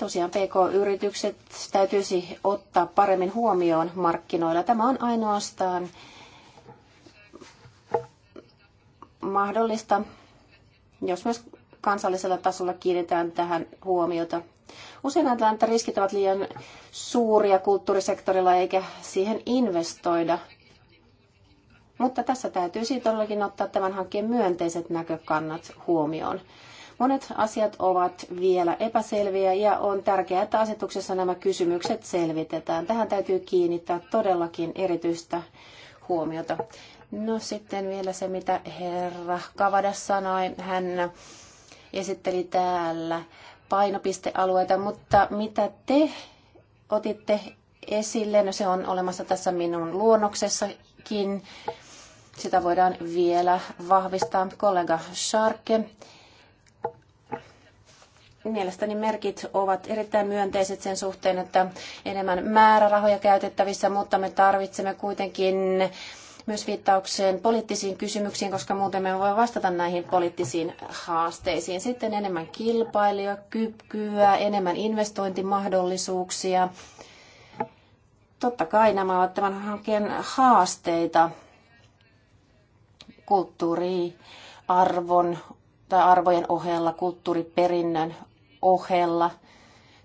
Speaker 2: Tosiaan PK-yritykset täytyisi ottaa paremmin huomioon markkinoilla. Tämä on ainoastaan mahdollista, jos myös kansallisella tasolla kiinnitetään tähän huomiota. Usein ajatellaan, että riskit ovat liian suuria kulttuurisektorilla eikä siihen investoida. Mutta tässä täytyy todellakin ottaa tämän hankkeen myönteiset näkökannat huomioon. Monet asiat ovat vielä epäselviä ja on tärkeää, että asetuksessa nämä kysymykset selvitetään. Tähän täytyy kiinnittää todellakin erityistä huomiota. No sitten vielä se, mitä herra Kavada sanoi. Hän esitteli täällä painopistealueita, mutta mitä te otitte esille, no se on olemassa tässä minun luonnoksessakin. Sitä voidaan vielä vahvistaa. Kollega Sharke Mielestäni merkit ovat erittäin myönteiset sen suhteen, että enemmän määrärahoja käytettävissä, mutta me tarvitsemme kuitenkin myös viittaukseen poliittisiin kysymyksiin, koska muuten me voi vastata näihin poliittisiin haasteisiin. Sitten enemmän kykyä, enemmän investointimahdollisuuksia. Totta kai nämä ovat tämän hankkeen haasteita. Kulttuuri, arvon tai arvojen ohella kulttuuriperinnön ohella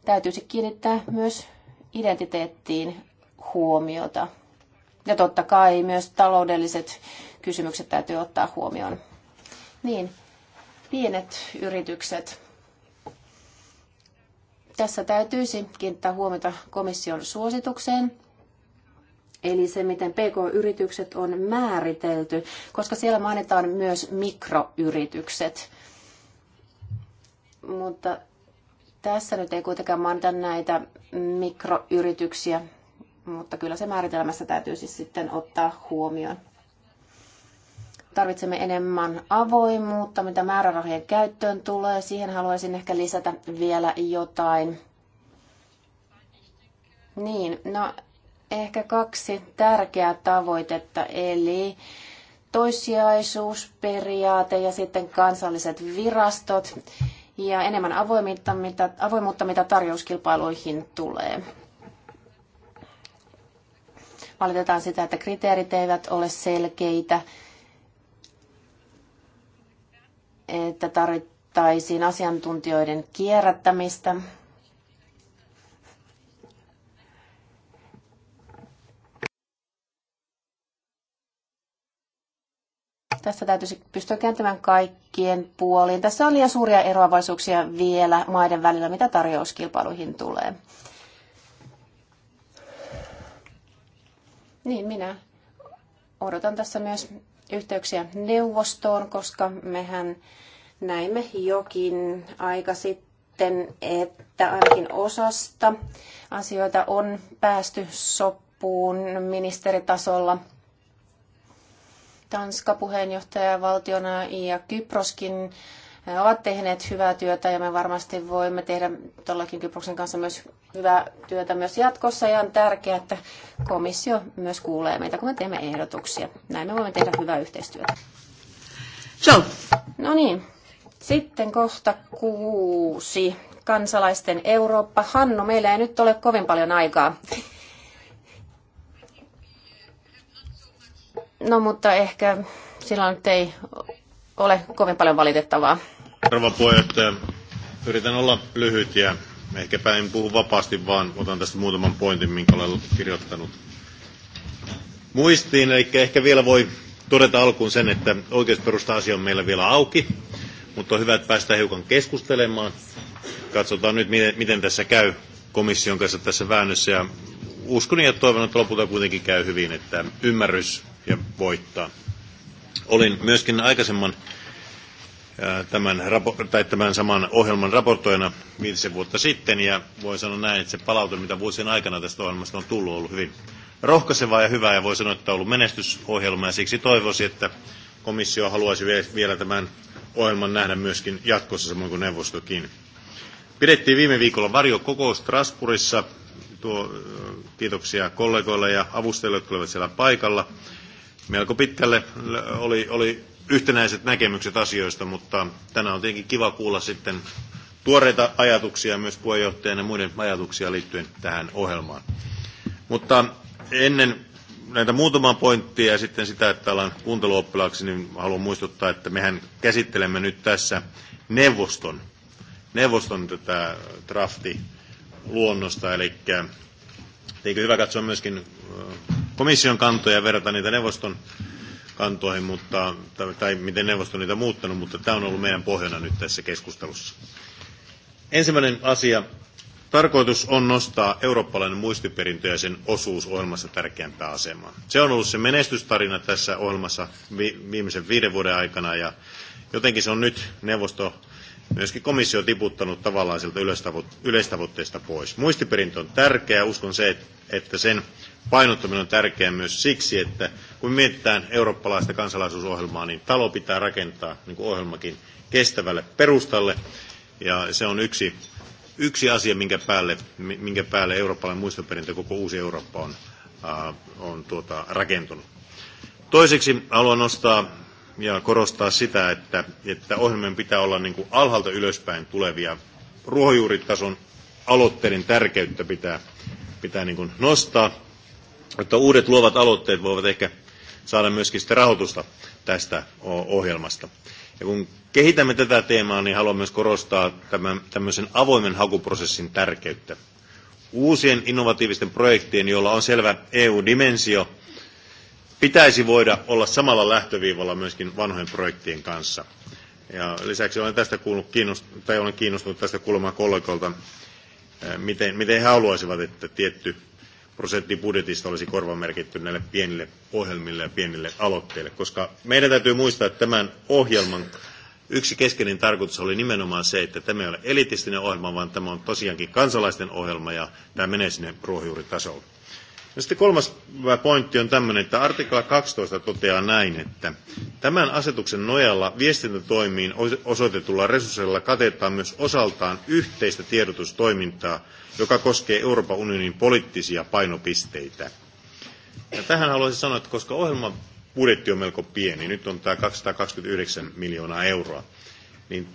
Speaker 2: täytyisi kiinnittää myös identiteettiin huomiota. Ja totta kai myös taloudelliset kysymykset täytyy ottaa huomioon. Niin, pienet yritykset. Tässä täytyisi kiinnittää huomiota komission suositukseen, eli se, miten PK-yritykset on määritelty, koska siellä mainitaan myös mikroyritykset. Mutta tässä nyt ei kuitenkaan mainita näitä mikroyrityksiä, mutta kyllä se määritelmässä täytyy siis sitten ottaa huomioon. Tarvitsemme enemmän avoimuutta, mitä määrärahojen käyttöön tulee. Siihen haluaisin ehkä lisätä vielä jotain. Niin, no ehkä kaksi tärkeää tavoitetta, eli toissijaisuusperiaate ja sitten kansalliset virastot ja enemmän avoimuutta mitä, avoimuutta, mitä tarjouskilpailuihin tulee. Valitetaan sitä, että kriteerit eivät ole selkeitä, että tarvittaisiin asiantuntijoiden kierrättämistä Tässä täytyisi pystyä kääntämään kaikkien puoliin. Tässä on liian suuria eroavaisuuksia vielä maiden välillä, mitä tarjouskilpailuihin tulee. Niin, minä odotan tässä myös yhteyksiä neuvostoon, koska mehän näimme jokin aika sitten, että ainakin osasta asioita on päästy sopuun ministeritasolla – Tanska puheenjohtajavaltiona ja Kyproskin ovat tehneet hyvää työtä ja me varmasti voimme tehdä todellakin Kyproksen kanssa myös hyvää työtä myös jatkossa ja on tärkeää, että komissio myös kuulee meitä, kun me teemme ehdotuksia. Näin me voimme tehdä hyvää yhteistyötä. So. No niin, sitten kohta kuusi. Kansalaisten Eurooppa. Hannu, meillä ei nyt ole kovin paljon aikaa. No mutta ehkä silloin nyt ei ole kovin paljon valitettavaa.
Speaker 4: Arvo puheenjohtaja, yritän olla lyhyt ja ehkäpä en puhu vapaasti, vaan otan tästä muutaman pointin, minkä olen kirjoittanut muistiin. Eli ehkä vielä voi todeta alkuun sen, että oikeusperusta-asia on meillä vielä auki, mutta on hyvä, että päästään hiukan keskustelemaan. Katsotaan nyt, miten, miten tässä käy komission kanssa tässä väännössä. Ja uskon ja toivon, että lopulta kuitenkin käy hyvin, että ymmärrys ja voittaa. Olin myöskin aikaisemman tämän, tai tämän saman ohjelman raportoijana viitisen vuotta sitten, ja voin sanoa näin, että se palaute, mitä vuosien aikana tästä ohjelmasta on tullut, on ollut hyvin rohkaisevaa ja hyvää, ja voi sanoa, että on ollut menestysohjelma, ja siksi toivoisin, että komissio haluaisi vielä tämän ohjelman nähdä myöskin jatkossa, samoin kuin neuvostokin. Pidettiin viime viikolla varjokokous Strasbourgissa. Tuo, kiitoksia kollegoille ja avustajille, jotka olivat siellä paikalla melko pitkälle oli, oli yhtenäiset näkemykset asioista, mutta tänään on tietenkin kiva kuulla sitten tuoreita ajatuksia, myös puheenjohtajan ja muiden ajatuksia liittyen tähän ohjelmaan. Mutta ennen näitä muutamaa pointtia ja sitten sitä, että ollaan kuunteluoppilaaksi, niin haluan muistuttaa, että mehän käsittelemme nyt tässä neuvoston, neuvoston tätä drafti luonnosta, eli eikö hyvä katsoa myöskin komission kantoja ja verrata niitä neuvoston kantoihin, mutta, tai, tai miten neuvosto niitä muuttanut, mutta tämä on ollut meidän pohjana nyt tässä keskustelussa. Ensimmäinen asia. Tarkoitus on nostaa eurooppalainen muistiperintö ja sen osuus ohjelmassa tärkeämpään asemaan. Se on ollut se menestystarina tässä ohjelmassa vi- viimeisen viiden vuoden aikana ja jotenkin se on nyt neuvosto myöskin komissio tiputtanut tavallaan sieltä yleistavoitteesta pois. Muistiperintö on tärkeä, uskon se, että sen painottaminen on tärkeää myös siksi, että kun mietitään eurooppalaista kansalaisuusohjelmaa, niin talo pitää rakentaa, niin kuin ohjelmakin, kestävälle perustalle. Ja se on yksi, yksi asia, minkä päälle, minkä päälle eurooppalainen muistoperintö, koko uusi Eurooppa on, äh, on tuota, rakentunut. Toiseksi haluan nostaa ja korostaa sitä, että, että ohjelmien pitää olla niin kuin alhaalta ylöspäin tulevia. Ruohonjuuritason aloitteiden tärkeyttä pitää, pitää niin kuin nostaa jotta uudet luovat aloitteet voivat ehkä saada myöskin sitä rahoitusta tästä ohjelmasta. Ja kun kehitämme tätä teemaa, niin haluan myös korostaa tämän, tämmöisen avoimen hakuprosessin tärkeyttä. Uusien innovatiivisten projektien, joilla on selvä EU-dimensio, pitäisi voida olla samalla lähtöviivalla myöskin vanhojen projektien kanssa. Ja lisäksi olen, tästä kuullut kiinnost- tai olen kiinnostunut tästä kuulemaan kollegoilta, miten, miten he haluaisivat, että tietty prosentti budjetista olisi korvamerkitty näille pienille ohjelmille ja pienille aloitteille, koska meidän täytyy muistaa, että tämän ohjelman yksi keskeinen tarkoitus oli nimenomaan se, että tämä ei ole elitistinen ohjelma, vaan tämä on tosiaankin kansalaisten ohjelma ja tämä menee sinne ruohonjuuritasolle. No sitten kolmas pointti on tämmöinen, että artikla 12 toteaa näin, että tämän asetuksen nojalla viestintätoimiin osoitetulla resursseilla katetaan myös osaltaan yhteistä tiedotustoimintaa, joka koskee Euroopan unionin poliittisia painopisteitä. Ja tähän haluaisin sanoa, että koska ohjelman budjetti on melko pieni, nyt on tämä 229 miljoonaa euroa, niin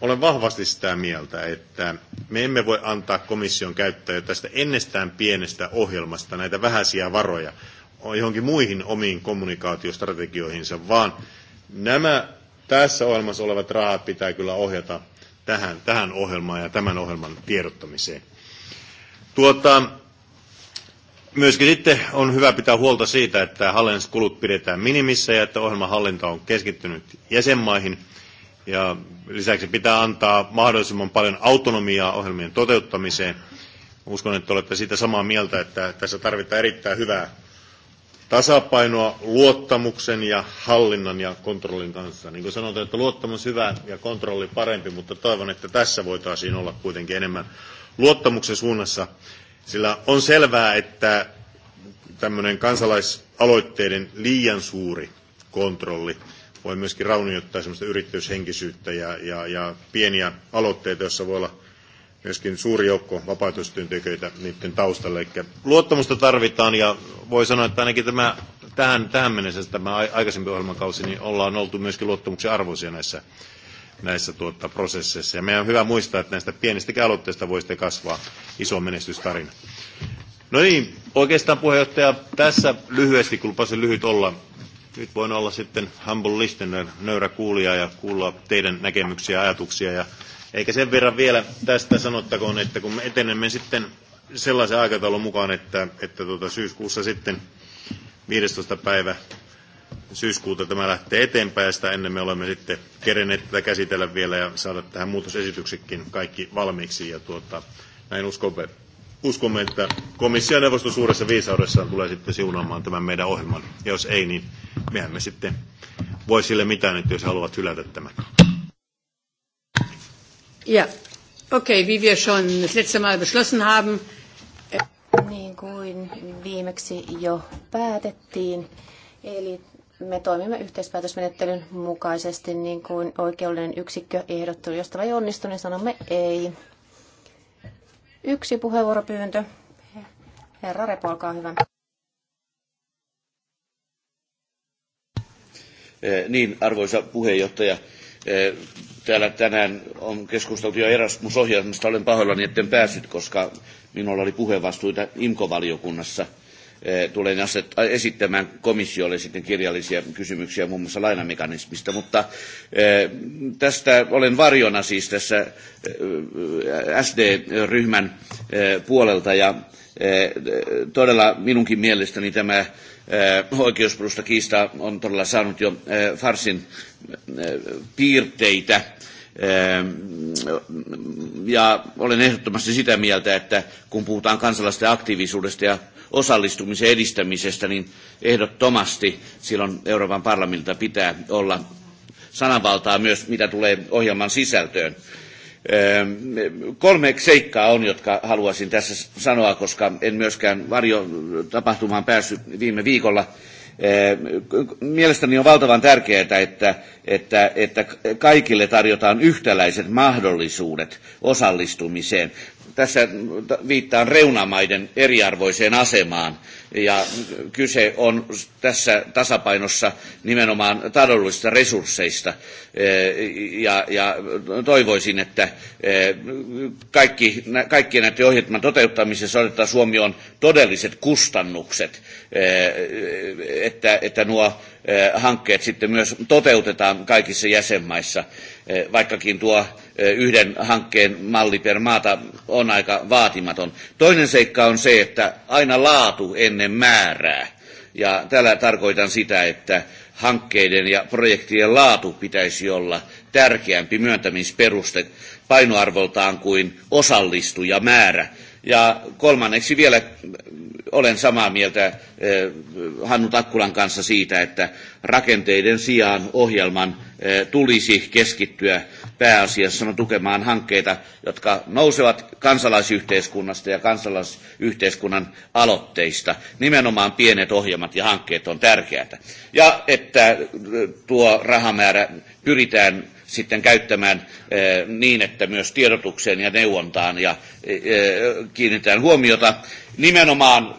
Speaker 4: olen vahvasti sitä mieltä, että me emme voi antaa komission käyttöön tästä ennestään pienestä ohjelmasta näitä vähäisiä varoja johonkin muihin omiin kommunikaatiostrategioihinsa, vaan nämä tässä ohjelmassa olevat rahat pitää kyllä ohjata tähän, tähän ohjelmaan ja tämän ohjelman tiedottamiseen. Tuota, myöskin sitten on hyvä pitää huolta siitä, että hallinnalliset kulut pidetään minimissä ja että ohjelman hallinta on keskittynyt jäsenmaihin – ja lisäksi pitää antaa mahdollisimman paljon autonomiaa ohjelmien toteuttamiseen. Uskon, että olette siitä samaa mieltä, että tässä tarvitaan erittäin hyvää tasapainoa luottamuksen ja hallinnan ja kontrollin kanssa. Niin kuin sanotaan, että luottamus hyvä ja kontrolli parempi, mutta toivon, että tässä voitaisiin olla kuitenkin enemmän luottamuksen suunnassa, sillä on selvää, että tämmöinen kansalaisaloitteiden liian suuri kontrolli voi myöskin raunioittaa sellaista yrittäjyyshenkisyyttä ja, ja, ja pieniä aloitteita, joissa voi olla myöskin suuri joukko vapaaehtoistyöntekijöitä niiden taustalla. Eli luottamusta tarvitaan ja voi sanoa, että ainakin tämä, tähän, tähän mennessä tämä aikaisempi ohjelmakausi, niin ollaan oltu myöskin luottamuksen arvoisia näissä, näissä tuota, prosesseissa. Ja meidän on hyvä muistaa, että näistä pienistä aloitteista voi sitten kasvaa iso menestystarina. No niin, oikeastaan puheenjohtaja, tässä lyhyesti, kun lupasin lyhyt olla, nyt voin olla sitten humble listener, nöyrä kuulija ja kuulla teidän näkemyksiä ja ajatuksia. Ja eikä sen verran vielä tästä sanottakoon, että kun me etenemme sitten sellaisen aikataulun mukaan, että, että tuota syyskuussa sitten 15. päivä syyskuuta tämä lähtee eteenpäin ja sitä ennen me olemme sitten kerenneet tätä käsitellä vielä ja saada tähän muutosesityksikin kaikki valmiiksi ja tuota, näin uskon, uskomme, että komission neuvosto suuressa viisaudessaan tulee sitten siunaamaan tämän meidän ohjelman. Ja jos ei, niin mehän me sitten voi sille mitään, että jos haluat hylätä tämän.
Speaker 1: Ja, okei, okay, wie wir schon das letzte Mal beschlossen haben. Äh,
Speaker 2: niin kuin viimeksi jo päätettiin, eli me toimimme yhteispäätösmenettelyn mukaisesti niin kuin oikeudellinen yksikkö ehdottui. josta ei onnistu, niin sanomme ei. Yksi puheenvuoropyyntö. Herra Repo, olkaa hyvä.
Speaker 5: Eh, niin, arvoisa puheenjohtaja. Eh, täällä tänään on keskusteltu jo Erasmus-ohjelmasta. Olen pahoillani, etten päässyt, koska minulla oli puheenvastuita IMKO-valiokunnassa – Eh, tulen äh, esittämään komissiolle sitten kirjallisia kysymyksiä muun muassa lainamekanismista, mutta eh, tästä olen varjona siis tässä eh, SD-ryhmän puolelta ja todella minunkin mielestäni tämä oikeusperusta kiista on todella saanut jo farsin piirteitä. Ja olen ehdottomasti sitä mieltä, että kun puhutaan kansalaisten aktiivisuudesta ja osallistumisen edistämisestä, niin ehdottomasti silloin Euroopan parlamentilta pitää olla sananvaltaa myös, mitä tulee ohjelman sisältöön. Öö, kolme seikkaa on, jotka haluaisin tässä sanoa, koska en myöskään varjo tapahtumaan päässyt viime viikolla. Öö, mielestäni on valtavan tärkeää, että, että, että kaikille tarjotaan yhtäläiset mahdollisuudet osallistumiseen. Tässä viittaan reunamaiden eriarvoiseen asemaan ja kyse on tässä tasapainossa nimenomaan taloudellisista resursseista ja, ja toivoisin, että kaikki, kaikkien näiden ohjelman toteuttamisessa otetaan huomioon todelliset kustannukset, että, että nuo hankkeet sitten myös toteutetaan kaikissa jäsenmaissa. Eh, vaikkakin tuo eh, yhden hankkeen malli per maata on aika vaatimaton. Toinen seikka on se, että aina laatu ennen määrää. Ja tällä tarkoitan sitä, että hankkeiden ja projektien laatu pitäisi olla tärkeämpi myöntämisperuste painoarvoltaan kuin osallistujamäärä. määrä ja kolmanneksi vielä mm, olen samaa mieltä eh, Hannu Takkulan kanssa siitä, että rakenteiden sijaan ohjelman eh, tulisi keskittyä pääasiassa tukemaan hankkeita, jotka nousevat kansalaisyhteiskunnasta ja kansalaisyhteiskunnan aloitteista. Nimenomaan pienet ohjelmat ja hankkeet on tärkeää. Ja että eh, tuo rahamäärä pyritään sitten käyttämään eh, niin, että myös tiedotukseen ja neuvontaan ja eh, eh, kiinnitetään huomiota nimenomaan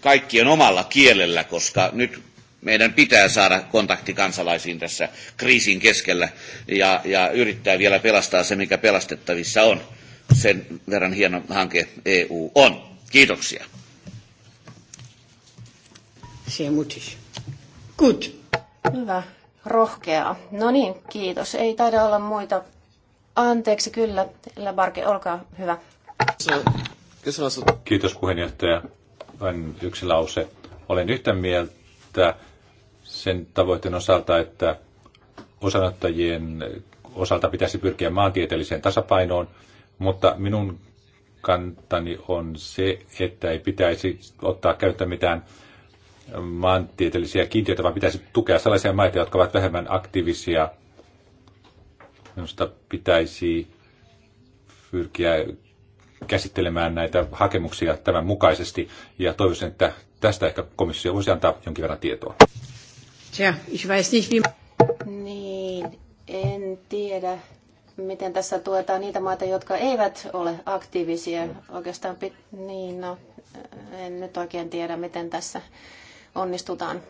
Speaker 5: kaikkien omalla kielellä, koska nyt meidän pitää saada kontakti kansalaisiin tässä kriisin keskellä ja, ja yrittää vielä pelastaa se, mikä pelastettavissa on. Sen verran hieno hanke EU on. Kiitoksia.
Speaker 1: Sehr mutig.
Speaker 2: Hyvä rohkeaa. No niin, kiitos. Ei taida olla muita. Anteeksi kyllä, Labarke, olkaa hyvä.
Speaker 3: Kiitos puheenjohtaja. Vain yksi lause. Olen yhtä mieltä sen tavoitteen osalta, että osanottajien osalta pitäisi pyrkiä maantieteelliseen tasapainoon, mutta minun kantani on se, että ei pitäisi ottaa käyttöön mitään maantieteellisiä kiintiöitä, vaan pitäisi tukea sellaisia maita, jotka ovat vähemmän aktiivisia. Minusta pitäisi pyrkiä käsittelemään näitä hakemuksia tämän mukaisesti, ja toivoisin, että tästä ehkä komissio voisi antaa jonkin verran tietoa.
Speaker 1: Tja, ich weiß nicht, wie...
Speaker 2: Niin, en tiedä, miten tässä tuetaan niitä maita, jotka eivät ole aktiivisia. Oikeastaan, pit... niin no, en nyt oikein tiedä, miten tässä onnistutaan.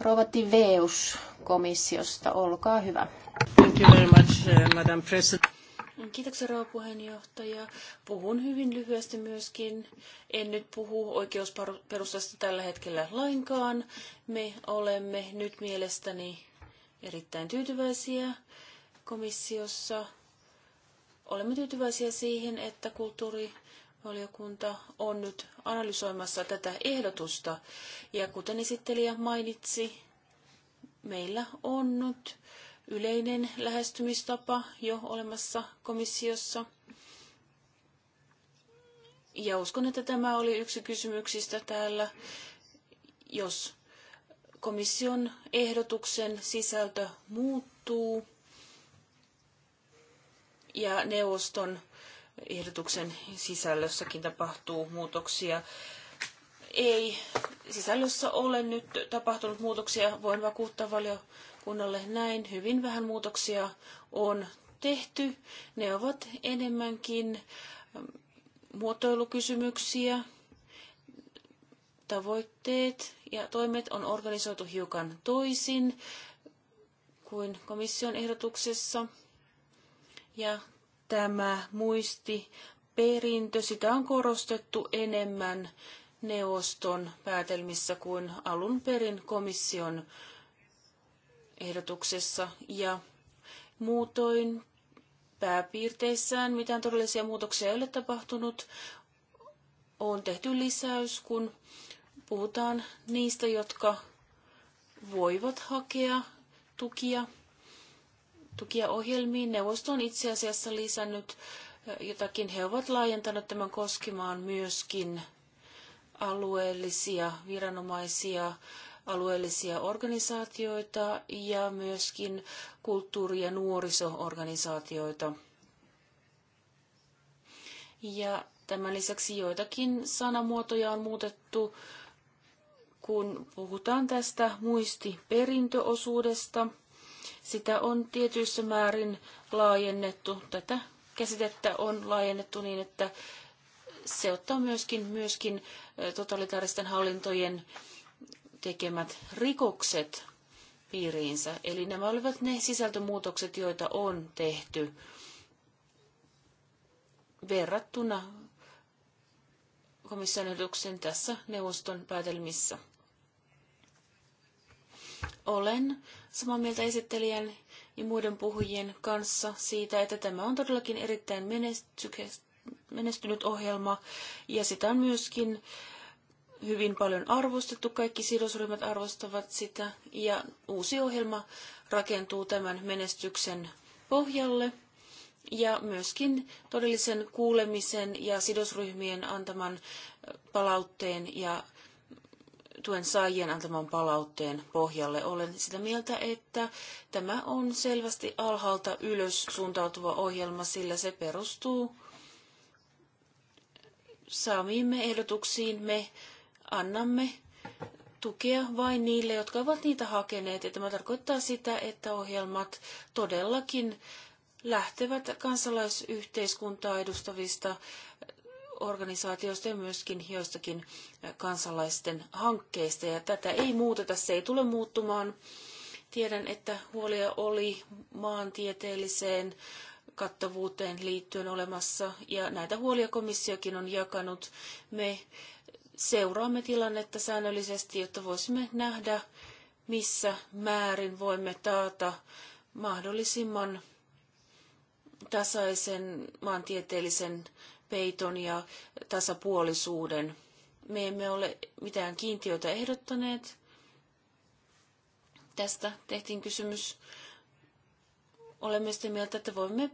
Speaker 2: Rova Tiveus komissiosta, olkaa hyvä.
Speaker 1: Thank you very much, uh, Madam President. Kiitoksia rouva puheenjohtaja. Puhun hyvin lyhyesti myöskin. En nyt puhu oikeusperustasta tällä hetkellä lainkaan. Me olemme nyt mielestäni erittäin tyytyväisiä komissiossa. Olemme tyytyväisiä siihen, että kulttuuri valiokunta on nyt analysoimassa tätä ehdotusta. Ja kuten esittelijä mainitsi, meillä on nyt yleinen lähestymistapa jo olemassa komissiossa. Ja uskon, että tämä oli yksi kysymyksistä täällä. Jos komission ehdotuksen sisältö muuttuu ja neuvoston ehdotuksen sisällössäkin tapahtuu muutoksia. Ei sisällössä ole nyt tapahtunut muutoksia. Voin vakuuttaa valiokunnalle näin. Hyvin vähän muutoksia on tehty. Ne ovat enemmänkin ähm, muotoilukysymyksiä. Tavoitteet ja toimet on organisoitu hiukan toisin kuin komission ehdotuksessa. Ja tämä muisti perintö, sitä on korostettu enemmän neuvoston päätelmissä kuin alun perin komission ehdotuksessa ja muutoin pääpiirteissään mitään todellisia muutoksia ei ole tapahtunut. On tehty lisäys, kun puhutaan niistä, jotka voivat hakea tukia ohjelmiin. Neuvosto on itse asiassa lisännyt jotakin. He ovat laajentaneet tämän koskemaan myöskin alueellisia viranomaisia, alueellisia organisaatioita ja myöskin kulttuuri- ja nuorisoorganisaatioita. Ja tämän lisäksi joitakin sanamuotoja on muutettu, kun puhutaan tästä muistiperintöosuudesta – sitä on tietyissä määrin laajennettu. Tätä käsitettä on laajennettu niin, että se ottaa myöskin, myöskin totalitaaristen hallintojen tekemät rikokset piiriinsä. Eli nämä olivat ne sisältömuutokset, joita on tehty verrattuna komission ehdotuksen tässä neuvoston päätelmissä. Olen samaa mieltä esittelijän ja muiden puhujien kanssa siitä, että tämä on todellakin erittäin menestynyt ohjelma ja sitä on myöskin hyvin paljon arvostettu. Kaikki sidosryhmät arvostavat sitä ja uusi ohjelma rakentuu tämän menestyksen pohjalle ja myöskin todellisen kuulemisen ja sidosryhmien antaman palautteen ja tuen saajien antaman palautteen pohjalle. Olen sitä mieltä, että tämä on selvästi alhaalta ylös suuntautuva ohjelma, sillä se perustuu saamiimme ehdotuksiin. Me annamme tukea vain niille, jotka ovat niitä hakeneet. Ja tämä tarkoittaa sitä, että ohjelmat todellakin lähtevät kansalaisyhteiskuntaa edustavista organisaatioista ja myöskin joistakin kansalaisten hankkeista. Ja tätä ei muuteta, se ei tule muuttumaan. Tiedän, että huolia oli maantieteelliseen kattavuuteen liittyen olemassa, ja näitä huolia komissiokin on jakanut. Me seuraamme tilannetta säännöllisesti, jotta voisimme nähdä, missä määrin voimme taata mahdollisimman tasaisen maantieteellisen peiton ja tasapuolisuuden. Me emme ole mitään kiintiöitä ehdottaneet. Tästä tehtiin kysymys. Olemme sitä mieltä, että voimme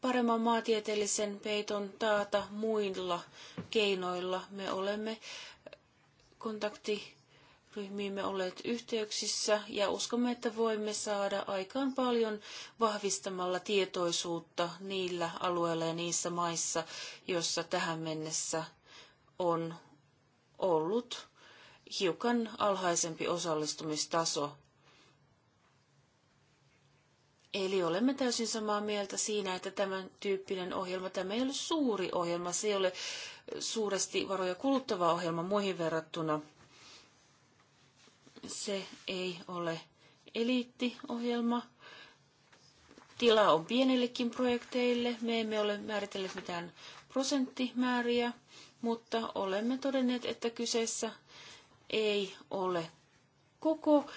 Speaker 1: paremman maatieteellisen peiton taata muilla keinoilla. Me olemme kontakti ryhmiimme olleet yhteyksissä ja uskomme, että voimme saada aikaan paljon vahvistamalla tietoisuutta niillä alueilla ja niissä maissa, joissa tähän mennessä on ollut hiukan alhaisempi osallistumistaso. Eli olemme täysin samaa mieltä siinä, että tämän tyyppinen ohjelma, tämä ei ole suuri ohjelma, se ei ole suuresti varoja kuluttava ohjelma muihin verrattuna – se ei ole eliittiohjelma. Tila on pienillekin projekteille. Me emme ole määritelleet mitään prosenttimääriä, mutta olemme todenneet, että kyseessä ei ole koko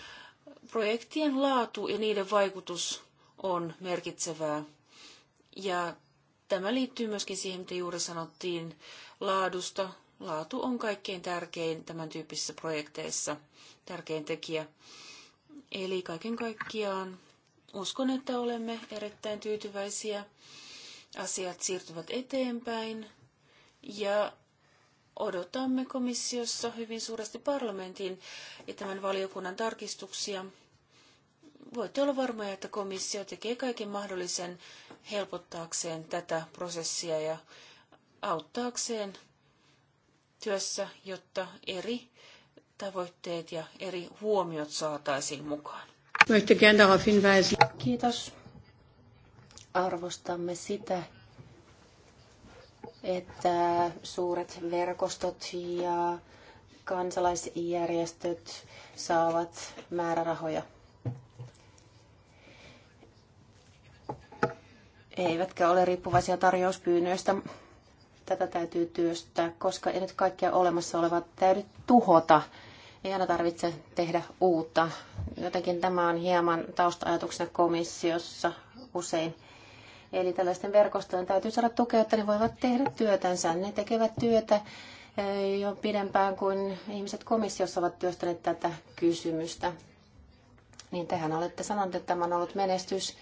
Speaker 1: projektien laatu ja niiden vaikutus on merkitsevää. Ja tämä liittyy myöskin siihen, mitä juuri sanottiin laadusta, laatu on kaikkein tärkein tämän tyyppisissä projekteissa, tärkein tekijä. Eli kaiken kaikkiaan uskon, että olemme erittäin tyytyväisiä. Asiat siirtyvät eteenpäin ja odotamme komissiossa hyvin suuresti parlamentin ja tämän valiokunnan tarkistuksia. Voitte olla varmoja, että komissio tekee kaiken mahdollisen helpottaakseen tätä prosessia ja auttaakseen työssä, jotta eri tavoitteet ja eri huomiot saataisiin mukaan. Kiitos. Arvostamme
Speaker 2: sitä, että suuret verkostot ja kansalaisjärjestöt saavat määrärahoja. Eivätkä ole riippuvaisia tarjouspyynnöistä tätä täytyy työstää, koska ei nyt kaikkia olemassa olevaa täydy tuhota. Ei aina tarvitse tehdä uutta. Jotenkin tämä on hieman taustaajatuksena komissiossa usein. Eli tällaisten verkostojen täytyy saada tukea, että ne voivat tehdä työtänsä. Ne tekevät työtä eh, jo pidempään kuin ihmiset komissiossa ovat työstäneet tätä kysymystä. Niin tehän olette sanoneet, että tämä on ollut menestys.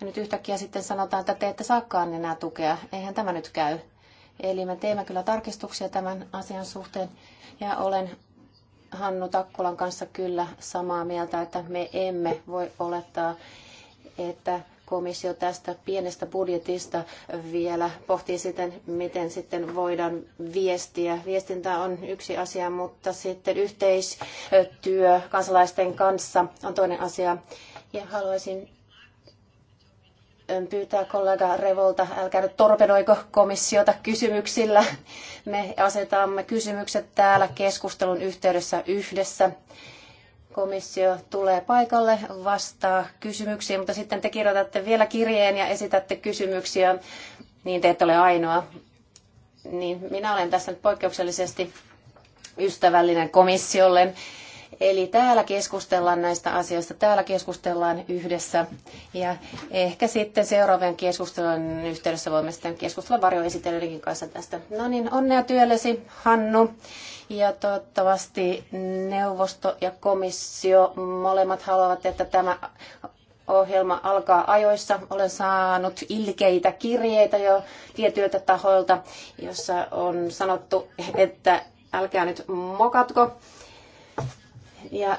Speaker 2: Ja nyt yhtäkkiä sitten sanotaan, että te ette saakaan enää tukea. Eihän tämä nyt käy. Eli me teemme kyllä tarkistuksia tämän asian suhteen ja olen Hannu Takkulan kanssa kyllä samaa mieltä, että me emme voi olettaa, että komissio tästä pienestä budjetista vielä pohtii sitten, miten sitten voidaan viestiä. Viestintä on yksi asia, mutta sitten yhteistyö kansalaisten kanssa on toinen asia. Ja haluaisin pyytää kollega Revolta, älkää nyt torpedoiko komissiota kysymyksillä. Me asetamme kysymykset täällä keskustelun yhteydessä yhdessä. Komissio tulee paikalle, vastaa kysymyksiin, mutta sitten te kirjoitatte vielä kirjeen ja esitätte kysymyksiä, niin te ette ole ainoa. Niin minä olen tässä nyt poikkeuksellisesti ystävällinen komissiolle Eli täällä keskustellaan näistä asioista, täällä keskustellaan yhdessä ja ehkä sitten seuraavien keskustelun yhteydessä voimme sitten keskustella varjoesittelyiden kanssa tästä. No niin, onnea työllesi Hannu ja toivottavasti neuvosto ja komissio molemmat haluavat, että tämä ohjelma alkaa ajoissa. Olen saanut ilkeitä kirjeitä jo tietyiltä tahoilta, jossa on sanottu, että älkää nyt mokatko ja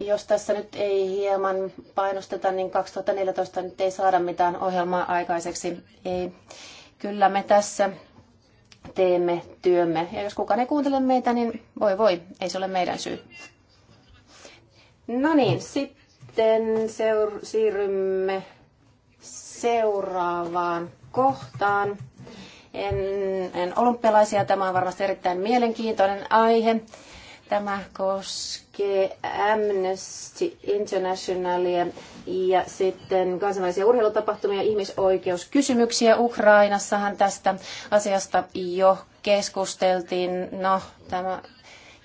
Speaker 2: jos tässä nyt ei hieman painosteta, niin 2014 nyt ei saada mitään ohjelmaa aikaiseksi. Ei. Kyllä me tässä teemme työmme. Ja jos kukaan ei kuuntele meitä, niin voi voi, ei se ole meidän syy. No niin, sitten seur- siirrymme seuraavaan kohtaan. En, en olympialaisia, tämä on varmasti erittäin mielenkiintoinen aihe. Tämä koskee Amnesty Internationalia ja sitten kansainvälisiä urheilutapahtumia ja ihmisoikeuskysymyksiä. Ukrainassahan tästä asiasta jo keskusteltiin. No, tämä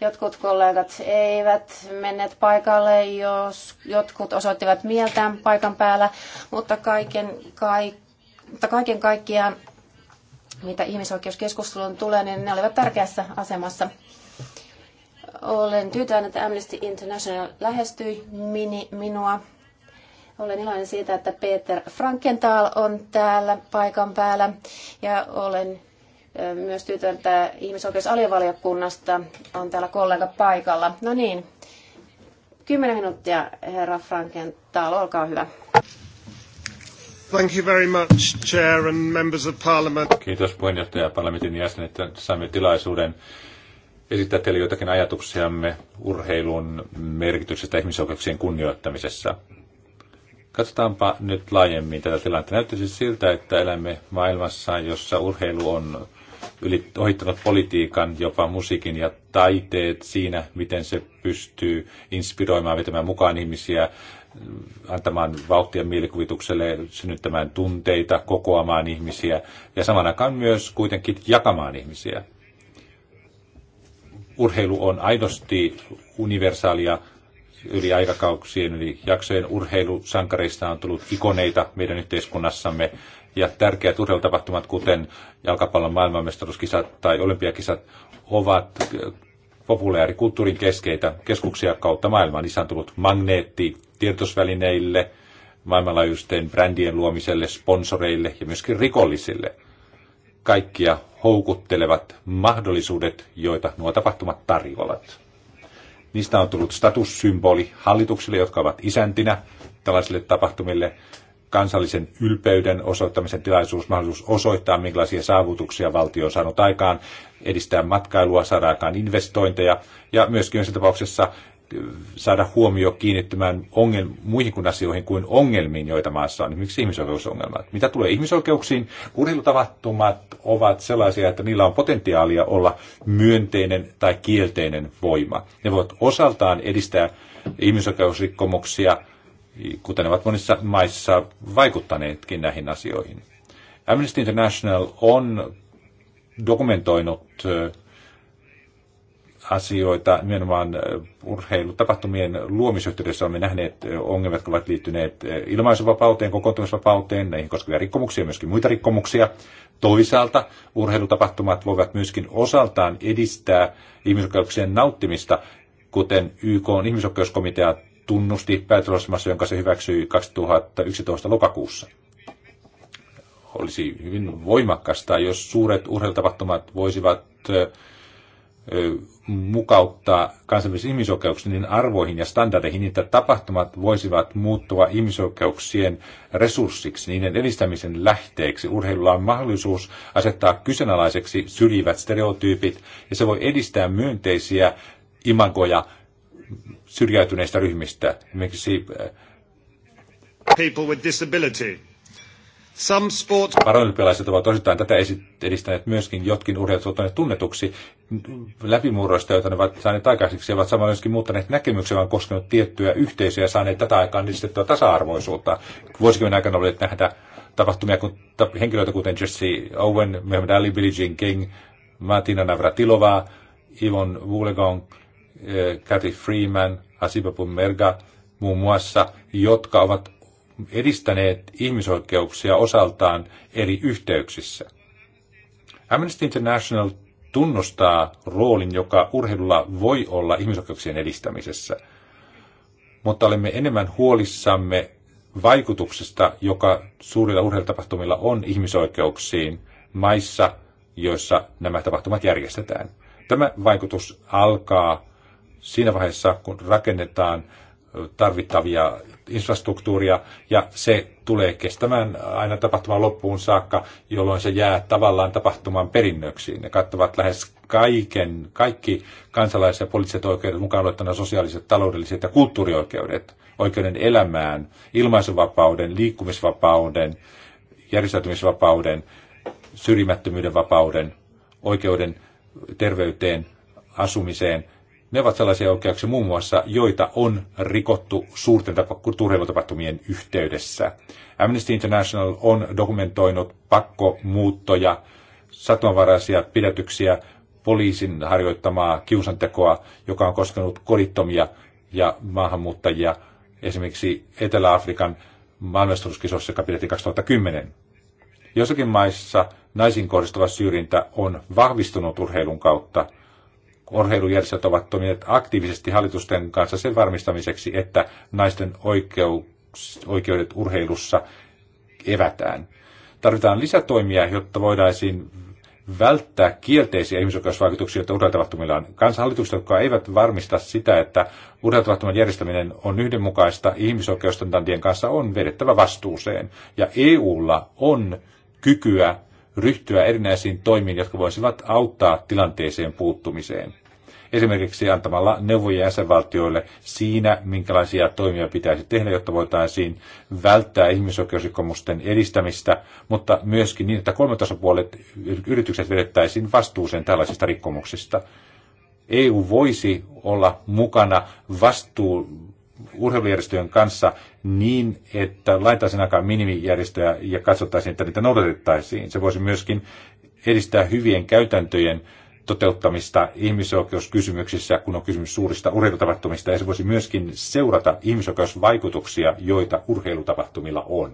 Speaker 2: jotkut kollegat eivät menneet paikalle, jos jotkut osoittivat mieltään paikan päällä, mutta kaiken, kaik, mutta kaiken kaikkiaan, mitä ihmisoikeuskeskusteluun tulee, niin ne olivat tärkeässä asemassa. Olen tyytyväinen, että Amnesty International lähestyi mini, minua. Olen iloinen siitä, että Peter Frankenthal on täällä paikan päällä ja olen myös tyytyväinen, että ihmisoikeusalivaliokunnasta on täällä kollega paikalla. No niin, kymmenen minuuttia, herra Frankenthal, olkaa hyvä.
Speaker 1: Thank you very much,
Speaker 3: Chair and members of Parliament. Kiitos puheenjohtaja ja parlamentin jäsenet, että saimme tilaisuuden esittää teille jotakin ajatuksiamme urheilun merkityksestä ihmisoikeuksien kunnioittamisessa. Katsotaanpa nyt laajemmin tätä tilannetta. Näyttäisi siis siltä, että elämme maailmassa, jossa urheilu on ohittanut politiikan, jopa musiikin ja taiteet siinä, miten se pystyy inspiroimaan, vetämään mukaan ihmisiä, antamaan vauhtia mielikuvitukselle, synnyttämään tunteita, kokoamaan ihmisiä ja saman aikaan myös kuitenkin jakamaan ihmisiä urheilu on aidosti universaalia yli aikakauksien, yli jaksojen urheilusankareista on tullut ikoneita meidän yhteiskunnassamme. Ja tärkeät urheilutapahtumat, kuten jalkapallon maailmanmestaruuskisat tai olympiakisat, ovat populaarikulttuurin keskeitä keskuksia kautta maailmaa. Niissä on tullut magneetti tiedotusvälineille, maailmanlaajuisten brändien luomiselle, sponsoreille ja myöskin rikollisille – kaikkia houkuttelevat mahdollisuudet, joita nuo tapahtumat tarjoavat. Niistä on tullut statussymboli hallituksille, jotka ovat isäntinä tällaisille tapahtumille, kansallisen ylpeyden osoittamisen tilaisuus, mahdollisuus osoittaa, minkälaisia saavutuksia valtio on saanut aikaan, edistää matkailua, saada aikaan investointeja ja myöskin sen tapauksessa saada huomio kiinnittymään ongel- muihin kuin asioihin kuin ongelmiin, joita maassa on, esimerkiksi ihmisoikeusongelmat. Mitä tulee ihmisoikeuksiin, urheilutapahtumat ovat sellaisia, että niillä on potentiaalia olla myönteinen tai kielteinen voima. Ne voivat osaltaan edistää ihmisoikeusrikkomuksia, kuten ne ovat monissa maissa vaikuttaneetkin näihin asioihin. Amnesty International on dokumentoinut asioita. Nimenomaan urheilutapahtumien luomisyhteydessä olemme nähneet ongelmat, jotka ovat liittyneet ilmaisuvapauteen, kokoontumisvapauteen, näihin koskevia rikkomuksia ja myöskin muita rikkomuksia. Toisaalta urheilutapahtumat voivat myöskin osaltaan edistää ihmisoikeuksien nauttimista, kuten YK on ihmisoikeuskomitea tunnusti päätöslasemassa, jonka se hyväksyi 2011 lokakuussa olisi hyvin voimakasta, jos suuret urheilutapahtumat voisivat mukauttaa kansainvälisiin ihmisoikeuksien niin arvoihin ja standardeihin, niin että tapahtumat voisivat muuttua ihmisoikeuksien resurssiksi, niiden edistämisen lähteeksi. Urheilulla on mahdollisuus asettaa kyseenalaiseksi syrjivät stereotyypit, ja se voi edistää myönteisiä imagoja syrjäytyneistä ryhmistä, esimerkiksi people with disability. Some sports... Paralympialaiset ovat osittain tätä edistäneet myöskin jotkin urheilut ovat tunnetuksi läpimurroista, joita ne ovat saaneet aikaiseksi, ja ovat samalla myöskin muuttaneet näkemyksiä, vaan koskenut tiettyjä yhteisöjä ja saaneet tätä aikaan edistettyä tasa-arvoisuutta. Vuosikymmenen aikana oli nähdä tapahtumia, kun henkilöitä kuten Jesse Owen, Muhammad Ali, Billie Jean King, Martina Navratilova, Ivon Wulegong, eh, Kathy Freeman, Asipapun Merga muun muassa, jotka ovat edistäneet ihmisoikeuksia osaltaan eri yhteyksissä. Amnesty International tunnustaa roolin, joka urheilulla voi olla ihmisoikeuksien edistämisessä, mutta olemme enemmän huolissamme vaikutuksesta, joka suurilla urheilutapahtumilla on ihmisoikeuksiin maissa, joissa nämä tapahtumat järjestetään. Tämä vaikutus alkaa siinä vaiheessa, kun rakennetaan tarvittavia infrastruktuuria, ja se tulee kestämään aina tapahtuman loppuun saakka, jolloin se jää tavallaan tapahtuman perinnöksi. Ne kattavat lähes kaiken, kaikki kansalaiset ja poliittiset oikeudet, mukaan luettuna sosiaaliset, taloudelliset ja kulttuurioikeudet, oikeuden elämään, ilmaisuvapauden, liikkumisvapauden, järjestäytymisvapauden, syrjimättömyyden vapauden, oikeuden terveyteen, asumiseen – ne ovat sellaisia oikeuksia muun muassa, joita on rikottu suurten turheilutapahtumien yhteydessä. Amnesty International on dokumentoinut pakkomuuttoja, satunvaraisia pidätyksiä, poliisin harjoittamaa kiusantekoa, joka on koskenut kodittomia ja maahanmuuttajia esimerkiksi Etelä-Afrikan maailmanmestaruuskisossa, joka pidettiin 2010. Jossakin maissa naisiin kohdistuva syrjintä on vahvistunut urheilun kautta – urheilujärjestöt ovat toimineet aktiivisesti hallitusten kanssa sen varmistamiseksi, että naisten oikeus, oikeudet urheilussa evätään. Tarvitaan lisätoimia, jotta voitaisiin välttää kielteisiä ihmisoikeusvaikutuksia, joita urheilutapahtumilla on. Kansanhallitukset, jotka eivät varmista sitä, että urheilutapahtuman järjestäminen on yhdenmukaista ihmisoikeustandien kanssa, on vedettävä vastuuseen. Ja EUlla on kykyä ryhtyä erinäisiin toimiin, jotka voisivat auttaa tilanteeseen puuttumiseen esimerkiksi antamalla neuvoja jäsenvaltioille siinä, minkälaisia toimia pitäisi tehdä, jotta voitaisiin välttää ihmisoikeusrikkomusten edistämistä, mutta myöskin niin, että kolmentasopuolet yritykset vedettäisiin vastuuseen tällaisista rikkomuksista. EU voisi olla mukana vastuu urheilujärjestöjen kanssa niin, että laitaisiin aikaan minimijärjestöjä ja katsottaisiin, että niitä noudatettaisiin. Se voisi myöskin edistää hyvien käytäntöjen toteuttamista ihmisoikeuskysymyksissä, kun on kysymys suurista urheilutapahtumista, ja se voisi myöskin seurata ihmisoikeusvaikutuksia, joita urheilutapahtumilla on.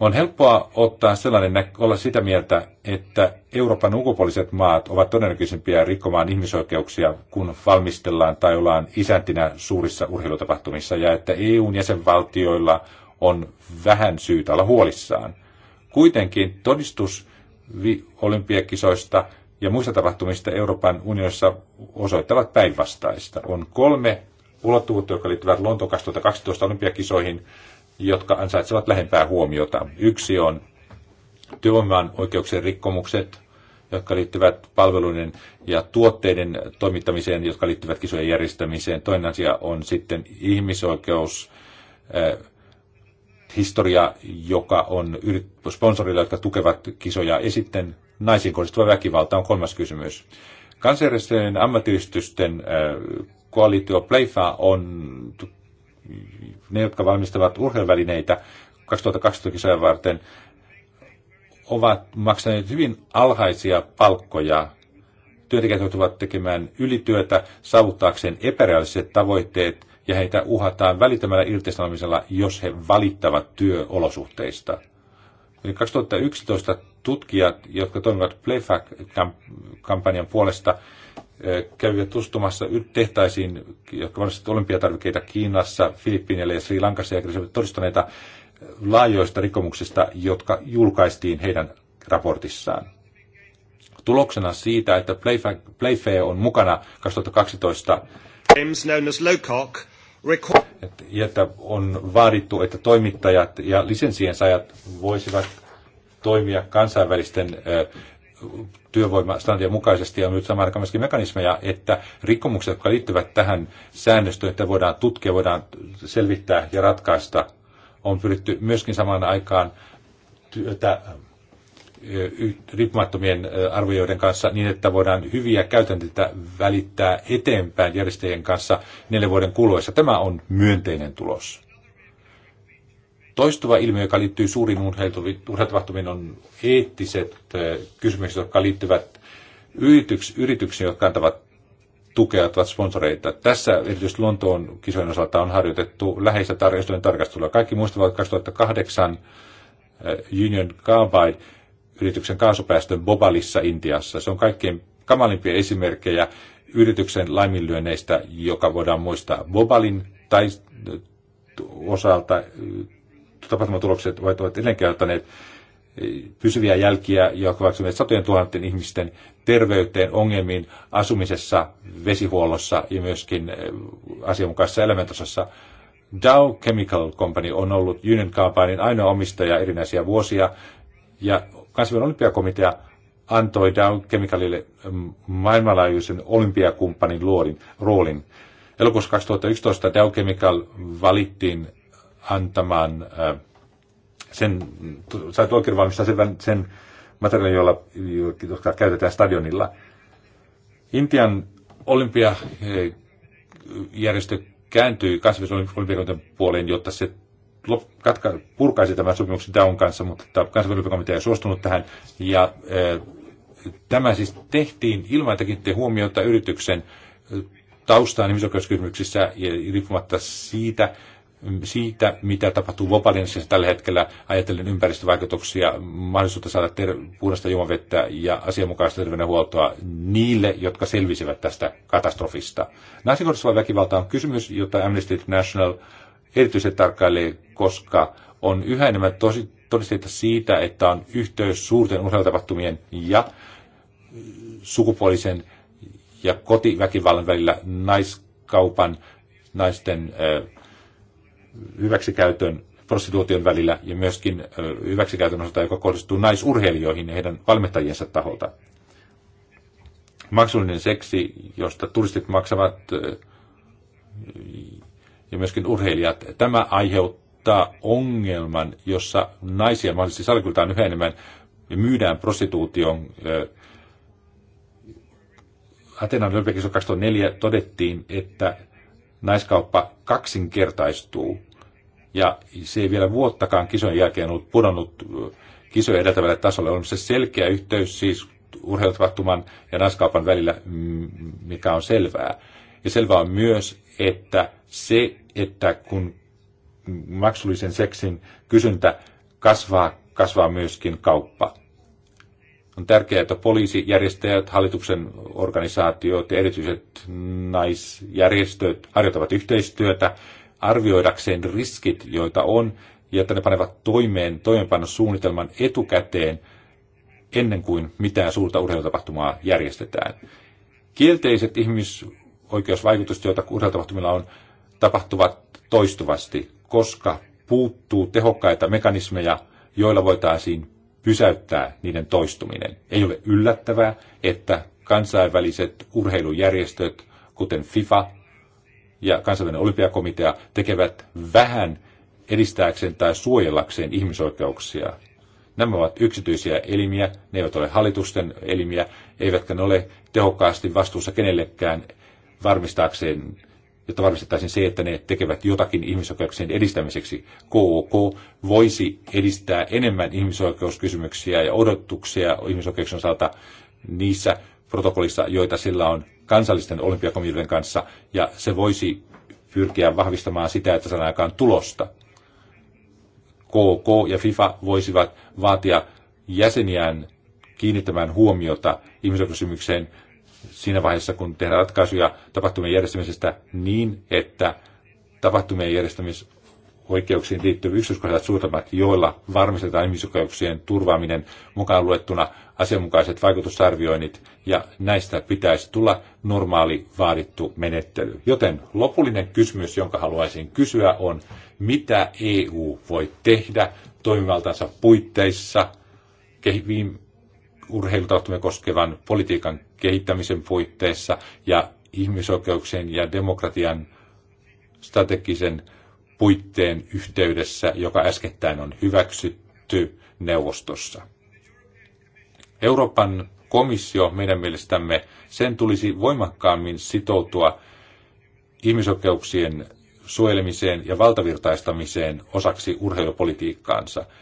Speaker 3: On helppoa ottaa sellainen, olla sitä mieltä, että Euroopan ulkopuoliset maat ovat todennäköisempiä rikkomaan ihmisoikeuksia, kun valmistellaan tai ollaan isäntinä suurissa urheilutapahtumissa, ja että EUn jäsenvaltioilla on vähän syytä olla huolissaan. Kuitenkin todistus olympiakisoista ja muista tapahtumista Euroopan unionissa osoittavat päinvastaista. On kolme ulottuvuutta, jotka liittyvät Lontoon 2012 olympiakisoihin, jotka ansaitsevat lähempää huomiota. Yksi on työvoiman oikeuksien rikkomukset, jotka liittyvät palveluiden ja tuotteiden toimittamiseen, jotka liittyvät kisojen järjestämiseen. Toinen asia on sitten ihmisoikeus, historia, joka on sponsorilla, jotka tukevat kisoja. Ja sitten naisiin kohdistuva väkivalta on kolmas kysymys. Kansainvälisten ammattiyhdistysten äh, koalitio Playfa on ne, jotka valmistavat urheiluvälineitä 2020 kisoja varten, ovat maksaneet hyvin alhaisia palkkoja. Työntekijät joutuvat tekemään ylityötä saavuttaakseen epärealiset tavoitteet ja heitä uhataan välittömällä irtisanomisella, jos he valittavat työolosuhteista. Eli 2011 tutkijat, jotka toimivat playfact kampanjan puolesta, eh, kävivät tutustumassa tehtaisiin, jotka valmistavat olympiatarvikkeita Kiinassa, Filippiineille ja Sri Lankassa ja todistaneita eh, laajoista rikkomuksista, jotka julkaistiin heidän raportissaan. Tuloksena siitä, että Playfair on mukana 2012 Games known as Locock että on vaadittu, että toimittajat ja lisenssien saajat voisivat toimia kansainvälisten työvoimastandien mukaisesti ja myös samaan aikaan myöskin mekanismeja, että rikkomukset, jotka liittyvät tähän säännöstöön, että voidaan tutkia, voidaan selvittää ja ratkaista, on pyritty myöskin samaan aikaan työtä riippumattomien arvioiden kanssa niin, että voidaan hyviä käytänteitä välittää eteenpäin järjestäjien kanssa neljän vuoden kuluessa. Tämä on myönteinen tulos. Toistuva ilmiö, joka liittyy suuriin urheilutapahtumiin, on eettiset kysymykset, jotka liittyvät yrityksiin, jotka antavat tukea, ovat sponsoreita. Tässä erityisesti Lontoon kisojen osalta on harjoitettu läheistä tarjoustojen tarkastelua. Kaikki muistavat 2008 Union Carbide yrityksen kaasupäästön Bobalissa Intiassa. Se on kaikkein kamalimpia esimerkkejä yrityksen laiminlyönneistä, joka voidaan muistaa Bobalin tai äh, osalta äh, tapahtumatulokset ovat, ovat edelleenkin ottaneet äh, pysyviä jälkiä, jotka ovat satojen tuhannen ihmisten terveyteen, ongelmiin, asumisessa, vesihuollossa ja myöskin asianmukaisessa elämäntasassa. Dow Chemical Company on ollut Union Carbinein ainoa omistaja erinäisiä vuosia, ja Kansainvälinen olympiakomitea antoi Dow Chemicalille ähm, maailmanlaajuisen olympiakumppanin luodin, roolin. Elokuussa 2011 Dow Chemical valittiin antamaan äh, sen, sait oikein valmistaa sen, sen materiaalin, jolla, jotka käytetään stadionilla. Intian olympiajärjestö kääntyi kansainvälisen olympiakomitean puoleen, jotta se katka, purkaisi tämän sopimuksen Daun kanssa, mutta kansainvälinen komitea ei suostunut tähän. Ja e, tämä siis tehtiin ilman, että kiinnitti huomiota yrityksen e, taustaan ihmisoikeuskysymyksissä ja riippumatta siitä, siitä, mitä tapahtuu globaalin tällä hetkellä, ajatellen ympäristövaikutuksia, mahdollisuutta saada ter- puhdasta juomavettä ja asianmukaista terveydenhuoltoa niille, jotka selvisivät tästä katastrofista. Naisiin väkivalta on kysymys, jota Amnesty International erityisen tarkkailee, koska on yhä enemmän tosi, todisteita siitä, että on yhteys suurten urheilutapahtumien ja mm, sukupuolisen ja kotiväkivallan välillä naiskaupan, naisten hyväksikäytön, prostituution välillä ja myöskin hyväksikäytön osalta, joka kohdistuu naisurheilijoihin ja heidän valmentajiensa taholta. Maksullinen seksi, josta turistit maksavat ja myöskin urheilijat. Tämä aiheuttaa ongelman, jossa naisia mahdollisesti salkutaan yhä enemmän ja myydään prostituution. Atenan olympiakissa 2004 todettiin, että naiskauppa kaksinkertaistuu. Ja se ei vielä vuottakaan kisojen jälkeen ollut pudonnut kisojen edeltävälle tasolle. On se selkeä yhteys siis urheilutapahtuman ja naiskaupan välillä, mikä on selvää. Ja selvää on myös, että se, että kun maksullisen seksin kysyntä kasvaa, kasvaa myöskin kauppa. On tärkeää, että poliisijärjestäjät, hallituksen organisaatiot ja erityiset naisjärjestöt harjoittavat yhteistyötä arvioidakseen riskit, joita on, ja että ne panevat toimeen toimeenpanosuunnitelman etukäteen ennen kuin mitään suurta urheilutapahtumaa järjestetään. Kielteiset ihmis- oikeusvaikutusta, joita urheilutapahtumilla on, tapahtuvat toistuvasti, koska puuttuu tehokkaita mekanismeja, joilla voitaisiin pysäyttää niiden toistuminen. Ei ole yllättävää, että kansainväliset urheilujärjestöt, kuten FIFA ja kansainvälinen olympiakomitea, tekevät vähän edistääkseen tai suojellakseen ihmisoikeuksia. Nämä ovat yksityisiä elimiä, ne eivät ole hallitusten elimiä, eivätkä ne ole tehokkaasti vastuussa kenellekään varmistaakseen, jotta varmistettaisiin se, että ne tekevät jotakin ihmisoikeuksien edistämiseksi. KOK voisi edistää enemmän ihmisoikeuskysymyksiä ja odotuksia ihmisoikeuksien osalta niissä protokollissa, joita sillä on kansallisten olympiakomiteiden kanssa, ja se voisi pyrkiä vahvistamaan sitä, että saadaan aikaan tulosta. KK ja FIFA voisivat vaatia jäseniään kiinnittämään huomiota ihmisoikeuskysymykseen siinä vaiheessa, kun tehdään ratkaisuja tapahtumien järjestämisestä niin, että tapahtumien järjestämisoikeuksiin liittyvät yksityiskohtaiset suunnitelmat, joilla varmistetaan ihmisoikeuksien turvaaminen mukaan luettuna asianmukaiset vaikutusarvioinnit, ja näistä pitäisi tulla normaali vaadittu menettely. Joten lopullinen kysymys, jonka haluaisin kysyä, on, mitä EU voi tehdä toimivaltansa puitteissa urheilutapahtumia koskevan politiikan kehittämisen puitteissa ja ihmisoikeuksien ja demokratian strategisen puitteen yhteydessä, joka äskettäin on hyväksytty neuvostossa. Euroopan komissio meidän mielestämme, sen tulisi voimakkaammin sitoutua ihmisoikeuksien suojelemiseen ja valtavirtaistamiseen osaksi urheilupolitiikkaansa –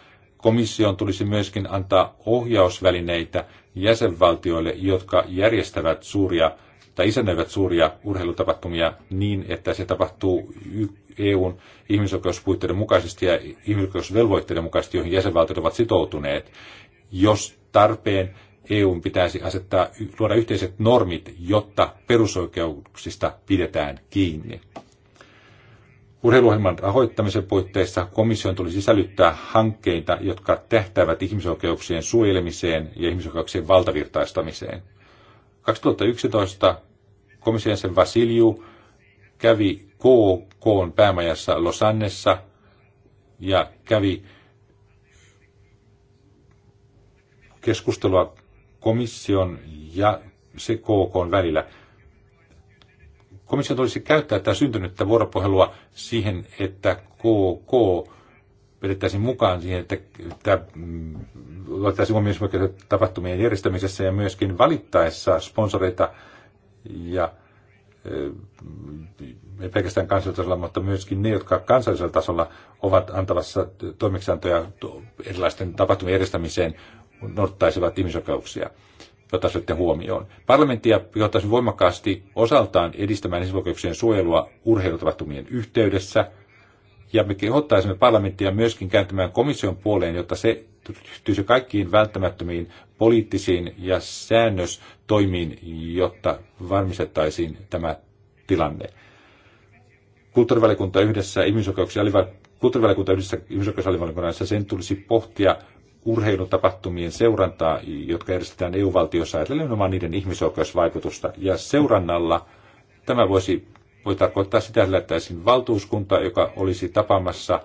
Speaker 3: Komission tulisi myöskin antaa ohjausvälineitä jäsenvaltioille, jotka järjestävät suuria tai isännöivät suuria urheilutapahtumia niin, että se tapahtuu EUn ihmisoikeuspuitteiden mukaisesti ja ihmisoikeusvelvoitteiden mukaisesti, joihin jäsenvaltiot ovat sitoutuneet. Jos tarpeen, EUn pitäisi asettaa, luoda yhteiset normit, jotta perusoikeuksista pidetään kiinni. Urheiluohjelman rahoittamisen puitteissa komission tulisi sisällyttää hankkeita, jotka tähtäävät ihmisoikeuksien suojelemiseen ja ihmisoikeuksien valtavirtaistamiseen. 2011 komission jäsen Vasilju kävi KK päämajassa Losannessa ja kävi keskustelua komission ja se KK välillä. Komissio tulisi käyttää tätä syntynyttä vuoropuhelua siihen, että KK vedettäisiin mukaan siihen, että, että mm, otettaisiin huomioon tapahtumien järjestämisessä ja myöskin valittaessa sponsoreita ja eh, ei pelkästään kansallisella tasolla, mutta myöskin ne, jotka kansallisella tasolla ovat antavassa toimeksiantoja erilaisten tapahtumien järjestämiseen, noudattaisivat ihmisoikeuksia jota otatte huomioon. Parlamenttia kehottaisin voimakkaasti osaltaan edistämään ihmisoikeuksien suojelua urheilutapahtumien yhteydessä. Ja me kehottaisimme parlamenttia myöskin kääntymään komission puoleen, jotta se ryhtyisi kaikkiin välttämättömiin poliittisiin ja säännöstoimiin, jotta varmistettaisiin tämä tilanne. Kulttuurivaliokunta yhdessä ihmisoikeuksia alivaliokunnan yhdessä sen tulisi pohtia urheilutapahtumien seurantaa, jotka järjestetään EU-valtiossa, ajatellen nimenomaan niiden ihmisoikeusvaikutusta. Ja seurannalla tämä voisi, voi tarkoittaa sitä, että lähettäisiin valtuuskunta, joka olisi tapaamassa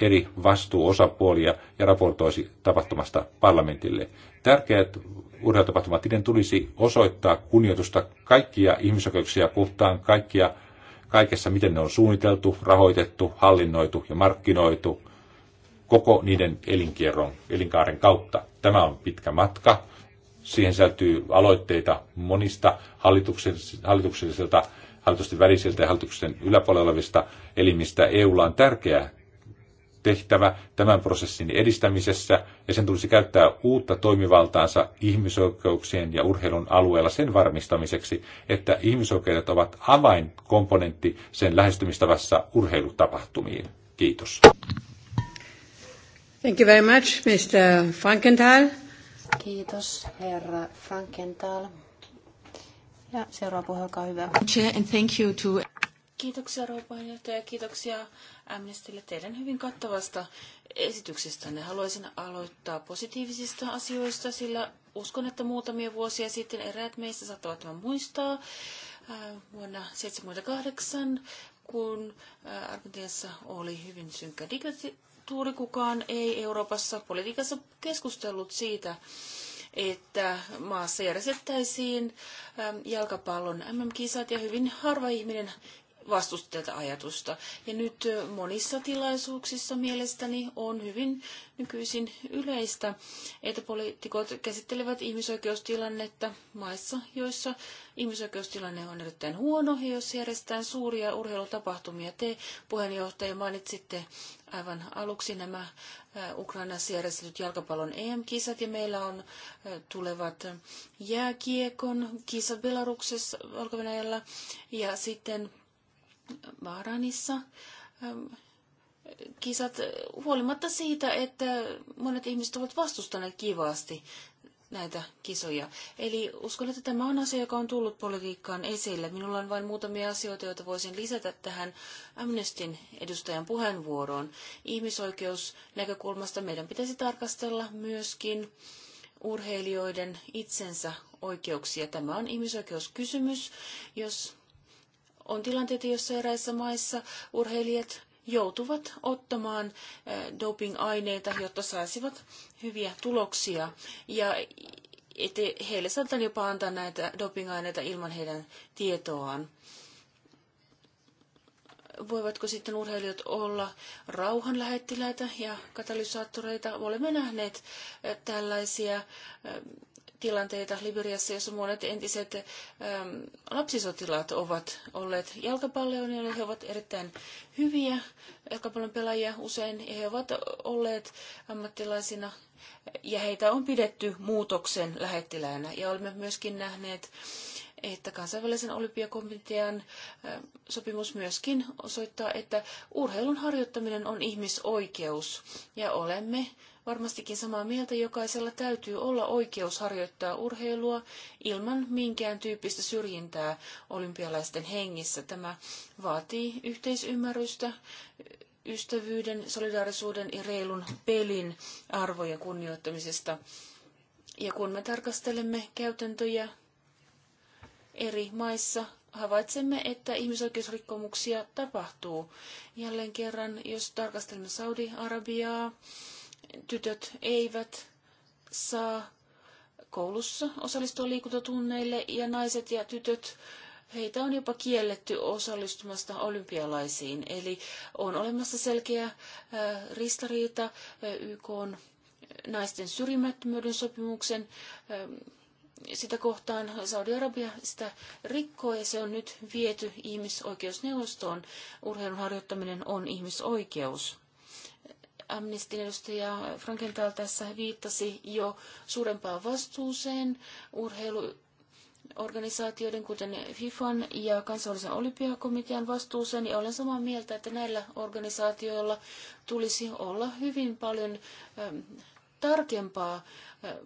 Speaker 3: eri vastuuosapuolia ja raportoisi tapahtumasta parlamentille. Tärkeät urheilutapahtumat, niiden tulisi osoittaa kunnioitusta kaikkia ihmisoikeuksia kohtaan, kaikkia, kaikessa, miten ne on suunniteltu, rahoitettu, hallinnoitu ja markkinoitu, koko niiden elinkierron, elinkaaren kautta. Tämä on pitkä matka. Siihen sisältyy aloitteita monista hallituksellisilta, hallitusten välisiltä ja hallituksen yläpuolella olevista elimistä. EUlla on tärkeä tehtävä tämän prosessin edistämisessä ja sen tulisi käyttää uutta toimivaltaansa ihmisoikeuksien ja urheilun alueella sen varmistamiseksi, että ihmisoikeudet ovat avainkomponentti sen lähestymistavassa urheilutapahtumiin. Kiitos.
Speaker 4: Thank you very much, Mr.
Speaker 1: Frankenthal.
Speaker 2: Kiitos, herra Frankenthal. Ja seuraava puhe, olkaa hyvä.
Speaker 1: Chair, and thank you to... Kiitoksia, rouva puheenjohtaja, ja kiitoksia Amnestylle teidän hyvin kattavasta esityksestänne. Haluaisin aloittaa positiivisista asioista, sillä uskon, että muutamia vuosia sitten eräät meistä saattavat tämän muistaa. Äh, vuonna 1978, kun äh, Argentiassa oli hyvin synkkä juuri kukaan ei Euroopassa politiikassa keskustellut siitä, että maassa järjestettäisiin jalkapallon MM-kisat ja hyvin harva ihminen vastusti tätä ajatusta. Ja nyt monissa tilaisuuksissa mielestäni on hyvin nykyisin yleistä, että poliitikot käsittelevät ihmisoikeustilannetta maissa, joissa ihmisoikeustilanne on erittäin huono, ja jos järjestetään suuria urheilutapahtumia. Te puheenjohtaja mainitsitte aivan aluksi nämä Ukrainassa järjestetyt jalkapallon EM-kisat ja meillä on tulevat jääkiekon kisat Belaruksessa, valko ja sitten Bahrainissa ähm, kisat, äh, huolimatta siitä, että monet ihmiset ovat vastustaneet kivasti näitä kisoja. Eli uskon, että tämä on asia, joka on tullut politiikkaan esille. Minulla on vain muutamia asioita, joita voisin lisätä tähän Amnestin edustajan puheenvuoroon. Ihmisoikeusnäkökulmasta meidän pitäisi tarkastella myöskin urheilijoiden itsensä oikeuksia. Tämä on ihmisoikeuskysymys. Jos on tilanteita, joissa eräissä maissa urheilijat joutuvat ottamaan doping-aineita, jotta saisivat hyviä tuloksia. Ja että heille saattaa jopa antaa näitä dopingaineita ilman heidän tietoaan. Voivatko sitten urheilijat olla rauhanlähettiläitä ja katalysaattoreita? Olemme nähneet tällaisia tilanteita Liberiassa, jossa monet entiset äm, lapsisotilaat ovat olleet jalkapalloilijoille. He ovat erittäin hyviä jalkapallon pelaajia usein. He ovat olleet ammattilaisina ja heitä on pidetty muutoksen lähettiläänä. Ja olemme myöskin nähneet, että kansainvälisen olympiakomitean ähm, sopimus myöskin osoittaa, että urheilun harjoittaminen on ihmisoikeus. Ja olemme varmastikin samaa mieltä, jokaisella täytyy olla oikeus harjoittaa urheilua ilman minkään tyyppistä syrjintää olympialaisten hengissä. Tämä vaatii yhteisymmärrystä, ystävyyden, solidaarisuuden ja reilun pelin arvojen kunnioittamisesta. Ja kun me tarkastelemme käytäntöjä eri maissa, havaitsemme, että ihmisoikeusrikkomuksia tapahtuu. Jälleen kerran, jos tarkastelemme Saudi-Arabiaa, tytöt eivät saa koulussa osallistua liikuntatunneille ja naiset ja tytöt heitä on jopa kielletty osallistumasta olympialaisiin. Eli on olemassa selkeä äh, ristariita äh, YK on naisten syrjimättömyyden sopimuksen ähm, sitä kohtaan Saudi-Arabia sitä rikkoo ja se on nyt viety ihmisoikeusneuvostoon. Urheilun harjoittaminen on ihmisoikeus. Amnestin edustaja Frankenthal tässä viittasi jo suurempaan vastuuseen urheiluorganisaatioiden kuten FIFAn ja kansallisen olympiakomitean vastuuseen, ja olen samaa mieltä, että näillä organisaatioilla tulisi olla hyvin paljon ähm, tarkempaa ähm,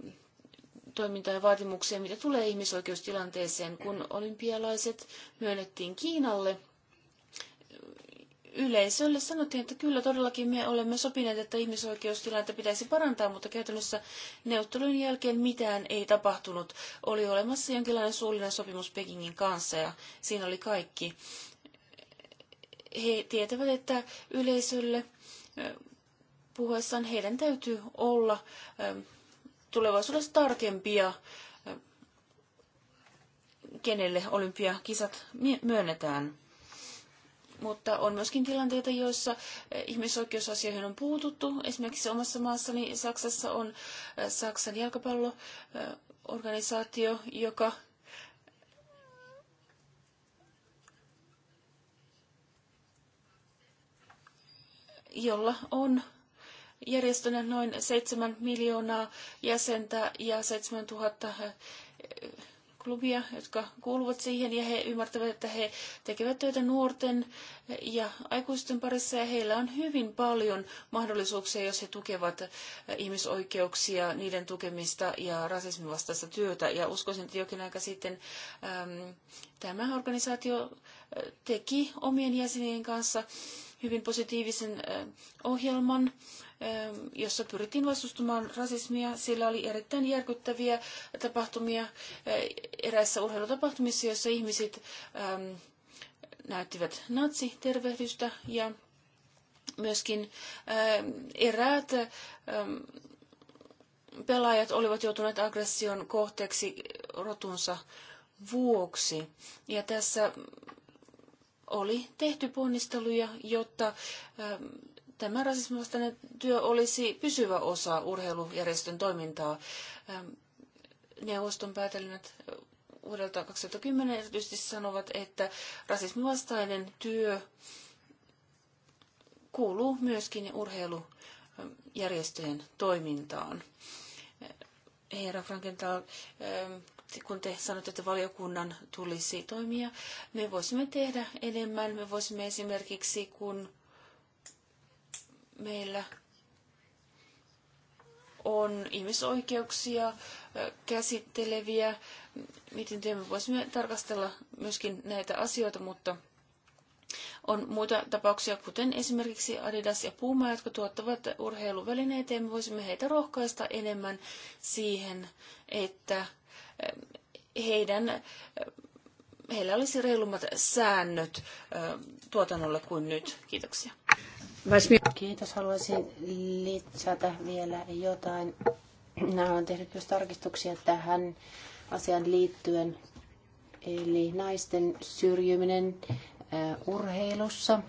Speaker 1: toimintaa ja vaatimuksia, mitä tulee ihmisoikeustilanteeseen, kun olympialaiset myönnettiin Kiinalle – yleisölle sanottiin, että kyllä todellakin me olemme sopineet, että ihmisoikeustilannetta pitäisi parantaa, mutta käytännössä neuvottelujen jälkeen mitään ei tapahtunut. Oli olemassa jonkinlainen suullinen sopimus Pekingin kanssa ja siinä oli kaikki. He tietävät, että yleisölle puhuessaan heidän täytyy olla tulevaisuudessa tarkempia, kenelle olympiakisat myönnetään mutta on myöskin tilanteita, joissa eh, ihmisoikeusasioihin on puututtu. Esimerkiksi omassa maassani Saksassa on eh, Saksan jalkapalloorganisaatio, joka jolla on järjestönä noin 7 miljoonaa jäsentä ja 7000 klubia, jotka kuuluvat siihen, ja he ymmärtävät, että he tekevät töitä nuorten ja aikuisten parissa, ja heillä on hyvin paljon mahdollisuuksia, jos he tukevat äh, ihmisoikeuksia, niiden tukemista ja rasismin vastaista työtä. Ja uskoisin, että jokin aika sitten äm, tämä organisaatio äh, teki omien jäsenien kanssa hyvin positiivisen äh, ohjelman jossa pyrittiin vastustamaan rasismia. Siellä oli erittäin järkyttäviä tapahtumia eräissä urheilutapahtumissa, joissa ihmiset näyttivät natsitervehdystä ja myöskin eräät pelaajat olivat joutuneet aggression kohteeksi rotunsa vuoksi. Ja tässä oli tehty ponnisteluja, jotta tämä rasismivastainen työ olisi pysyvä osa urheilujärjestön toimintaa. Neuvoston päätelmät äh, vuodelta 2010 erityisesti sanovat, että rasismivastainen työ kuuluu myöskin urheilujärjestöjen toimintaan. Herra Frankenthal, kun te sanotte, että valiokunnan tulisi toimia, me voisimme tehdä enemmän. Me voisimme esimerkiksi, kun meillä on ihmisoikeuksia käsitteleviä miten teemme voisimme tarkastella myöskin näitä asioita, mutta on muita tapauksia, kuten esimerkiksi Adidas ja Puma, jotka tuottavat urheiluvälineitä, ja me voisimme heitä rohkaista enemmän siihen, että heidän, heillä olisi reilummat säännöt tuotannolle kuin nyt. Kiitoksia.
Speaker 2: Kiitos. Haluaisin lisätä vielä jotain. Nämä on tehnyt myös tarkistuksia tähän asiaan liittyen. Eli naisten syrjyminen urheilussa.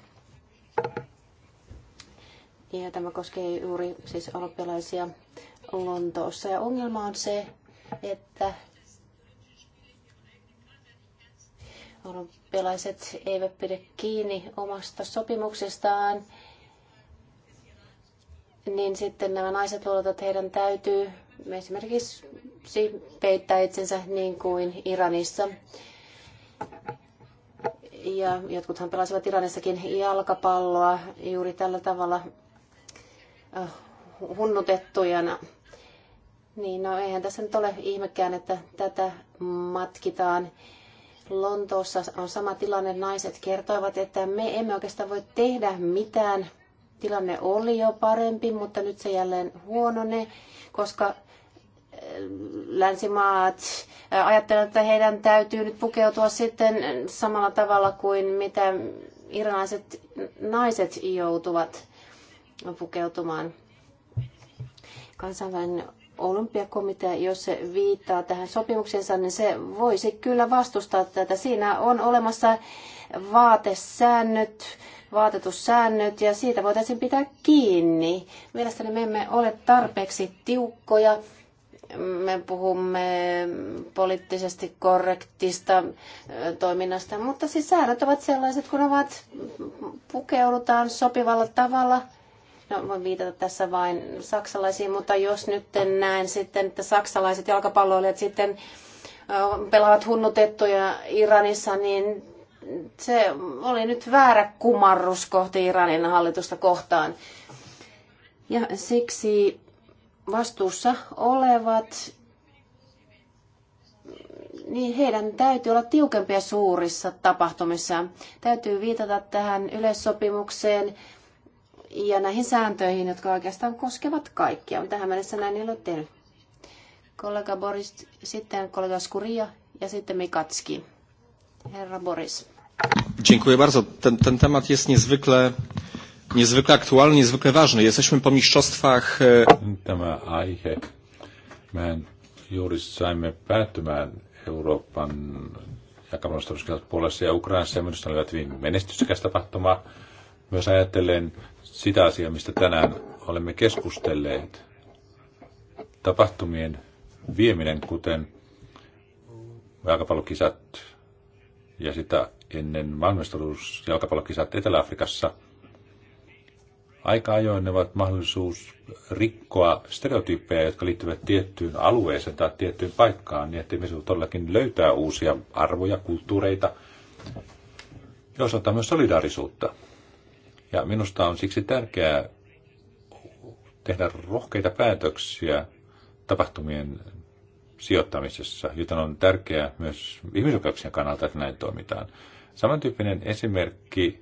Speaker 2: Ja tämä koskee juuri siis olympialaisia Lontoossa. Ja ongelma on se, että olympialaiset eivät pidä kiinni omasta sopimuksestaan niin sitten nämä naiset luulevat, että heidän täytyy esimerkiksi peittää itsensä niin kuin Iranissa. Ja jotkuthan pelasivat Iranissakin jalkapalloa juuri tällä tavalla äh, hunnutettujana. Niin, no eihän tässä nyt ole ihmekään, että tätä matkitaan. Lontoossa on sama tilanne. Naiset kertoivat, että me emme oikeastaan voi tehdä mitään tilanne oli jo parempi, mutta nyt se jälleen huonone, koska eh, länsimaat eh, ajattelevat, että heidän täytyy nyt pukeutua sitten samalla tavalla kuin mitä iranaiset naiset joutuvat pukeutumaan. Kansainvälinen olympiakomitea, jos se viittaa tähän sopimuksensa, niin se voisi kyllä vastustaa tätä. Siinä on olemassa vaatesäännöt, vaatetussäännöt ja siitä voitaisiin pitää kiinni. Mielestäni me emme ole tarpeeksi tiukkoja. Me puhumme poliittisesti korrektista toiminnasta, mutta siis säännöt ovat sellaiset, kun ovat, pukeudutaan sopivalla tavalla no voin viitata tässä vain saksalaisiin, mutta jos nyt näen sitten, että saksalaiset jalkapalloilijat sitten pelaavat hunnutettuja Iranissa, niin se oli nyt väärä kumarrus kohti Iranin hallitusta kohtaan. Ja siksi vastuussa olevat, niin heidän täytyy olla tiukempia suurissa tapahtumissa. Täytyy viitata tähän yleissopimukseen ja näihin sääntöihin, jotka oikeastaan koskevat kaikkia. Tähän mennessä näin ei ole tehnyt. Kollega Boris, sitten kollega Skuria ja sitten Mikatski. Herra Boris.
Speaker 3: Dziękuję bardzo. Ten, ten temat jest niezwykle, niezwykle aktualny, niezwykle ważny. Jesteśmy po mistrzostwach... E, Tämä aihe. juuri saimme päättymään Euroopan jakamalastoskilta puolessa ja Ukrainassa ja minusta olivat hyvin menestyksekäs tapahtuma. Myös ajattelen sitä asiaa, mistä tänään olemme keskustelleet. Tapahtumien vieminen, kuten jalkapallokisat ja sitä ennen maailmanmestaruusjalkapallokisat Etelä-Afrikassa, aika ajoin ne ovat mahdollisuus rikkoa stereotyyppejä, jotka liittyvät tiettyyn alueeseen tai tiettyyn paikkaan, niin että ihmiset todellakin löytää uusia arvoja, kulttuureita ja osoittaa myös solidaarisuutta. Ja minusta on siksi tärkeää tehdä rohkeita päätöksiä tapahtumien sijoittamisessa, joten on tärkeää myös ihmisoikeuksien kannalta, että näin toimitaan. Samantyyppinen esimerkki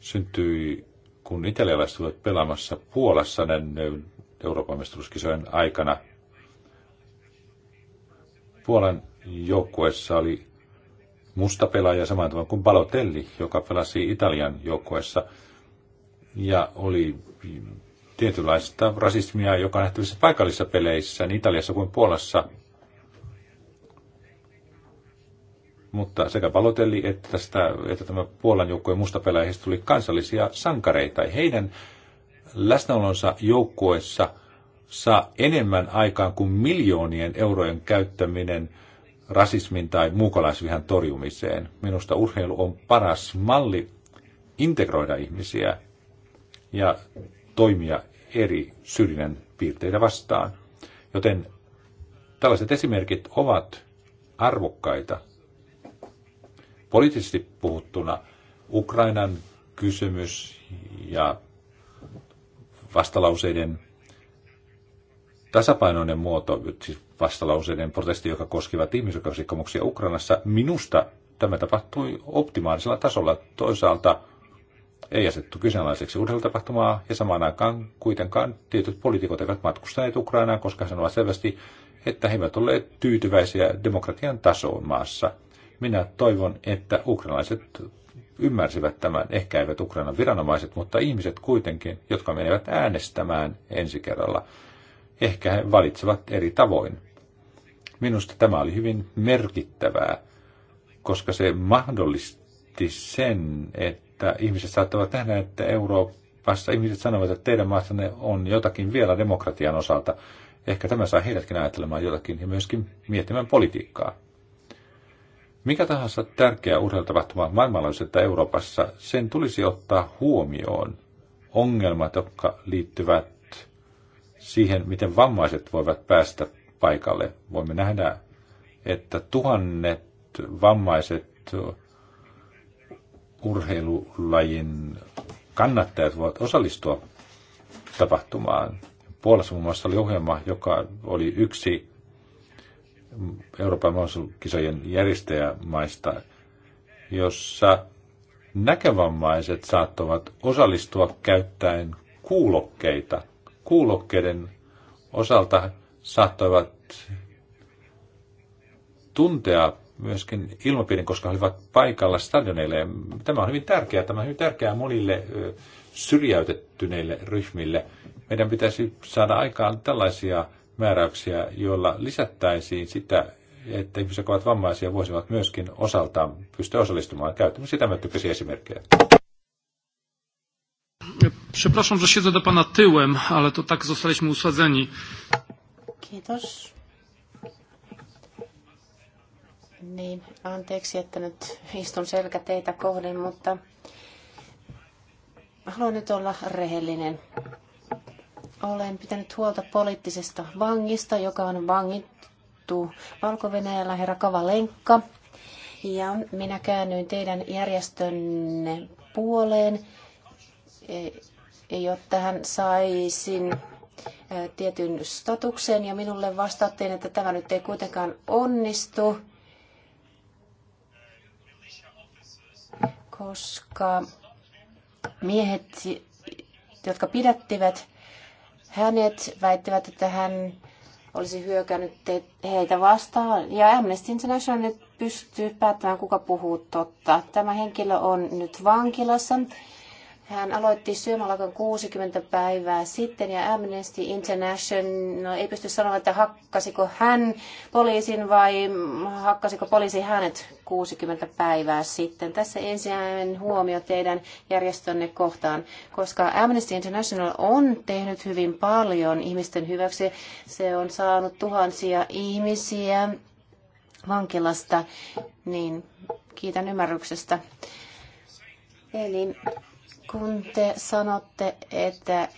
Speaker 3: syntyi, kun italialaiset olivat pelaamassa Puolassa näiden Euroopan mestaruuskisojen aikana. Puolan joukkueessa oli musta pelaaja saman tavalla kuin Balotelli, joka pelasi Italian joukkueessa. Ja oli tietynlaista rasismia, joka nähtävissä paikallisissa peleissä niin Italiassa kuin Puolassa mutta sekä Balotelli että, tästä, että tämä Puolan joukkueen mustapelaajista tuli kansallisia sankareita. Heidän läsnäolonsa joukkueessa saa enemmän aikaan kuin miljoonien eurojen käyttäminen rasismin tai muukalaisvihan torjumiseen. Minusta urheilu on paras malli integroida ihmisiä ja toimia eri syrjinnän piirteitä vastaan. Joten tällaiset esimerkit ovat arvokkaita Poliittisesti puhuttuna Ukrainan kysymys ja vastalauseiden tasapainoinen muoto, siis vastalauseiden protesti, joka koskivat ihmisoikeusrikkomuksia Ukrainassa, minusta tämä tapahtui optimaalisella tasolla. Toisaalta ei asettu kyseenalaiseksi uudella tapahtumaa, ja samaan aikaan kuitenkaan tietyt poliitikot eivät matkustaneet Ukrainaan, koska sanovat selvästi, että he eivät olleet tyytyväisiä demokratian tasoon maassa. Minä toivon, että ukrainalaiset ymmärsivät tämän, ehkä eivät Ukrainan viranomaiset, mutta ihmiset kuitenkin, jotka menevät äänestämään ensi kerralla. Ehkä he valitsevat eri tavoin. Minusta tämä oli hyvin merkittävää, koska se mahdollisti sen, että ihmiset saattavat nähdä, että Euroopassa ihmiset sanovat, että teidän maassanne on jotakin vielä demokratian osalta. Ehkä tämä saa heidätkin ajattelemaan jotakin ja myöskin miettimään politiikkaa. Mikä tahansa tärkeä urheilutapahtuma maailmanlaajuisesti tai Euroopassa, sen tulisi ottaa huomioon ongelmat, jotka liittyvät siihen, miten vammaiset voivat päästä paikalle. Voimme nähdä, että tuhannet vammaiset urheilulajin kannattajat voivat osallistua tapahtumaan. Puolassa muun muassa oli ohjelma, joka oli yksi Euroopan maailmankisojen järjestäjämaista, jossa näkövammaiset saattavat osallistua käyttäen kuulokkeita. Kuulokkeiden osalta saattoivat tuntea myöskin ilmapiirin, koska he olivat paikalla stadioneille. tämä on hyvin tärkeää. Tämä on hyvin tärkeää monille syrjäytettyneille ryhmille. Meidän pitäisi saada aikaan tällaisia määräyksiä, joilla lisättäisiin sitä, että ihmiset, jotka ovat vammaisia, voisivat myöskin osaltaan pystyä osallistumaan käyttämään sitä tyyppisiä esimerkkejä.
Speaker 5: Przepraszam, że siedzę do pana tyłem, ale to tak zostaliśmy usadzeni.
Speaker 2: Kiitos. Niin, anteeksi, että nyt istun selkä teitä kohden, mutta haluan nyt olla rehellinen olen pitänyt huolta poliittisesta vangista, joka on vangittu Valko-Venäjällä, herra Kavalenka. Ja minä käännyin teidän järjestönne puoleen, eh, jotta hän saisin eh, tietyn statuksen ja minulle vastattiin, että tämä nyt ei kuitenkaan onnistu, koska miehet, jotka pidättivät hänet väittivät, että hän olisi hyökännyt heitä vastaan. Ja Amnesty International nyt pystyy päättämään, kuka puhuu totta. Tämä henkilö on nyt vankilassa. Hän aloitti syömälakon 60 päivää sitten ja Amnesty International no, ei pysty sanomaan, että hakkasiko hän poliisin vai hakkasiko poliisi hänet 60 päivää sitten. Tässä ensimmäinen huomio teidän järjestönne kohtaan, koska Amnesty International on tehnyt hyvin paljon ihmisten hyväksi. Se on saanut tuhansia ihmisiä vankilasta, niin kiitän ymmärryksestä. Eli kun te sanotte, että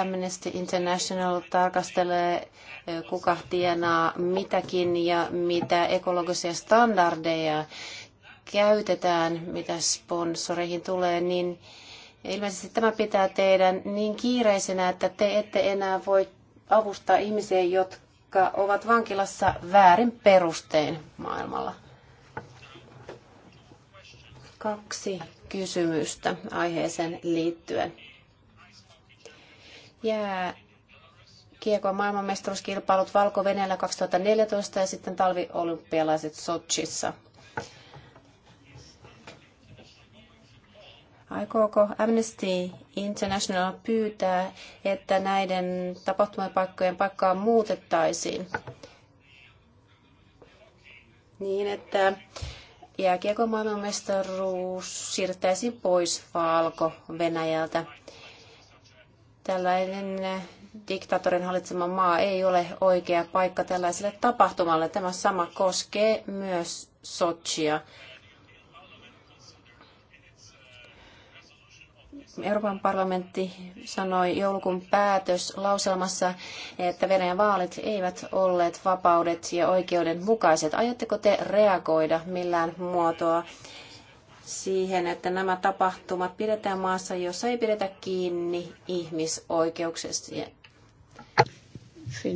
Speaker 2: Amnesty International tarkastelee, eh, kuka tienaa mitäkin ja mitä ekologisia standardeja käytetään, mitä sponsoreihin tulee, niin ilmeisesti tämä pitää teidän niin kiireisenä, että te ette enää voi avustaa ihmisiä, jotka ovat vankilassa väärin perustein maailmalla. Kaksi kysymystä aiheeseen liittyen. Jää kiekon maailmanmestaruuskilpailut valko 2014 ja sitten talviolympialaiset Sochissa. Aikooko Amnesty International pyytää, että näiden tapahtumapaikkojen paikkaa muutettaisiin niin, että jääkiekon maailmanmestaruus siirrettäisiin pois Valko-Venäjältä. Tällainen diktaattorin hallitsema maa ei ole oikea paikka tällaiselle tapahtumalle. Tämä sama koskee myös Sochia. Euroopan parlamentti sanoi joulukuun päätöslauselmassa, että Venäjän vaalit eivät olleet vapaudet ja oikeudenmukaiset. Aiotteko te reagoida millään muotoa siihen, että nämä tapahtumat pidetään maassa, jossa ei pidetä kiinni ihmisoikeuksista?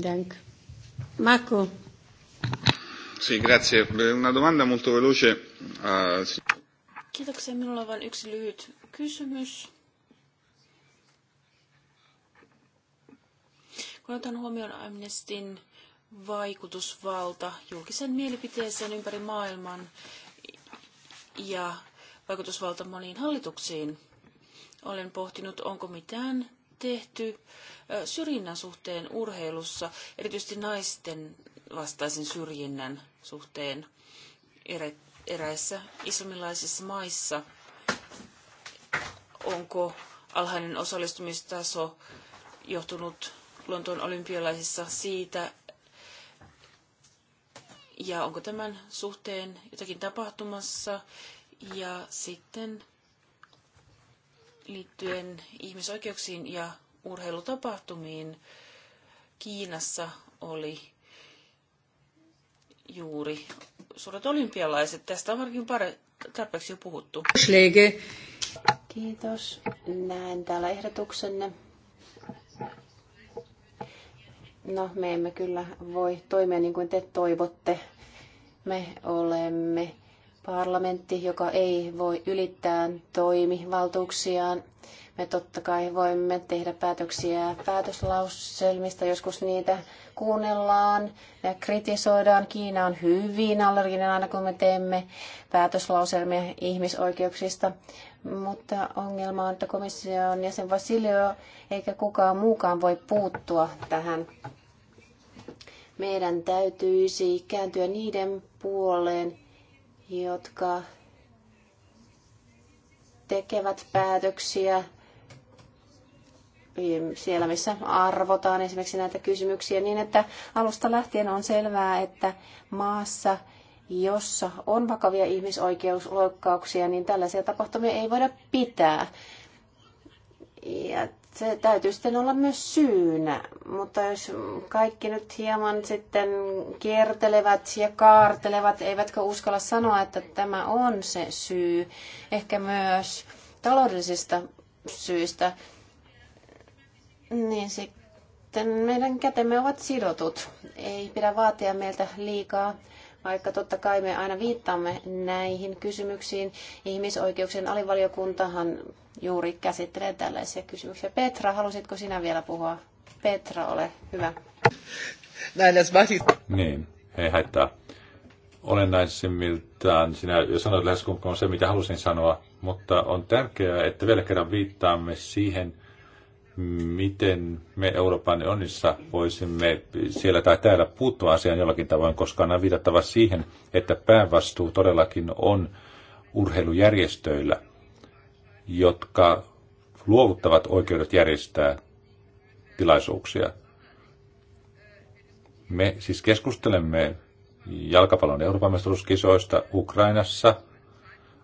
Speaker 1: Dank. Marco.
Speaker 5: Sì, grazie.
Speaker 3: Una domanda molto veloce. Eh,
Speaker 1: Kiitoksia. Minulla on vain yksi lyhyt kysymys. Kun otan huomioon Amnestin vaikutusvalta julkisen mielipiteeseen ympäri maailman ja vaikutusvalta moniin hallituksiin, olen pohtinut, onko mitään tehty syrjinnän suhteen urheilussa, erityisesti naisten vastaisen syrjinnän suhteen eräissä islamilaisissa maissa. Onko alhainen osallistumistaso johtunut Lontoon olympialaisissa siitä, ja onko tämän suhteen jotakin tapahtumassa, ja sitten liittyen ihmisoikeuksiin ja urheilutapahtumiin Kiinassa oli juuri suuret olympialaiset. Tästä on varsinkin pare, tarpeeksi jo puhuttu.
Speaker 3: Schläge.
Speaker 2: Kiitos.
Speaker 1: Näen täällä
Speaker 2: ehdotuksenne. No, me emme kyllä voi toimia niin kuin te toivotte. Me olemme parlamentti, joka ei voi ylittää toimivaltuuksiaan. Me totta kai voimme tehdä päätöksiä päätöslauselmista, joskus niitä kuunnellaan ja kritisoidaan. Kiina on hyvin allerginen aina, kun me teemme päätöslauselmia ihmisoikeuksista. Mutta ongelma on, että komissio on jäsen Vasilio eikä kukaan muukaan voi puuttua tähän meidän täytyisi kääntyä niiden puoleen, jotka tekevät päätöksiä siellä, missä arvotaan esimerkiksi näitä kysymyksiä, niin että alusta lähtien on selvää, että maassa, jossa on vakavia ihmisoikeusloukkauksia, niin tällaisia tapahtumia ei voida pitää. Ja se täytyy sitten olla myös syynä, mutta jos kaikki nyt hieman sitten kiertelevät ja kaartelevat, eivätkä uskalla sanoa, että tämä on se syy, ehkä myös taloudellisista syistä, niin sitten meidän kätemme ovat sidotut. Ei pidä vaatia meiltä liikaa vaikka totta kai me aina viittaamme näihin kysymyksiin, ihmisoikeuksien alivaliokuntahan juuri käsittelee tällaisia kysymyksiä. Petra, halusitko sinä vielä puhua? Petra, ole
Speaker 5: hyvä.
Speaker 3: Niin, ei haittaa. Olennaisimmiltaan sinä jo sanoit lähes kun se, mitä halusin sanoa, mutta on tärkeää, että vielä kerran viittaamme siihen, miten me Euroopan onnissa voisimme siellä tai täällä puuttua asiaan jollakin tavoin, koska on viitattava siihen, että päävastuu todellakin on urheilujärjestöillä, jotka luovuttavat oikeudet järjestää tilaisuuksia. Me siis keskustelemme jalkapallon Euroopan mestaruuskisoista Ukrainassa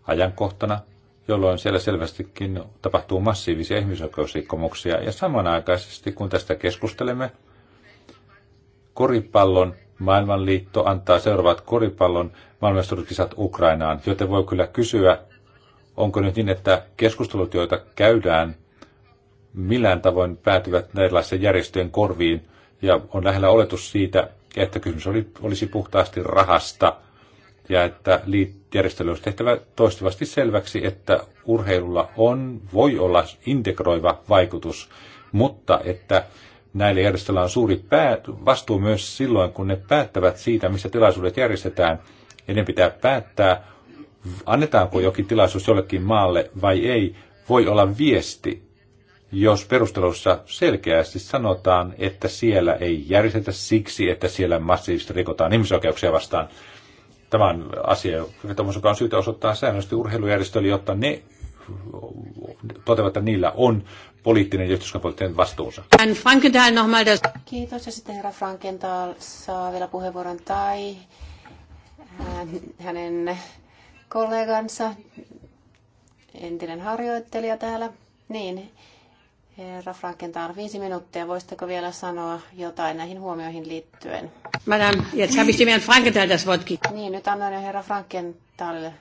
Speaker 3: ajankohtana, jolloin siellä selvästikin tapahtuu massiivisia ihmisoikeusrikkomuksia. Ja samanaikaisesti, kun tästä keskustelemme, koripallon maailmanliitto antaa seuraavat koripallon maailmanmestaruuskisat Ukrainaan, joten voi kyllä kysyä, onko nyt niin, että keskustelut, joita käydään, millään tavoin päätyvät erilaisten järjestöjen korviin, ja on lähellä oletus siitä, että kysymys oli, olisi puhtaasti rahasta – ja että järjestely olisi tehtävä toistuvasti selväksi, että urheilulla on, voi olla integroiva vaikutus, mutta että näillä järjestöillä on suuri pää, vastuu myös silloin, kun ne päättävät siitä, missä tilaisuudet järjestetään, ja ne pitää päättää, annetaanko jokin tilaisuus jollekin maalle vai ei, voi olla viesti, jos perustelussa selkeästi sanotaan, että siellä ei järjestetä siksi, että siellä massiivisesti rikotaan ihmisoikeuksia vastaan. Tämän asian, asia, joka on syytä osoittaa säännöllisesti urheilujärjestöille, jotta ne toteavat, että niillä on poliittinen ja yhteiskunnapoliittinen vastuunsa.
Speaker 2: Kiitos ja sitten herra Frankenthal saa vielä puheenvuoron tai äh, hänen kollegansa, entinen harjoittelija täällä. Niin, Herra Frankenthal, viisi minuuttia. Voisitteko vielä sanoa jotain näihin huomioihin liittyen?
Speaker 1: Madame, jetzt habe ich dem Frankenthal das Wort
Speaker 2: Niin, nyt annoin jo herra Frankenthalille.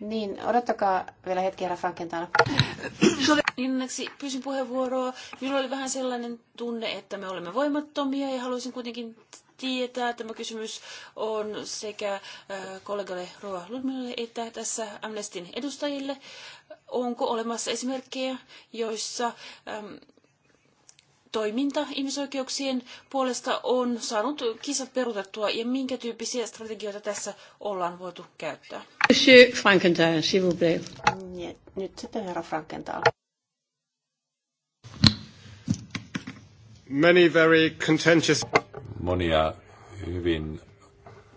Speaker 2: Niin, odottakaa vielä hetki, herra Frankenthal.
Speaker 1: Inneksi pyysin puheenvuoroa. Minulla oli vähän sellainen tunne, että me olemme voimattomia ja haluaisin kuitenkin tietää. Tämä kysymys on sekä äh, kollegalle Roa Ludmille että tässä Amnestin edustajille. Onko olemassa esimerkkejä, joissa äm, toiminta ihmisoikeuksien puolesta on saanut kisat perutettua ja minkä tyyppisiä strategioita tässä ollaan voitu käyttää? Monsieur Frankenthal, s'il vous plaît. Nyt sitten herra Frankenthal.
Speaker 3: Many very contentious... Monia hyvin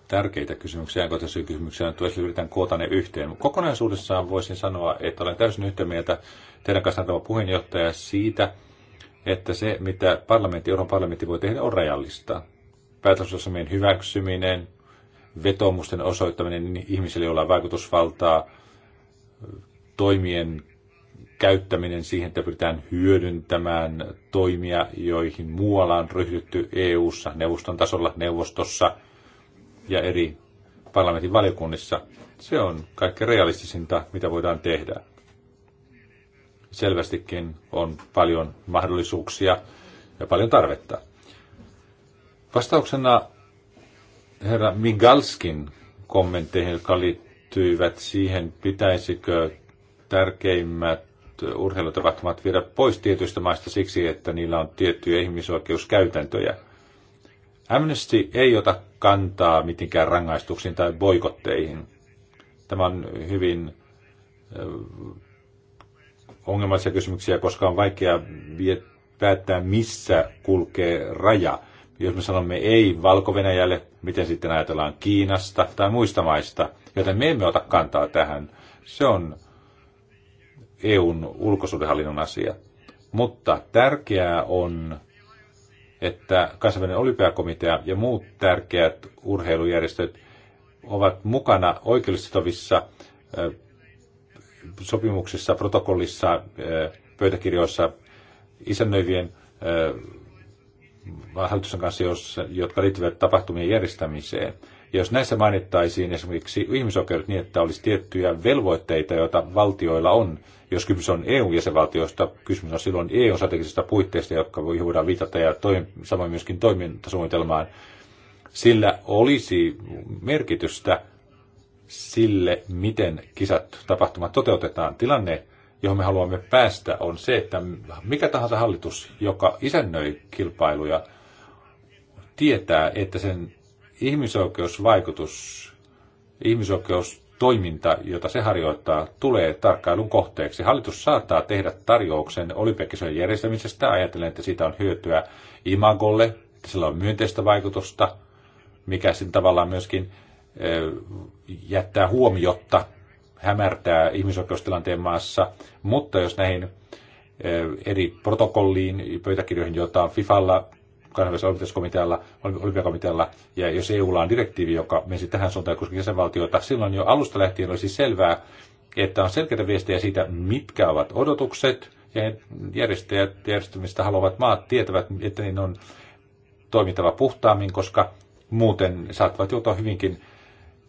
Speaker 3: tärkeitä kysymyksiä, ajankohtaisia kysymyksiä, nyt yritän koota ne yhteen. Kokonaisuudessaan voisin sanoa, että olen täysin yhtä mieltä teidän kanssa tämä puheenjohtaja siitä, että se, mitä parlamentti, Euroopan parlamentti voi tehdä, on rajallista. Päätösosamien hyväksyminen, vetomusten osoittaminen niin ihmisille, joilla on vaikutusvaltaa, toimien käyttäminen siihen, että pyritään hyödyntämään toimia, joihin muualla on ryhdytty EU-ssa, neuvoston tasolla, neuvostossa, ja eri parlamentin valiokunnissa. Se on kaikkein realistisinta, mitä voidaan tehdä. Selvästikin on paljon mahdollisuuksia ja paljon tarvetta. Vastauksena herra Migalskin kommentteihin, jotka liittyivät siihen, pitäisikö tärkeimmät urheilutapahtumat viedä pois tietyistä maista siksi, että niillä on tiettyjä ihmisoikeuskäytäntöjä – Amnesty ei ota kantaa mitenkään rangaistuksiin tai boikotteihin. Tämä on hyvin ongelmallisia kysymyksiä, koska on vaikea päättää, missä kulkee raja. Jos me sanomme ei valko miten sitten ajatellaan Kiinasta tai muista maista, joten me emme ota kantaa tähän. Se on EUn ulkosuudenhallinnon asia. Mutta tärkeää on että kansainvälinen olympiakomitea ja muut tärkeät urheilujärjestöt ovat mukana oikeudellistovissa sopimuksissa, protokollissa, pöytäkirjoissa isännöivien hallituksen kanssa, jotka liittyvät tapahtumien järjestämiseen jos näissä mainittaisiin esimerkiksi ihmisoikeudet niin, että olisi tiettyjä velvoitteita, joita valtioilla on, jos kysymys on EU-jäsenvaltioista, kysymys on silloin EU-strategisista puitteista, jotka voidaan viitata, ja toim- samoin myöskin toimintasuunnitelmaan, sillä olisi merkitystä sille, miten kisat tapahtumat toteutetaan. Tilanne, johon me haluamme päästä, on se, että mikä tahansa hallitus, joka isännöi kilpailuja, tietää, että sen ihmisoikeusvaikutus, ihmisoikeustoiminta, jota se harjoittaa, tulee tarkkailun kohteeksi. Hallitus saattaa tehdä tarjouksen olympiakisojen järjestämisestä ajatellen, että siitä on hyötyä imagolle, että sillä on myönteistä vaikutusta, mikä sitten tavallaan myöskin jättää huomiotta, hämärtää ihmisoikeustilanteen maassa, mutta jos näihin eri protokolliin, pöytäkirjoihin, joita on FIFalla kansainvälisellä olympiakomitealla, olympiakomitealla, ja jos EUlla on direktiivi, joka menisi tähän suuntaan koskien jäsenvaltioita, silloin jo alusta lähtien olisi selvää, että on selkeitä viestejä siitä, mitkä ovat odotukset, ja järjestäjät, järjestämistä haluavat maat tietävät, että niin on toimittava puhtaammin, koska muuten saattavat joutua hyvinkin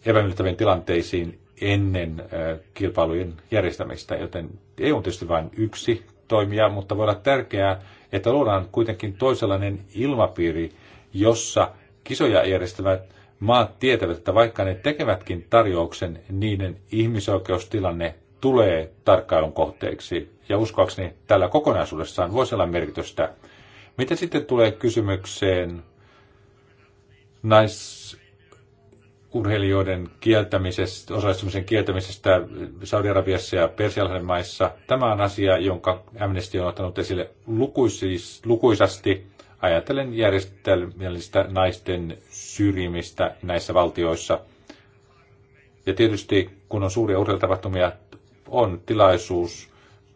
Speaker 3: epämiellyttäviin tilanteisiin ennen äh, kilpailujen järjestämistä, joten EU on tietysti vain yksi toimija, mutta voi olla tärkeää, että luodaan kuitenkin toisenlainen ilmapiiri, jossa kisoja järjestävät maat tietävät, että vaikka ne tekevätkin tarjouksen, niiden ihmisoikeustilanne tulee tarkkailun kohteeksi. Ja uskoakseni tällä kokonaisuudessaan voisi olla merkitystä. Mitä sitten tulee kysymykseen nais, urheilijoiden kieltämisestä, osallistumisen kieltämisestä Saudi-Arabiassa ja Persialahden maissa. Tämä on asia, jonka Amnesty on ottanut esille lukuisis, lukuisasti. Ajatellen järjestelmällistä naisten syrjimistä näissä valtioissa. Ja tietysti, kun on suuria urheilutapahtumia, on tilaisuus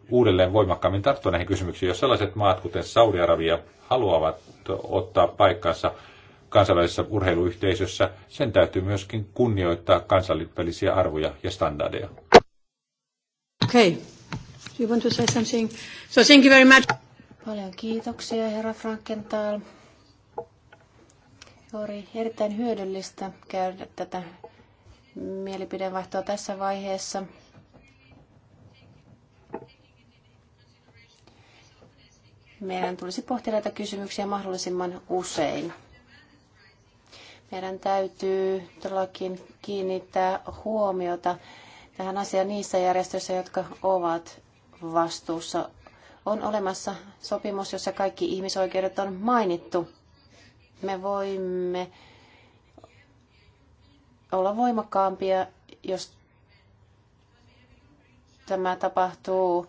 Speaker 3: uudelleen voimakkaammin tarttua näihin kysymyksiin, jos sellaiset maat, kuten Saudi-Arabia, haluavat ottaa paikkansa – kansainvälisessä urheiluyhteisössä, sen täytyy myöskin kunnioittaa kansainvälisiä arvoja ja standardeja.
Speaker 1: Okay. you want to say something? So thank you very much. Paljon kiitoksia, herra Frankenthal.
Speaker 2: Oli erittäin hyödyllistä käydä tätä mielipidevaihtoa tässä vaiheessa. Meidän tulisi pohtia näitä kysymyksiä mahdollisimman usein. Meidän täytyy todellakin kiinnittää huomiota tähän asiaan niissä järjestöissä, jotka ovat vastuussa. On olemassa sopimus, jossa kaikki ihmisoikeudet on mainittu. Me voimme olla voimakkaampia, jos tämä tapahtuu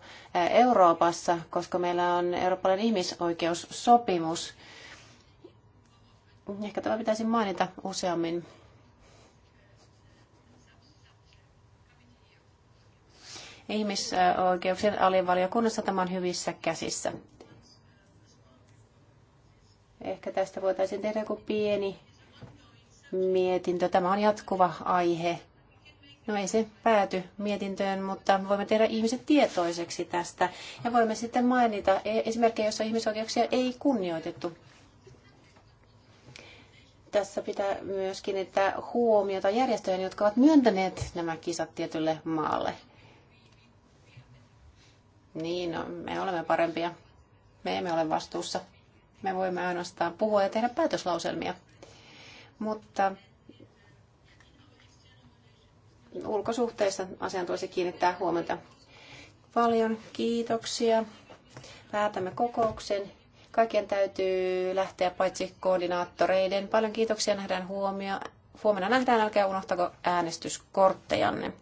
Speaker 2: Euroopassa, koska meillä on Euroopan ihmisoikeussopimus. Ehkä tämä pitäisi mainita useammin. Ihmisoikeuksien alivaliokunnassa tämä on hyvissä käsissä. Ehkä tästä voitaisiin tehdä joku pieni mietintö. Tämä on jatkuva aihe. No ei se pääty mietintöön, mutta voimme tehdä ihmiset tietoiseksi tästä. Ja voimme sitten mainita e- esimerkkejä, joissa ihmisoikeuksia ei kunnioitettu tässä pitää myös kiinnittää huomiota järjestöjen, jotka ovat myöntäneet nämä kisat tietylle maalle. Niin, no, me olemme parempia. Me emme ole vastuussa. Me voimme ainoastaan puhua ja tehdä päätöslauselmia. Mutta ulkosuhteissa asian tulisi kiinnittää huomiota. Paljon kiitoksia. Päätämme kokouksen. Kaiken täytyy lähteä paitsi koordinaattoreiden. Paljon kiitoksia, nähdään huomio. Huomenna nähdään, älkää unohtako
Speaker 1: äänestyskorttejanne.